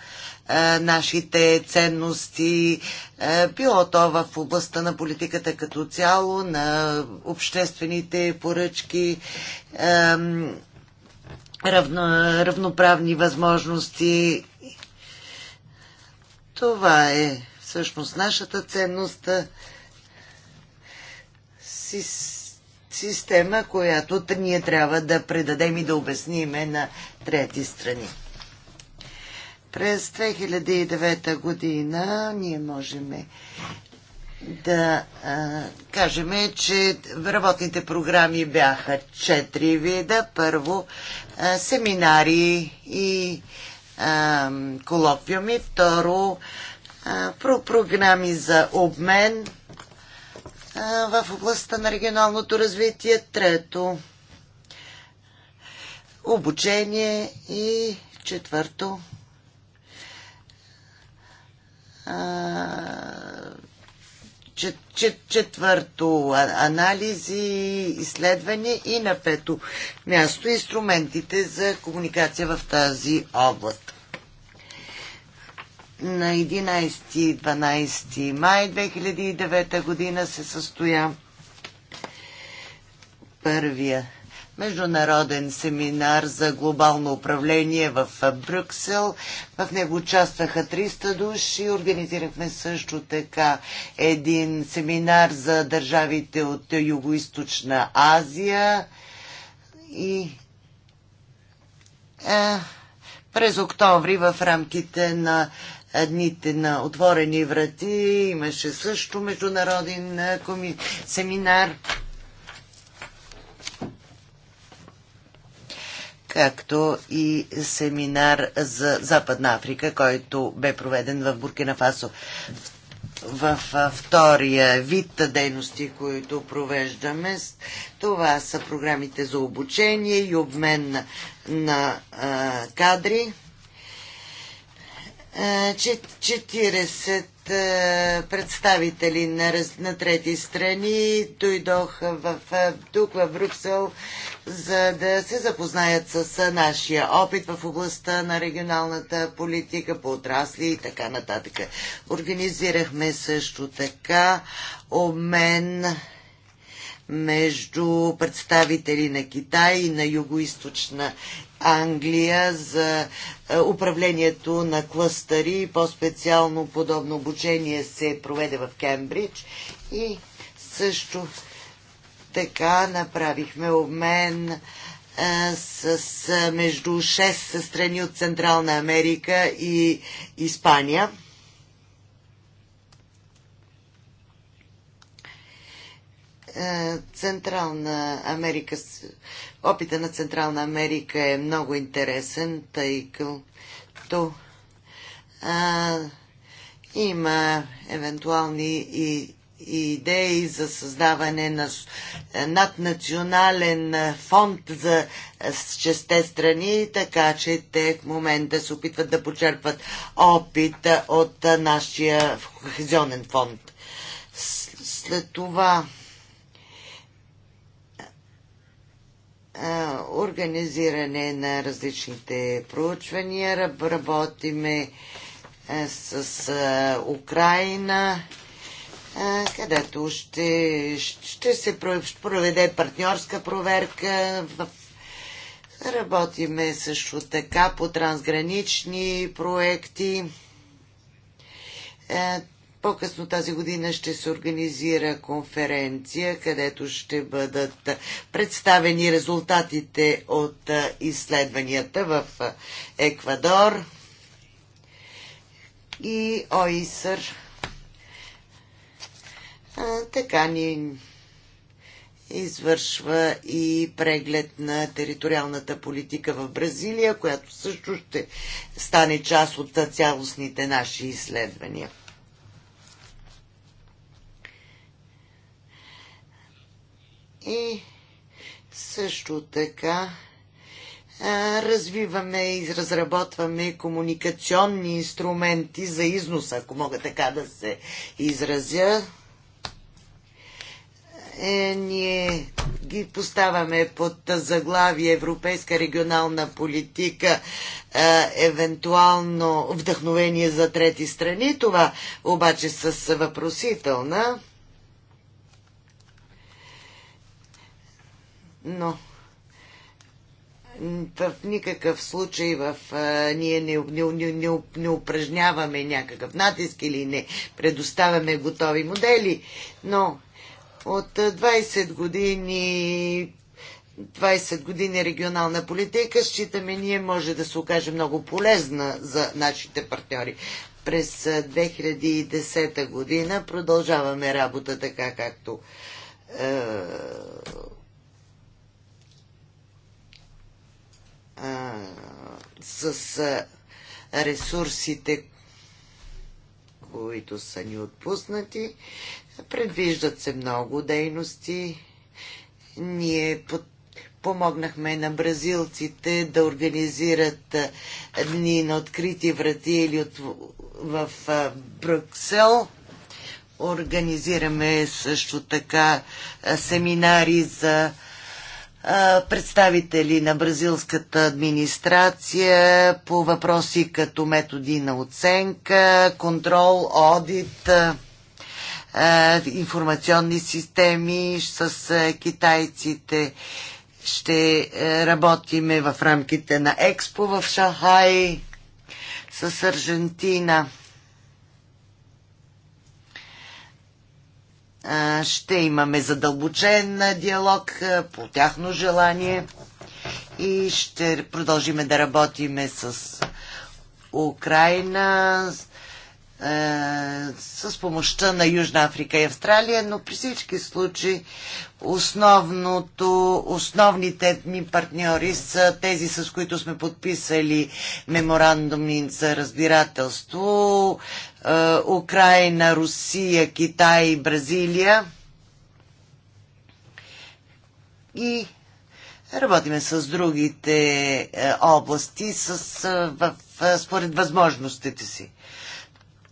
нашите ценности, е, било то в областта на политиката като цяло, на обществените поръчки, равно, равноправни възможности. Това е всъщност нашата ценност. Система, която ние трябва да предадем и да обясниме на трети страни. През 2009 година ние можем да а, кажем, че работните програми бяха четири вида. Първо, а, семинари и а, колоквиуми. Второ, а, про програми за обмен а, в областта на регионалното развитие. Трето, обучение и четвърто, а, четвърто анализи, изследвания и на пето място инструментите за комуникация в тази област. На 11-12 май 2009 година се състоя първия международен семинар за глобално управление в Брюксел. В него участваха 300 души. Организирахме също така един семинар за държавите от Юго-Источна Азия. И е, през октомври в рамките на дните на отворени врати имаше също международен е, семинар както и семинар за Западна Африка, който бе проведен в Буркина Фасо. В втория вид дейности, които провеждаме, това са програмите за обучение и обмен на кадри. 40 е, е, представители на, на трети страни дойдоха в, е, тук в Брюксел, за да се запознаят с е, нашия опит в областта на регионалната политика по отрасли и така нататък. Организирахме също така обмен между представители на Китай и на Юго-Источна Англия за е, управлението на клъстъри. По-специално подобно обучение се проведе в Кембридж и също така направихме обмен е, с е, между 6 страни от Централна Америка и Испания. Е, Централна Америка, опита на Централна Америка е много интересен, тъй като а, има евентуални и, и идеи за създаване на наднационален фонд за шесте страни, така че те в момента се опитват да почерпват опит от нашия кохезионен фонд. След това организиране на различните проучвания. Работиме с Украина, където ще, ще се проведе партньорска проверка. Работиме също така по трансгранични проекти по-късно тази година ще се организира конференция, където ще бъдат представени резултатите от изследванията в Еквадор и ОИСър. Така ни извършва и преглед на териториалната политика в Бразилия, която също ще стане част от цялостните наши изследвания. И също така развиваме и разработваме комуникационни инструменти за износ, ако мога така да се изразя. Е, ние ги поставяме под заглавие Европейска регионална политика, е, евентуално вдъхновение за трети страни. Това обаче с въпросителна. но в никакъв случай в, а, ние не, не, не, не, не упражняваме някакъв натиск или не предоставяме готови модели, но от 20 години 20 години регионална политика, считаме ние може да се окаже много полезна за нашите партньори. През 2010 година продължаваме работа така, както е, а, с а, ресурсите, които са ни отпуснати. Предвиждат се много дейности. Ние под помогнахме на бразилците да организират дни на открити врати или от, в Брюксел. Организираме също така семинари за представители на бразилската администрация по въпроси като методи на оценка, контрол, одит, информационни системи с китайците. Ще работиме в рамките на Експо в Шахай с Аржентина. ще имаме задълбочен диалог по тяхно желание и ще продължиме да работиме с Украина, е, с помощта на Южна Африка и Австралия, но при всички случаи основното, основните ни партньори са тези, с които сме подписали меморандуми за разбирателство е, Украина, Русия, Китай и Бразилия. И работиме с другите е, области с, е, в, според възможностите си.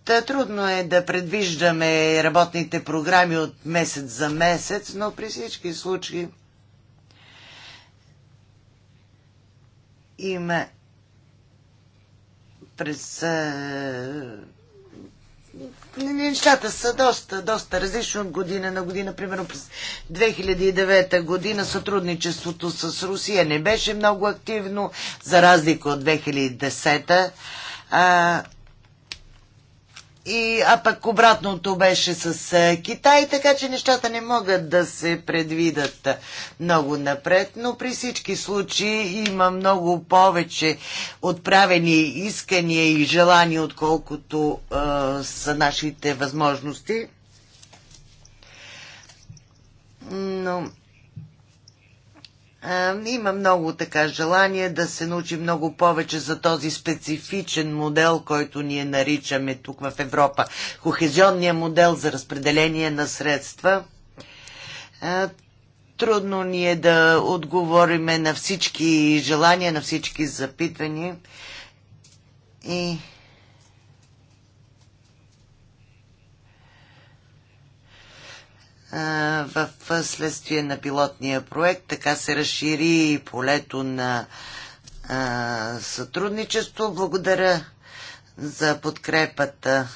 Трудно е да предвиждаме работните програми от месец за месец, но при всички случаи има през нещата са доста, доста различни от година на година. Примерно през 2009 година сътрудничеството с Русия не беше много активно, за разлика от 2010. А, и, а пък обратното беше с е, Китай, така че нещата не могат да се предвидат много напред, но при всички случаи има много повече отправени искания и желания, отколкото е, са нашите възможности. Но има много така желание да се научи много повече за този специфичен модел, който ние наричаме тук в Европа. Кохезионния модел за разпределение на средства. Трудно ни е да отговориме на всички желания, на всички запитвания. И в следствие на пилотния проект. Така се разшири полето на сътрудничество. Благодаря за подкрепата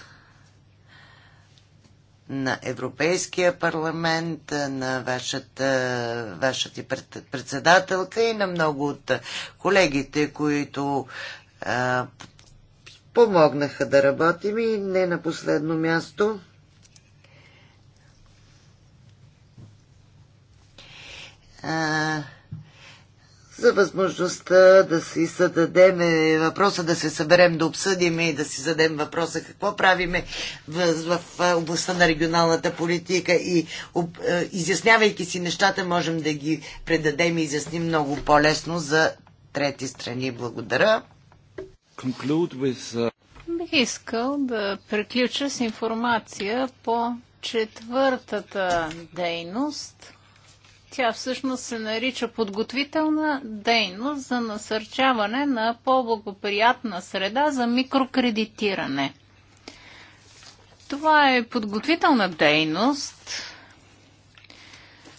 на Европейския парламент, на вашата, вашата председателка и на много от колегите, които а, помогнаха да работим и не на последно място. за възможността да си зададем е, въпроса, да се съберем, да обсъдим и да си зададем въпроса какво правиме в, в, в областта на регионалната политика и об, е, изяснявайки си нещата, можем да ги предадем и изясним много по-лесно за трети страни. Благодаря. Uh, Бих искал да приключа с информация по четвъртата дейност – тя всъщност се нарича подготвителна дейност за насърчаване на по-благоприятна среда за микрокредитиране. Това е подготвителна дейност,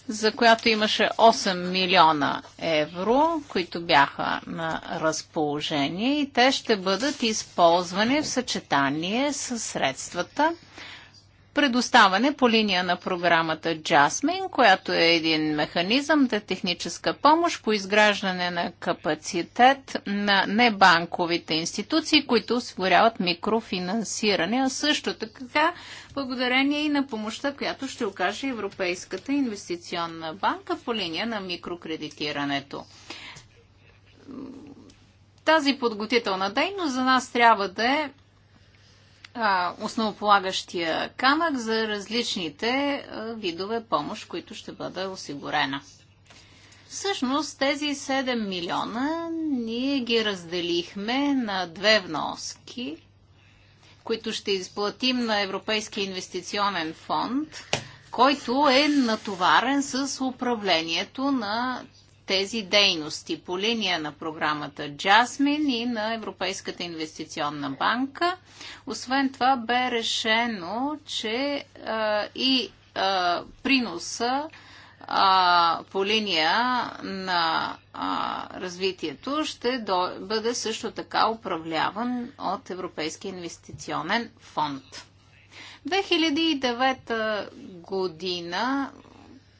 за която имаше 8 милиона евро, които бяха на разположение и те ще бъдат използвани в съчетание с средствата, предоставане по линия на програмата Jasmine, която е един механизъм за техническа помощ по изграждане на капацитет на небанковите институции, които осигуряват микрофинансиране, а също така благодарение и на помощта, която ще окаже Европейската инвестиционна банка по линия на микрокредитирането тази подготителна дейност за нас трябва да е а, основополагащия камък за различните а, видове помощ, които ще бъде осигурена. Всъщност тези 7 милиона ние ги разделихме на две вноски, които ще изплатим на Европейския инвестиционен фонд, който е натоварен с управлението на тези дейности по линия на програмата Джасмин и на Европейската инвестиционна банка. Освен това бе решено, че а, и а, приноса а, по линия на а, развитието ще до, бъде също така управляван от Европейския инвестиционен фонд. 2009 година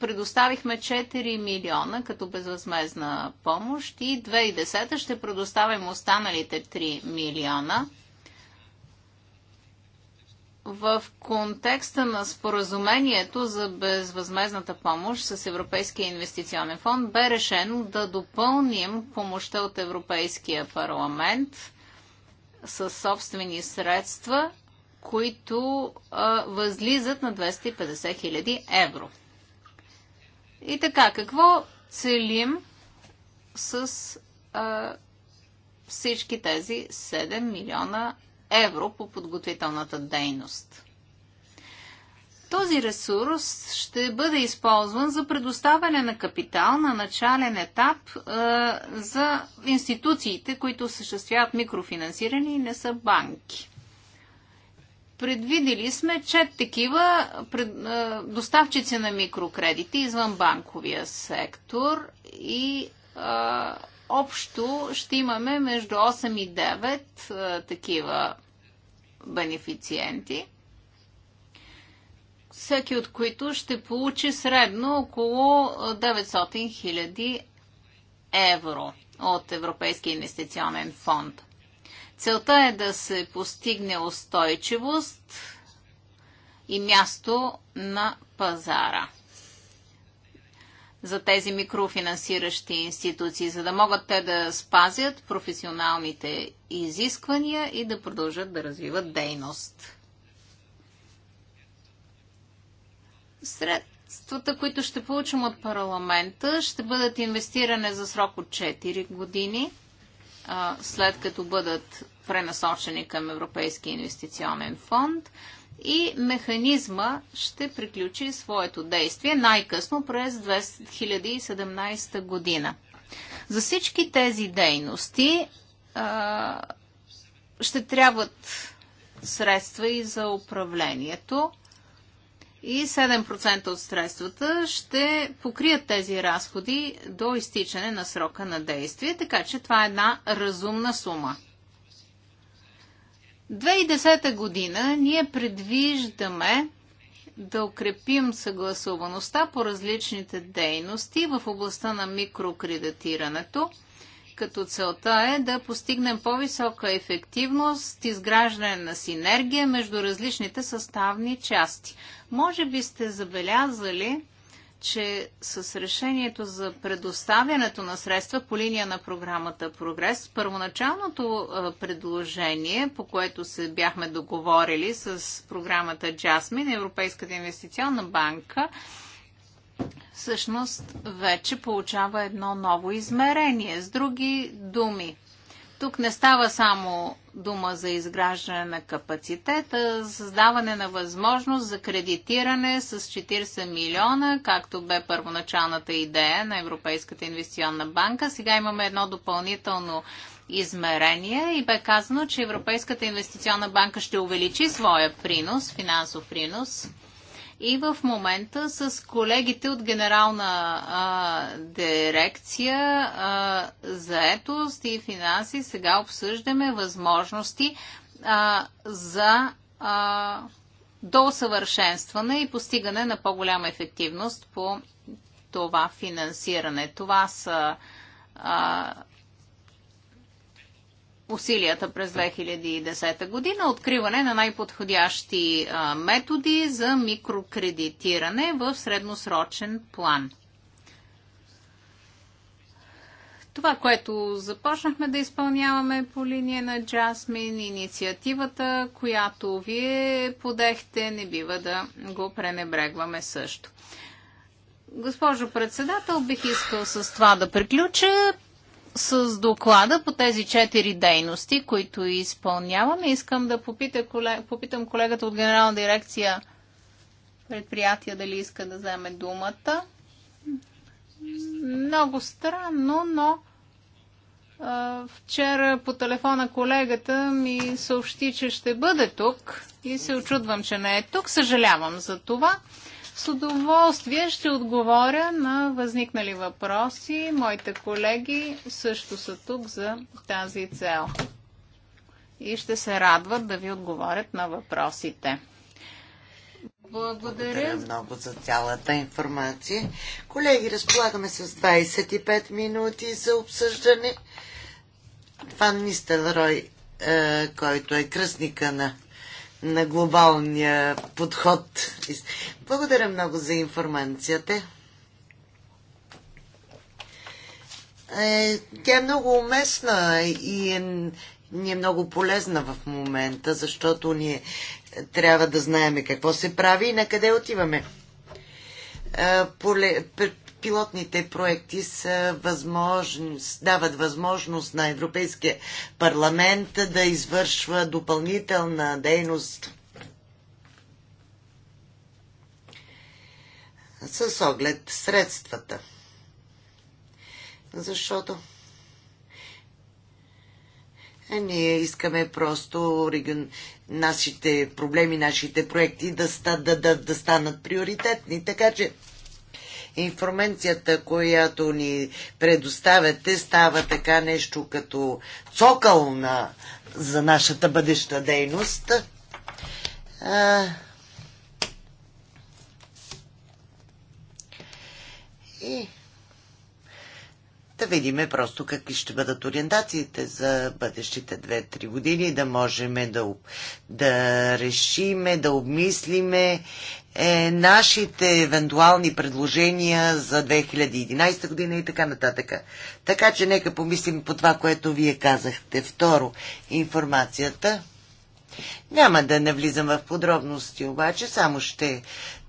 предоставихме 4 милиона като безвъзмезна помощ и 2010 ще предоставим останалите 3 милиона. В контекста на споразумението за безвъзмезната помощ с Европейския инвестиционен фонд бе решено да допълним помощта от Европейския парламент със собствени средства, които възлизат на 250 000 евро. И така, какво целим с а, всички тези 7 милиона евро по подготвителната дейност? Този ресурс ще бъде използван за предоставяне на капитал на начален етап за институциите, които осъществяват микрофинансиране и не са банки. Предвидели сме, че такива пред, доставчици на микрокредити извън банковия сектор и а, общо ще имаме между 8 и 9 а, такива бенефициенти, всеки от които ще получи средно около 900 000 евро от Европейския инвестиционен фонд. Целта е да се постигне устойчивост и място на пазара за тези микрофинансиращи институции, за да могат те да спазят професионалните изисквания и да продължат да развиват дейност. Средствата, които ще получим от парламента, ще бъдат инвестиране за срок от 4 години – след като бъдат пренасочени към Европейския инвестиционен фонд и механизма ще приключи своето действие най-късно през 2017 година. За всички тези дейности ще трябват средства и за управлението и 7% от средствата ще покрият тези разходи до изтичане на срока на действие, така че това е една разумна сума. 2010 година ние предвиждаме да укрепим съгласуваността по различните дейности в областта на микрокредитирането – като целта е да постигнем по-висока ефективност, изграждане на синергия между различните съставни части. Може би сте забелязали, че с решението за предоставянето на средства по линия на програмата Прогрес, първоначалното предложение, по което се бяхме договорили с програмата Jasmine, Европейската инвестиционна банка, всъщност вече получава едно ново измерение. С други думи, тук не става само дума за изграждане на капацитета, създаване на възможност за кредитиране с 40 милиона, както бе първоначалната идея на Европейската инвестиционна банка. Сега имаме едно допълнително измерение и бе казано, че Европейската инвестиционна банка ще увеличи своя принос, финансов принос и в момента с колегите от Генерална а, дирекция а, заетост и финанси сега обсъждаме възможности а, за а, до и постигане на по-голяма ефективност по това финансиране. Това са а, усилията през 2010 година, откриване на най-подходящи методи за микрокредитиране в средносрочен план. Това, което започнахме да изпълняваме по линия на Джасмин, инициативата, която вие подехте, не бива да го пренебрегваме също. Госпожо председател, бих искал с това да приключа с доклада по тези четири дейности, които изпълняваме. Искам да попитам, колег... попитам колегата от Генерална дирекция предприятия дали иска да вземе думата. Много странно, но а, вчера по телефона колегата ми съобщи, че ще бъде тук и се очудвам, че не е тук. Съжалявам за това. С удоволствие ще отговоря на възникнали въпроси. Моите колеги също са тук за тази цел. И ще се радват да ви отговорят на въпросите. Благодаря. Благодаря много за цялата информация. Колеги, разполагаме с 25 минути за обсъждане. Ван Рой, е, който е кръстника на на глобалния подход. Благодаря много за информацията. Е, тя е много уместна и е, ни е много полезна в момента, защото ние трябва да знаеме какво се прави и на къде отиваме. Е, пилотните проекти са възможност, дават възможност на Европейския парламент да извършва допълнителна дейност с оглед средствата. Защото ние искаме просто регион... нашите проблеми, нашите проекти да, ста... да, да, да станат приоритетни. Така че информацията, която ни предоставяте, става така нещо като цокъл на, за нашата бъдеща дейност. А, и да видиме просто какви ще бъдат ориентациите за бъдещите 2-3 години, да можем да, да решиме, да обмислиме е нашите евентуални предложения за 2011 година и така нататък. Така че нека помислим по това, което вие казахте. Второ, информацията. Няма да навлизам в подробности, обаче само ще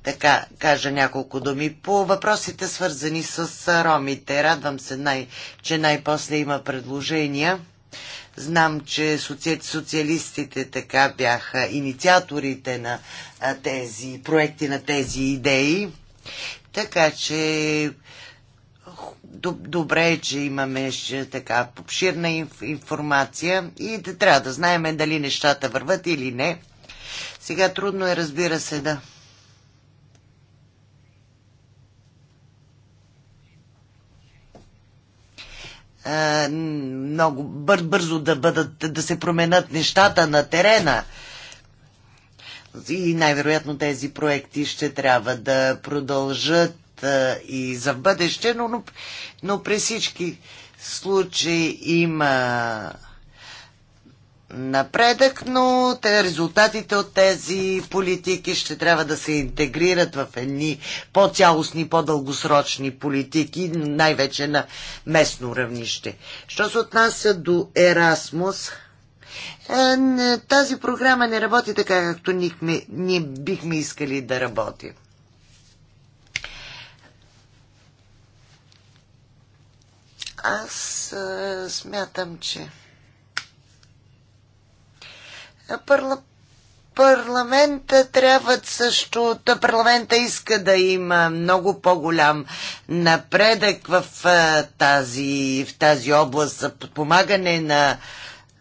така кажа няколко думи по въпросите свързани с ромите. Радвам се, най, че най-после има предложения Знам, че социалистите така бяха инициаторите на тези проекти, на тези идеи. Така че добре е, че имаме така обширна информация и да трябва да знаем дали нещата върват или не. Сега трудно е, разбира се, да Е, много бър, бързо да, бъдат, да се променят нещата на терена. И най-вероятно тези проекти ще трябва да продължат а, е, и за бъдеще, но, но, но при всички случаи има напредък, но те, резултатите от тези политики ще трябва да се интегрират в едни по-цялостни, по-дългосрочни политики, най-вече на местно равнище. Що се отнася до Ерасмус, е, тази програма не работи така, както ние, бихме искали да работи. Аз а, е, смятам, че Парла... Парламента трябва също, парламента иска да има много по-голям напредък в тази, в тази област за подпомагане на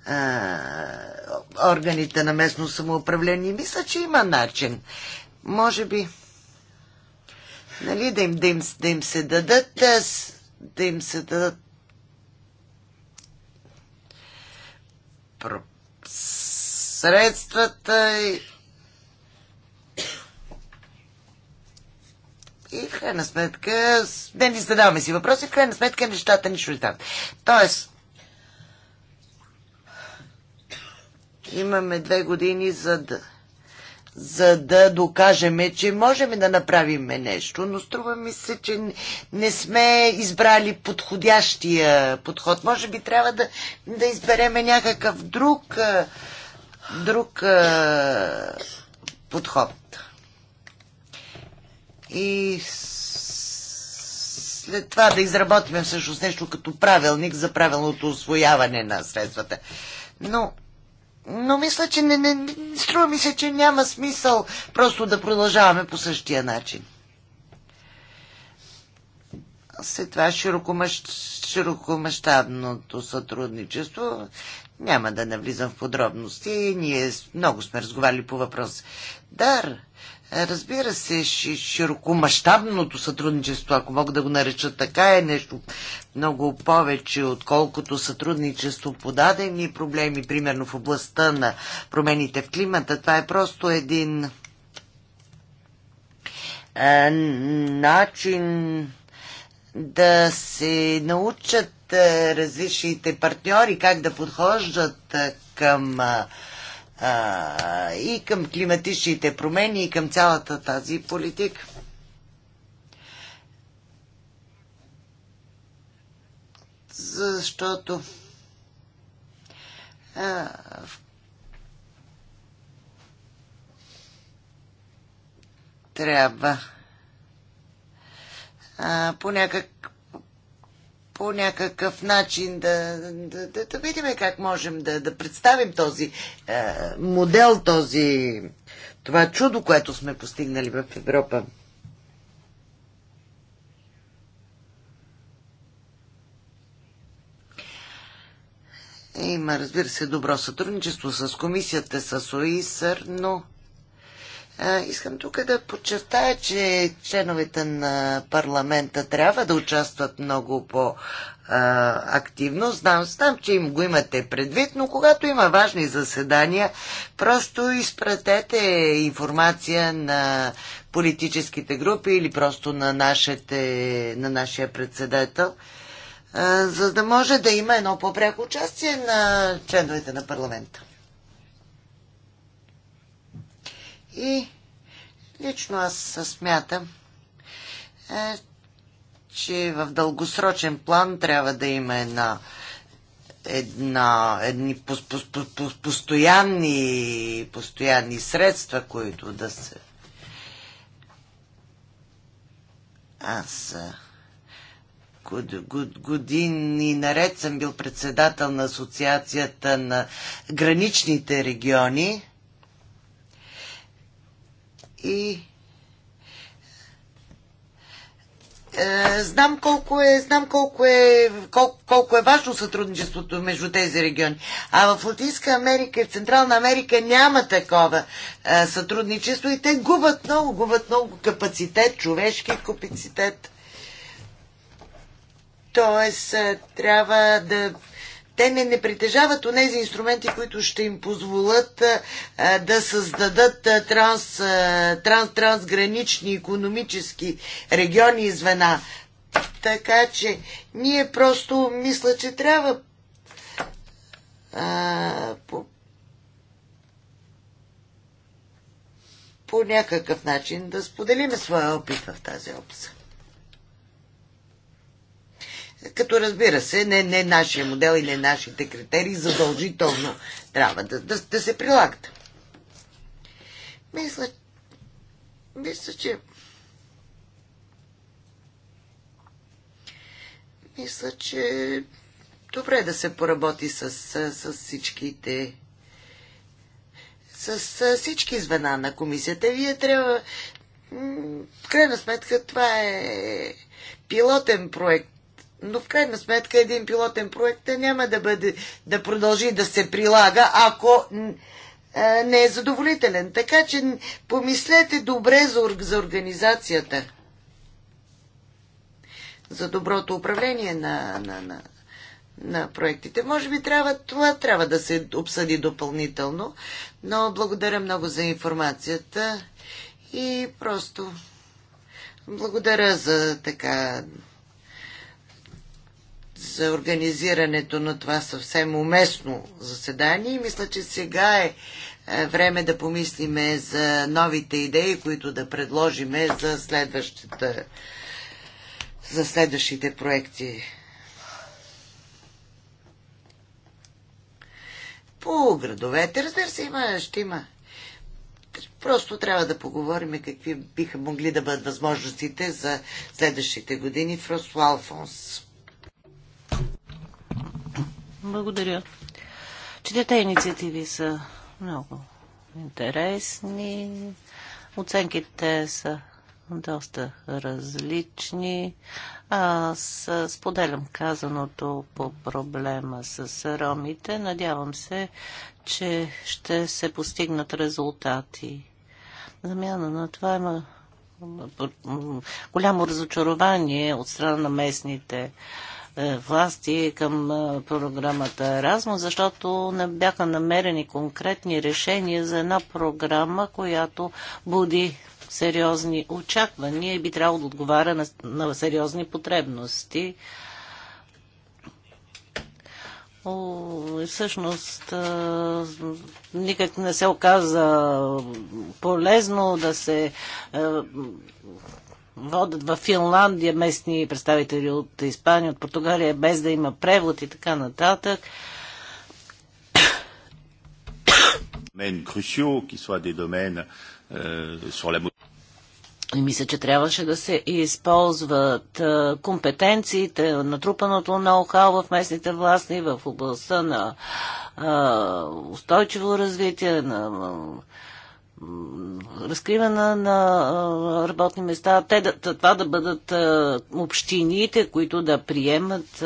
а, органите на местно самоуправление. Мисля, че има начин. Може би нали, да, им, да, им, да им се дадат да им се дадат средствата и... И в крайна сметка, не ни задаваме си въпроси, в крайна сметка нещата нищо не там. Тоест, имаме две години за да, за да докажеме, че можем да направим нещо, но струва ми се, че не сме избрали подходящия подход. Може би трябва да, да избереме някакъв друг а, друг а, подход. И след това да изработим всъщност нещо като правилник за правилното освояване на средствата. Но, но мисля, че не, не, не струва ми се, че няма смисъл просто да продължаваме по същия начин. След това широкомащ, широкомащабното сътрудничество. Няма да навлизам в подробности. Ние много сме разговаряли по въпрос. Да, разбира се, широкомащабното сътрудничество, ако мога да го нареча така, е нещо много повече, отколкото сътрудничество по дадени проблеми, примерно в областта на промените в климата. Това е просто един начин да се научат е, различните партньори как да подхождат е, към а, е, и към климатичните промени и към цялата тази политика. Защото а, трябва а, по някак по някакъв начин да, да, да, да видим как можем да, да представим този е, модел, този, това чудо, което сме постигнали в Европа. Има, разбира се, добро сътрудничество с комисията, с ОИСР, но Искам тук да подчертая, че членовете на парламента трябва да участват много по-активно. Знам, знам, че им го имате предвид, но когато има важни заседания, просто изпратете информация на политическите групи или просто на, нашите, на нашия председател, за да може да има едно по-пряко участие на членовете на парламента. И лично аз смятам, е, че в дългосрочен план трябва да има една една, едни пос, пос, пос, пос, постоянни, постоянни средства, които да се... Аз е, год, год, години наред съм бил председател на Асоциацията на граничните региони и е, знам колко е, знам колко е, колко, колко е важно сътрудничеството между тези региони. А в Латинска Америка и в Централна Америка няма такова е, сътрудничество и те губят много, губят много капацитет, човешки капацитет. Тоест, е, трябва да те не, не притежават нези инструменти, които ще им позволят а, да създадат а, транс, а, транс, трансгранични економически региони и звена. Така че ние просто мисля, че трябва а, по, по някакъв начин да споделиме своя опит в тази област. Като разбира се, не, не нашия модел и не нашите критерии задължително трябва да, да, да се прилагат. Мисля, мисля, че мисля, че добре да се поработи с, с, с всичките с, с всички звена на комисията. Вие трябва в крайна сметка това е пилотен проект но в крайна сметка един пилотен проект няма да, бъде, да продължи да се прилага, ако е, не е задоволителен. Така че помислете добре за, за организацията, за доброто управление на, на, на, на проектите. Може би трябва, това трябва да се обсъди допълнително, но благодаря много за информацията и просто благодаря за така за организирането на това съвсем уместно заседание и мисля, че сега е, е време да помислиме за новите идеи, които да предложиме за следващата за следващите проекти. По градовете, разбира се, има, ще има. Просто трябва да поговорим какви биха могли да бъдат възможностите за следващите години. Фросуа Алфонс. Благодаря. Четете инициативи са много интересни. Оценките са доста различни. Аз споделям казаното по проблема с ромите. Надявам се, че ще се постигнат резултати. Замяна на това има голямо разочарование от страна на местните е, власти към е, програмата Еразмо, защото не бяха намерени конкретни решения за една програма, която буди сериозни очаквания и би трябвало да отговаря на, на сериозни потребности. О, всъщност е, никак не се оказа полезно да се водят в Финландия местни представители от Испания, от Португалия, без да има превод и така нататък. Euh, и мисля, че трябваше да се използват компетенциите, натрупаното ноу-хау в местните власти в областта на устойчиво развитие, на разкриване на работни места, те да, това да бъдат общините, които да приемат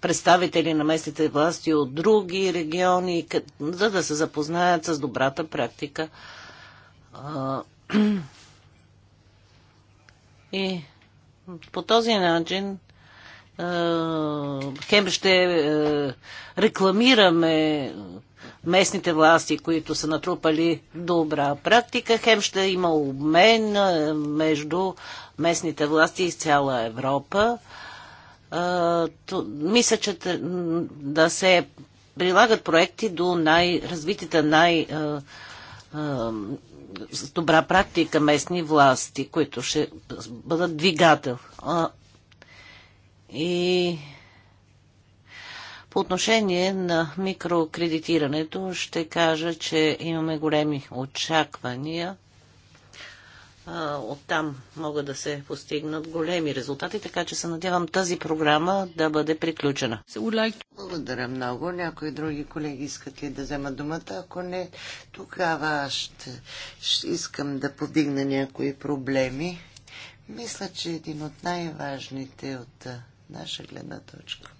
представители на местните власти от други региони, за да се запознаят с добрата практика. И по този начин хем ще рекламираме местните власти, които са натрупали добра практика, хем ще има обмен е, между местните власти из цяла Европа. Е, мисля, че да се прилагат проекти до най-развитите, най-, -развитите, най е, добра практика местни власти, които ще бъдат двигател. И по отношение на микрокредитирането ще кажа, че имаме големи очаквания. Оттам могат да се постигнат големи резултати, така че се надявам тази програма да бъде приключена. Благодаря много. Някои други колеги искат ли да вземат думата? Ако не, тогава аз ще, ще искам да подигна някои проблеми. Мисля, че един от най-важните от наша гледна точка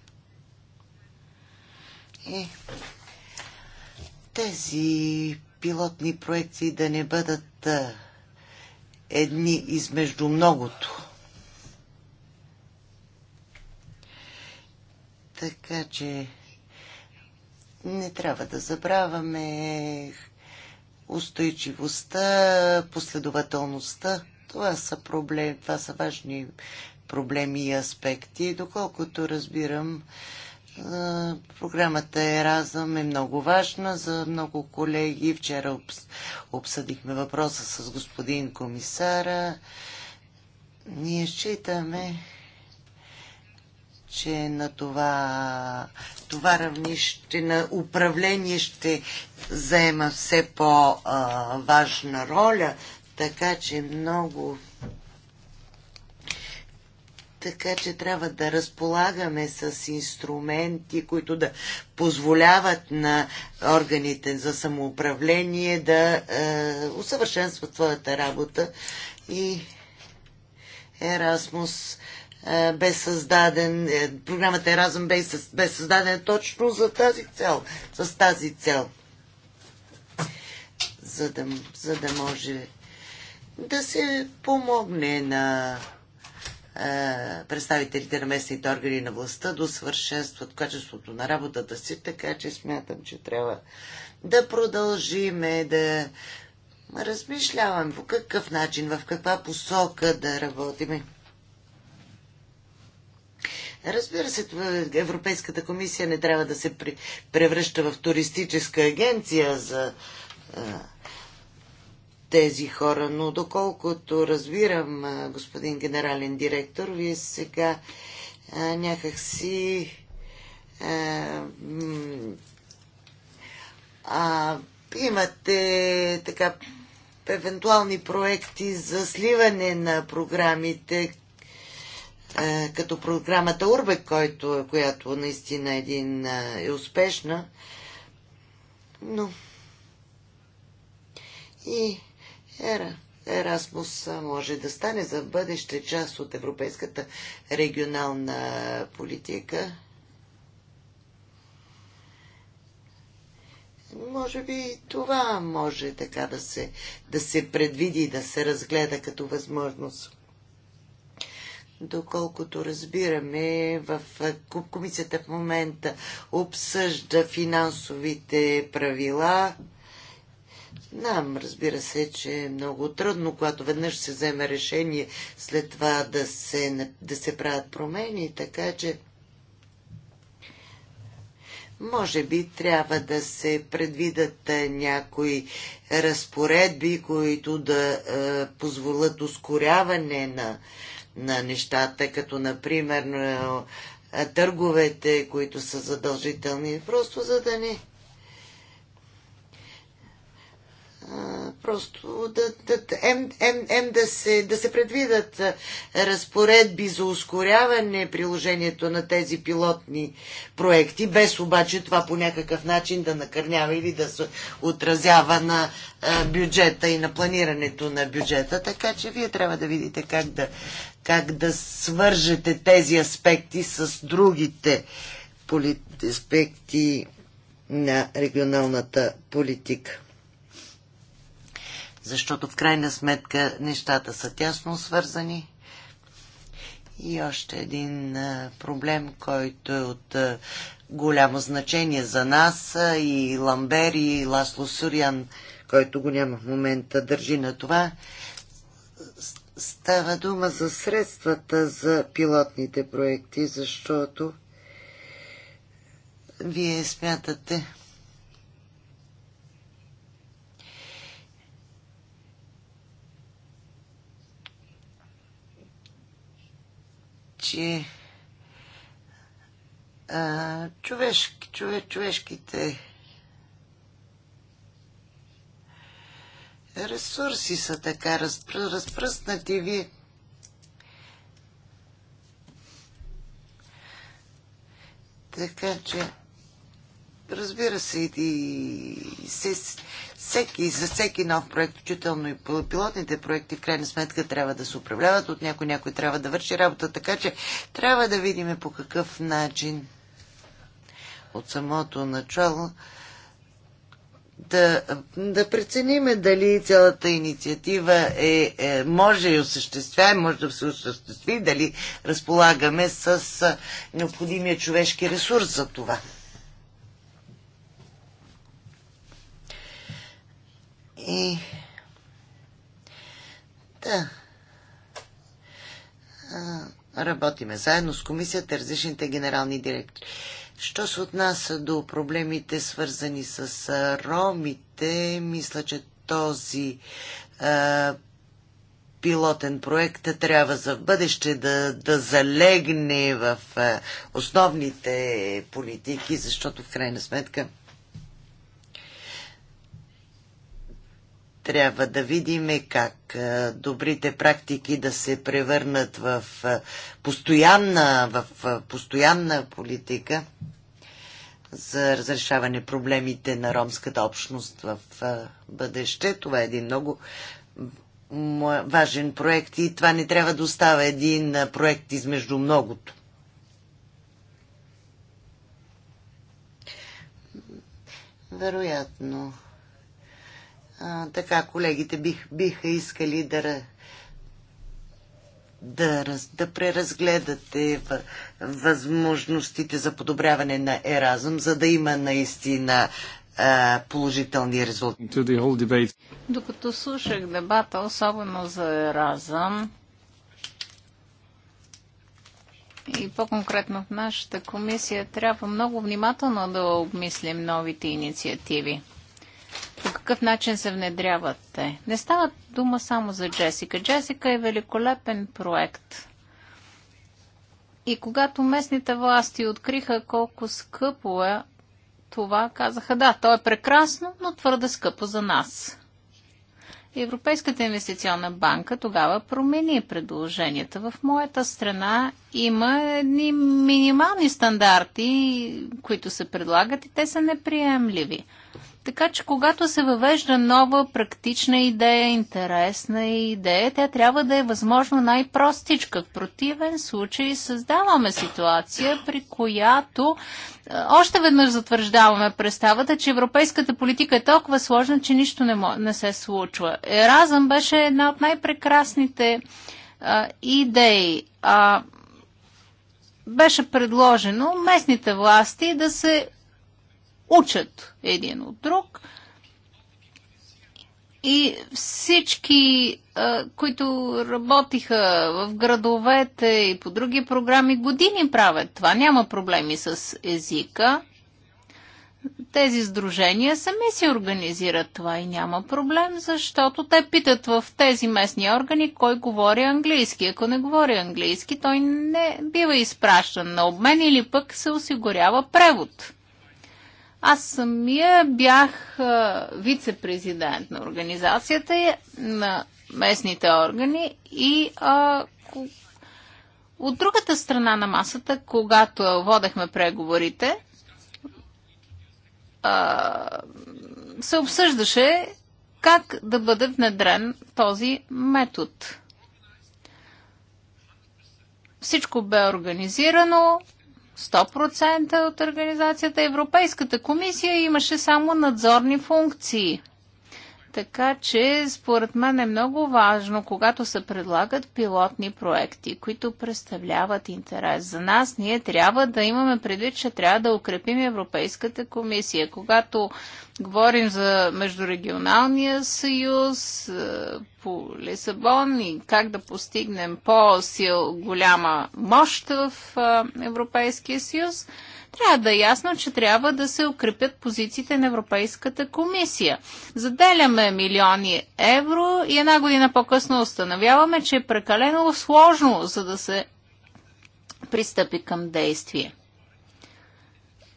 е тези пилотни проекции да не бъдат едни измежду многото. Така че не трябва да забравяме устойчивостта, последователността. Това са проблеми, това са важни проблеми и аспекти. Доколкото разбирам, Програмата Еразъм е много важна за много колеги. Вчера обсъдихме въпроса с господин комисара. Ние считаме, че на това, това равнище на управление ще заема все по-важна роля, така че много така че трябва да разполагаме с инструменти, които да позволяват на органите за самоуправление да е, усъвършенстват своята работа. И Ерасмус е, бе създаден, е, програмата Еразъм бе, бе създаден точно за тази цел, с тази цел. За да, за да може да се помогне на е, представителите на местните органи на властта да усъвършенстват качеството на работата си, така че смятам, че трябва да продължиме да размишляваме по какъв начин, в каква посока да работиме. Разбира се, Европейската комисия не трябва да се превръща в туристическа агенция за е, тези хора. Но доколкото разбирам, господин генерален директор, вие сега а, някакси а, а, имате така евентуални проекти за сливане на програмите, а, като програмата Урбек, който, която наистина един, а, е успешна. Но и Ера. Ерасмус може да стане за бъдеще част от европейската регионална политика. Може би това може така да се, да се предвиди, да се разгледа като възможност. Доколкото разбираме, в комисията в момента обсъжда финансовите правила, Знам, разбира се, че е много трудно, когато веднъж се вземе решение, след това да се, да се правят промени, така че може би трябва да се предвидат е, някои разпоредби, които да е, позволят ускоряване на, на нещата, като например е, е търговете, които са задължителни, просто за да не просто да, да, ем, ем, ем да, се, да се предвидат разпоредби за ускоряване приложението на тези пилотни проекти, без обаче това по някакъв начин да накърнява или да се отразява на бюджета и на планирането на бюджета. Така че вие трябва да видите как да, как да свържете тези аспекти с другите аспекти на регионалната политика защото в крайна сметка нещата са тясно свързани. И още един проблем, който е от голямо значение за нас и Ламбер и Ласло Сурян, който го няма в момента, държи на това. Става дума за средствата за пилотните проекти, защото вие смятате, че а, човешки, чове, човешките ресурси са така разпр... разпръснати ви. Така че, разбира се, и се, всеки, за всеки нов проект, включително и пилотните проекти, в крайна сметка трябва да се управляват от някой, някой трябва да върши работа, така че трябва да видим по какъв начин от самото начало да, да прецениме дали цялата инициатива е, е, може и осъществя, може да се осъществи, дали разполагаме с е, необходимия човешки ресурс за това. И да. Работиме заедно с комисията, различните генерални директори. Що се отнася до проблемите, свързани с ромите, мисля, че този а, пилотен проект трябва за бъдеще да, да залегне в а, основните политики, защото в крайна сметка трябва да видим как добрите практики да се превърнат в постоянна, в постоянна политика за разрешаване проблемите на ромската общност в бъдеще. Това е един много важен проект и това не трябва да остава един проект измежду многото. Вероятно. А, така колегите бих, биха искали да, да, да преразгледате възможностите за подобряване на еразъм, за да има наистина а, положителни резултати. Докато слушах дебата, особено за еразъм, и по-конкретно в нашата комисия трябва много внимателно да обмислим новите инициативи по какъв начин се внедряват те. Не става дума само за Джесика. Джесика е великолепен проект. И когато местните власти откриха колко скъпо е това, казаха да, то е прекрасно, но твърде скъпо за нас. Европейската инвестиционна банка тогава промени предложенията. В моята страна има едни минимални стандарти, които се предлагат и те са неприемливи. Така че, когато се въвежда нова практична идея, интересна идея, тя трябва да е възможно най-простичка. В противен случай създаваме ситуация, при която е, още веднъж затвърждаваме представата, че европейската политика е толкова сложна, че нищо не, не се случва. Еразъм беше една от най-прекрасните е, идеи. А, беше предложено местните власти да се учат един от друг. И всички, които работиха в градовете и по други програми, години правят това. Няма проблеми с езика. Тези сдружения сами си организират това и няма проблем, защото те питат в тези местни органи кой говори английски. Ако не говори английски, той не бива изпращан на обмен или пък се осигурява превод. Аз самия бях вице-президент на организацията на местните органи и а, от другата страна на масата, когато водехме преговорите, а, се обсъждаше как да бъде внедрен този метод. Всичко бе организирано, 100% от организацията. Европейската комисия имаше само надзорни функции. Така че, според мен е много важно, когато се предлагат пилотни проекти, които представляват интерес за нас, ние трябва да имаме предвид, че трябва да укрепим Европейската комисия. Когато говорим за Междурегионалния съюз, е, по Лисабон и как да постигнем по-сил голяма мощ в е, Европейския съюз, трябва да е ясно, че трябва да се укрепят позициите на Европейската комисия. Заделяме милиони евро и една година по-късно установяваме, че е прекалено сложно, за да се пристъпи към действие.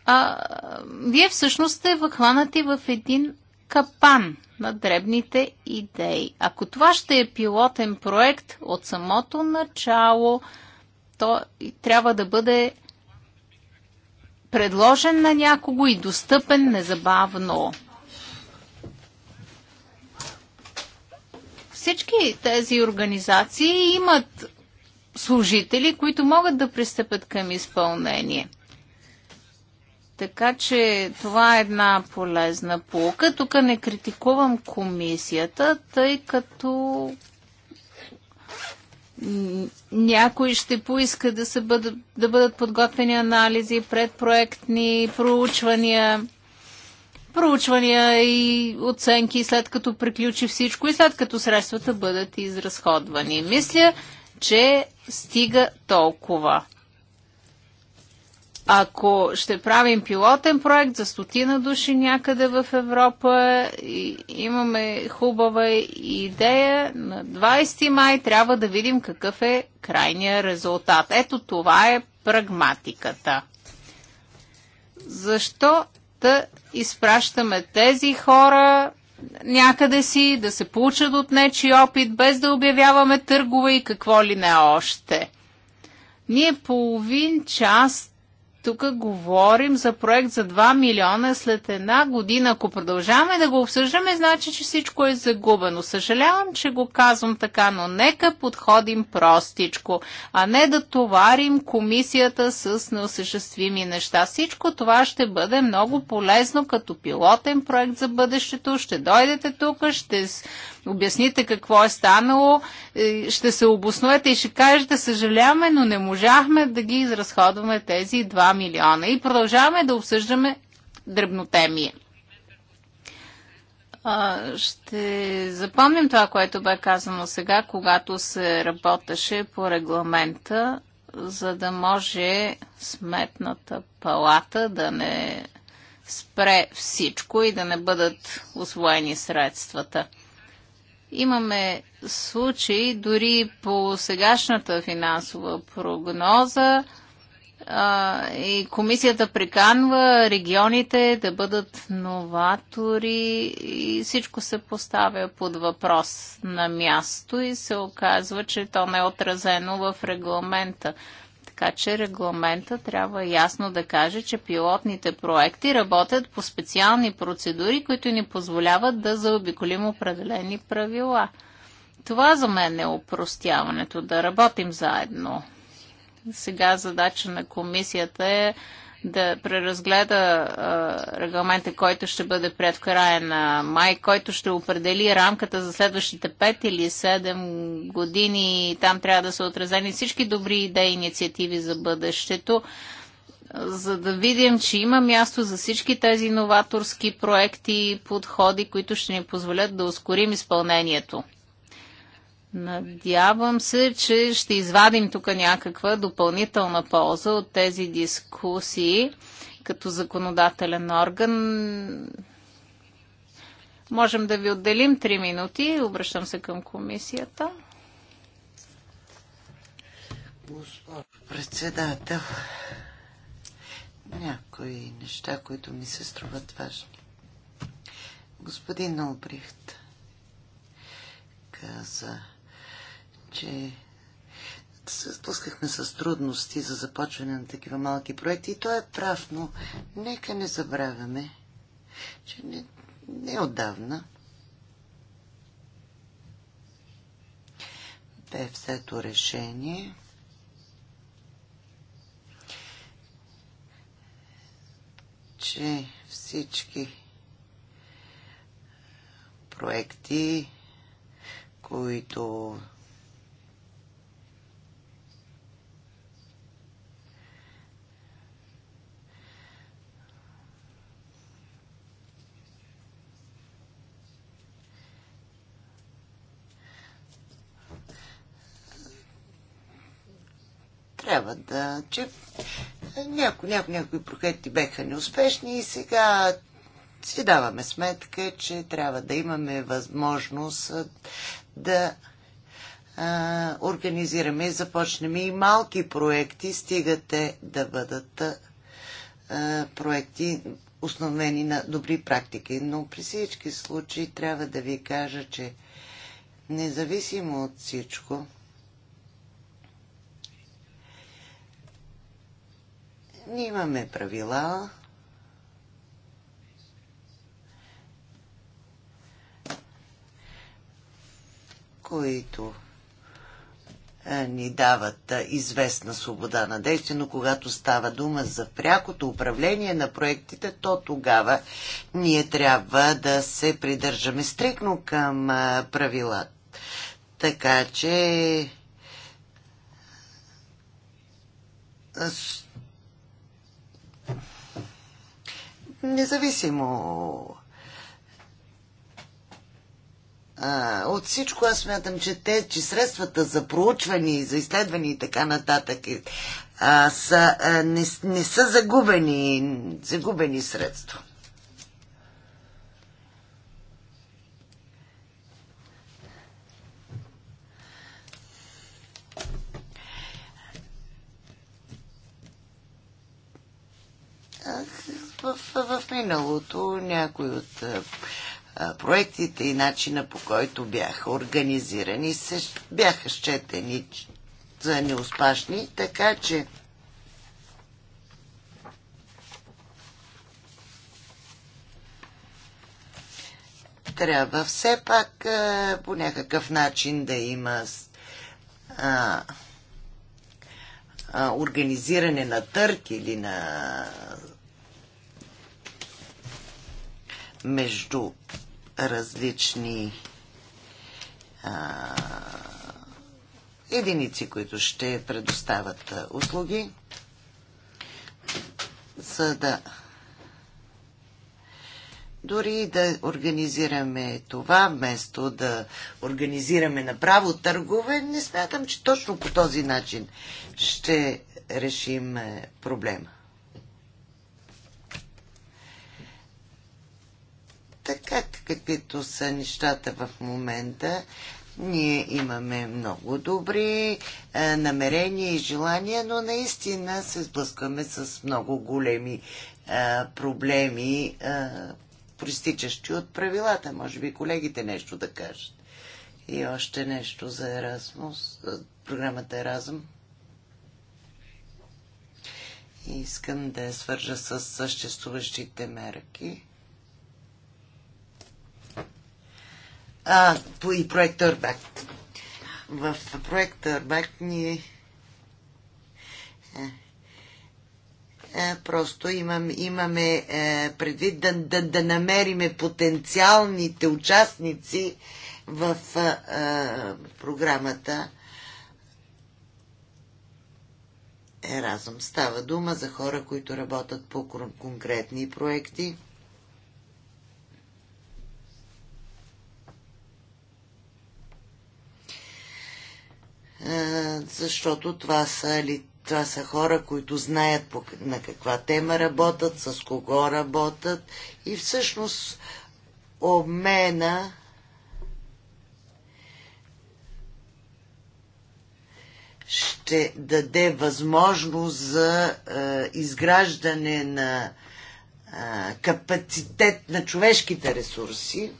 А, вие всъщност сте въхванати в един капан на дребните идеи. Ако това ще е пилотен проект от самото начало, то трябва да бъде предложен на някого и достъпен незабавно. Всички тези организации имат служители, които могат да пристъпят към изпълнение. Така че това е една полезна полука. Тук не критикувам комисията, тъй като някои ще поиска да, се бъдат, да бъдат подготвени анализи, предпроектни проучвания, проучвания и оценки след като приключи всичко и след като средствата бъдат изразходвани. Мисля, че стига толкова. Ако ще правим пилотен проект за стотина души някъде в Европа, и имаме хубава идея, на 20 май трябва да видим какъв е крайният резултат. Ето това е прагматиката. Защо да изпращаме тези хора някъде си, да се получат от нечи опит, без да обявяваме търгове и какво ли не още? Ние половин час тук говорим за проект за 2 милиона след една година. Ако продължаваме да го обсъждаме, значи, че всичко е загубено. Съжалявам, че го казвам така, но нека подходим простичко, а не да товарим комисията с неосъществими неща. Всичко това ще бъде много полезно като пилотен проект за бъдещето. Ще дойдете тук, ще обясните какво е станало, е, ще се обоснуете и ще кажете, съжаляваме, но не можахме да ги изразходваме тези 2 милиона. И продължаваме да обсъждаме дребнотемие. Ще запомним това, което бе казано сега, когато се работеше по регламента, за да може сметната палата да не спре всичко и да не бъдат освоени средствата. Имаме случаи дори по сегашната финансова прогноза а, и комисията приканва регионите да бъдат новатори и всичко се поставя под въпрос на място и се оказва, че то не е отразено в регламента. Така че регламента трябва ясно да каже, че пилотните проекти работят по специални процедури, които ни позволяват да заобиколим определени правила. Това за мен е упростяването, да работим заедно. Сега задача на комисията е да преразгледа регламента, който ще бъде пред края на май, който ще определи рамката за следващите 5 или 7 години. Там трябва да са отразени всички добри идеи и инициативи за бъдещето за да видим, че има място за всички тези новаторски проекти и подходи, които ще ни позволят да ускорим изпълнението. Надявам се, че ще извадим тук някаква допълнителна полза от тези дискусии като законодателен орган. Можем да ви отделим 3 минути. Обръщам се към комисията. Госпожо председател, някои неща, които ми се струват важни. Господин Обрихт каза, че се спускахме с трудности за започване на такива малки проекти и той е прав, но нека не забравяме, че не, не отдавна бе взето решение че всички проекти, които трябва да... че някои, някои, някои проекти беха неуспешни и сега си даваме сметка, че трябва да имаме възможност да а, организираме и започнем и малки проекти, стигате да бъдат а, проекти основени на добри практики. Но при всички случаи трябва да ви кажа, че независимо от всичко, Ние имаме правила, които е, ни дават е, известна свобода на действие, но когато става дума за прякото управление на проектите, то тогава ние трябва да се придържаме стрикно към е, правила. Така че Независимо а, от всичко аз смятам, че те, че средствата за проучване и за изследване и така нататък а, са, а, не, не са загубени, загубени средства. в, в, в миналото някои от а, проектите и начина по който бяха организирани се, бяха счетени за неуспашни, така че трябва все пак а, по някакъв начин да има а, а, организиране на търк или на между различни а, единици, които ще предоставят услуги, за да дори да организираме това, вместо да организираме направо търгове, не смятам, че точно по този начин ще решим е, проблема. така каквито са нещата в момента, ние имаме много добри е, намерения и желания, но наистина се сблъскваме с много големи е, проблеми, е, проистичащи от правилата. Може би колегите нещо да кажат. И още нещо за Еразмус, програмата Еразъм. Искам да я свържа с съществуващите мерки. а, по и проект Орбак. В ни е, е, просто имам, имаме е, предвид да, да, да намериме потенциалните участници в е, е, програмата Еразъм. Става дума за хора, които работят по конкретни проекти. Е, защото това са, ли, това са хора, които знаят по, на каква тема работят, с кого работят и всъщност обмена ще даде възможност за е, изграждане на е, капацитет на човешките ресурси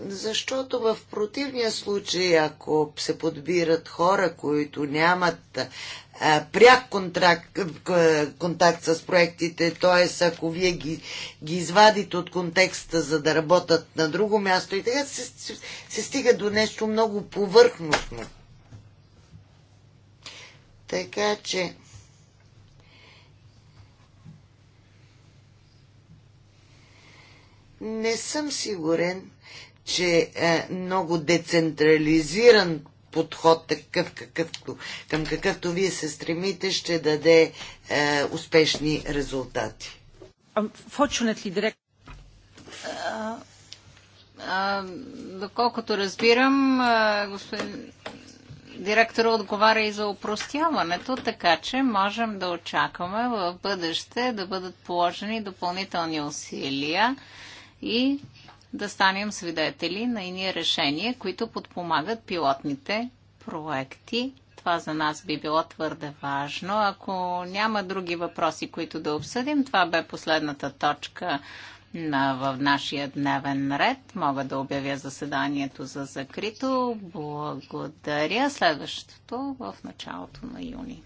Защото в противния случай, ако се подбират хора, които нямат а, пряк контракт, контакт с проектите, т.е. ако вие ги, ги извадите от контекста, за да работят на друго място и така, се, се, се стига до нещо много повърхностно. Така че... Не съм сигурен, че е много децентрализиран подход, такъв какъвто, към какъвто вие се стремите, ще даде е, успешни резултати. Unfortunately, директ... доколкото разбирам, господин директор отговаря и за упростяването, така че можем да очакваме в бъдеще да бъдат положени допълнителни усилия и да станем свидетели на ини решения, които подпомагат пилотните проекти. Това за нас би било твърде важно. Ако няма други въпроси, които да обсъдим, това бе последната точка на, в нашия дневен ред. Мога да обявя заседанието за закрито. Благодаря. Следващото в началото на юни.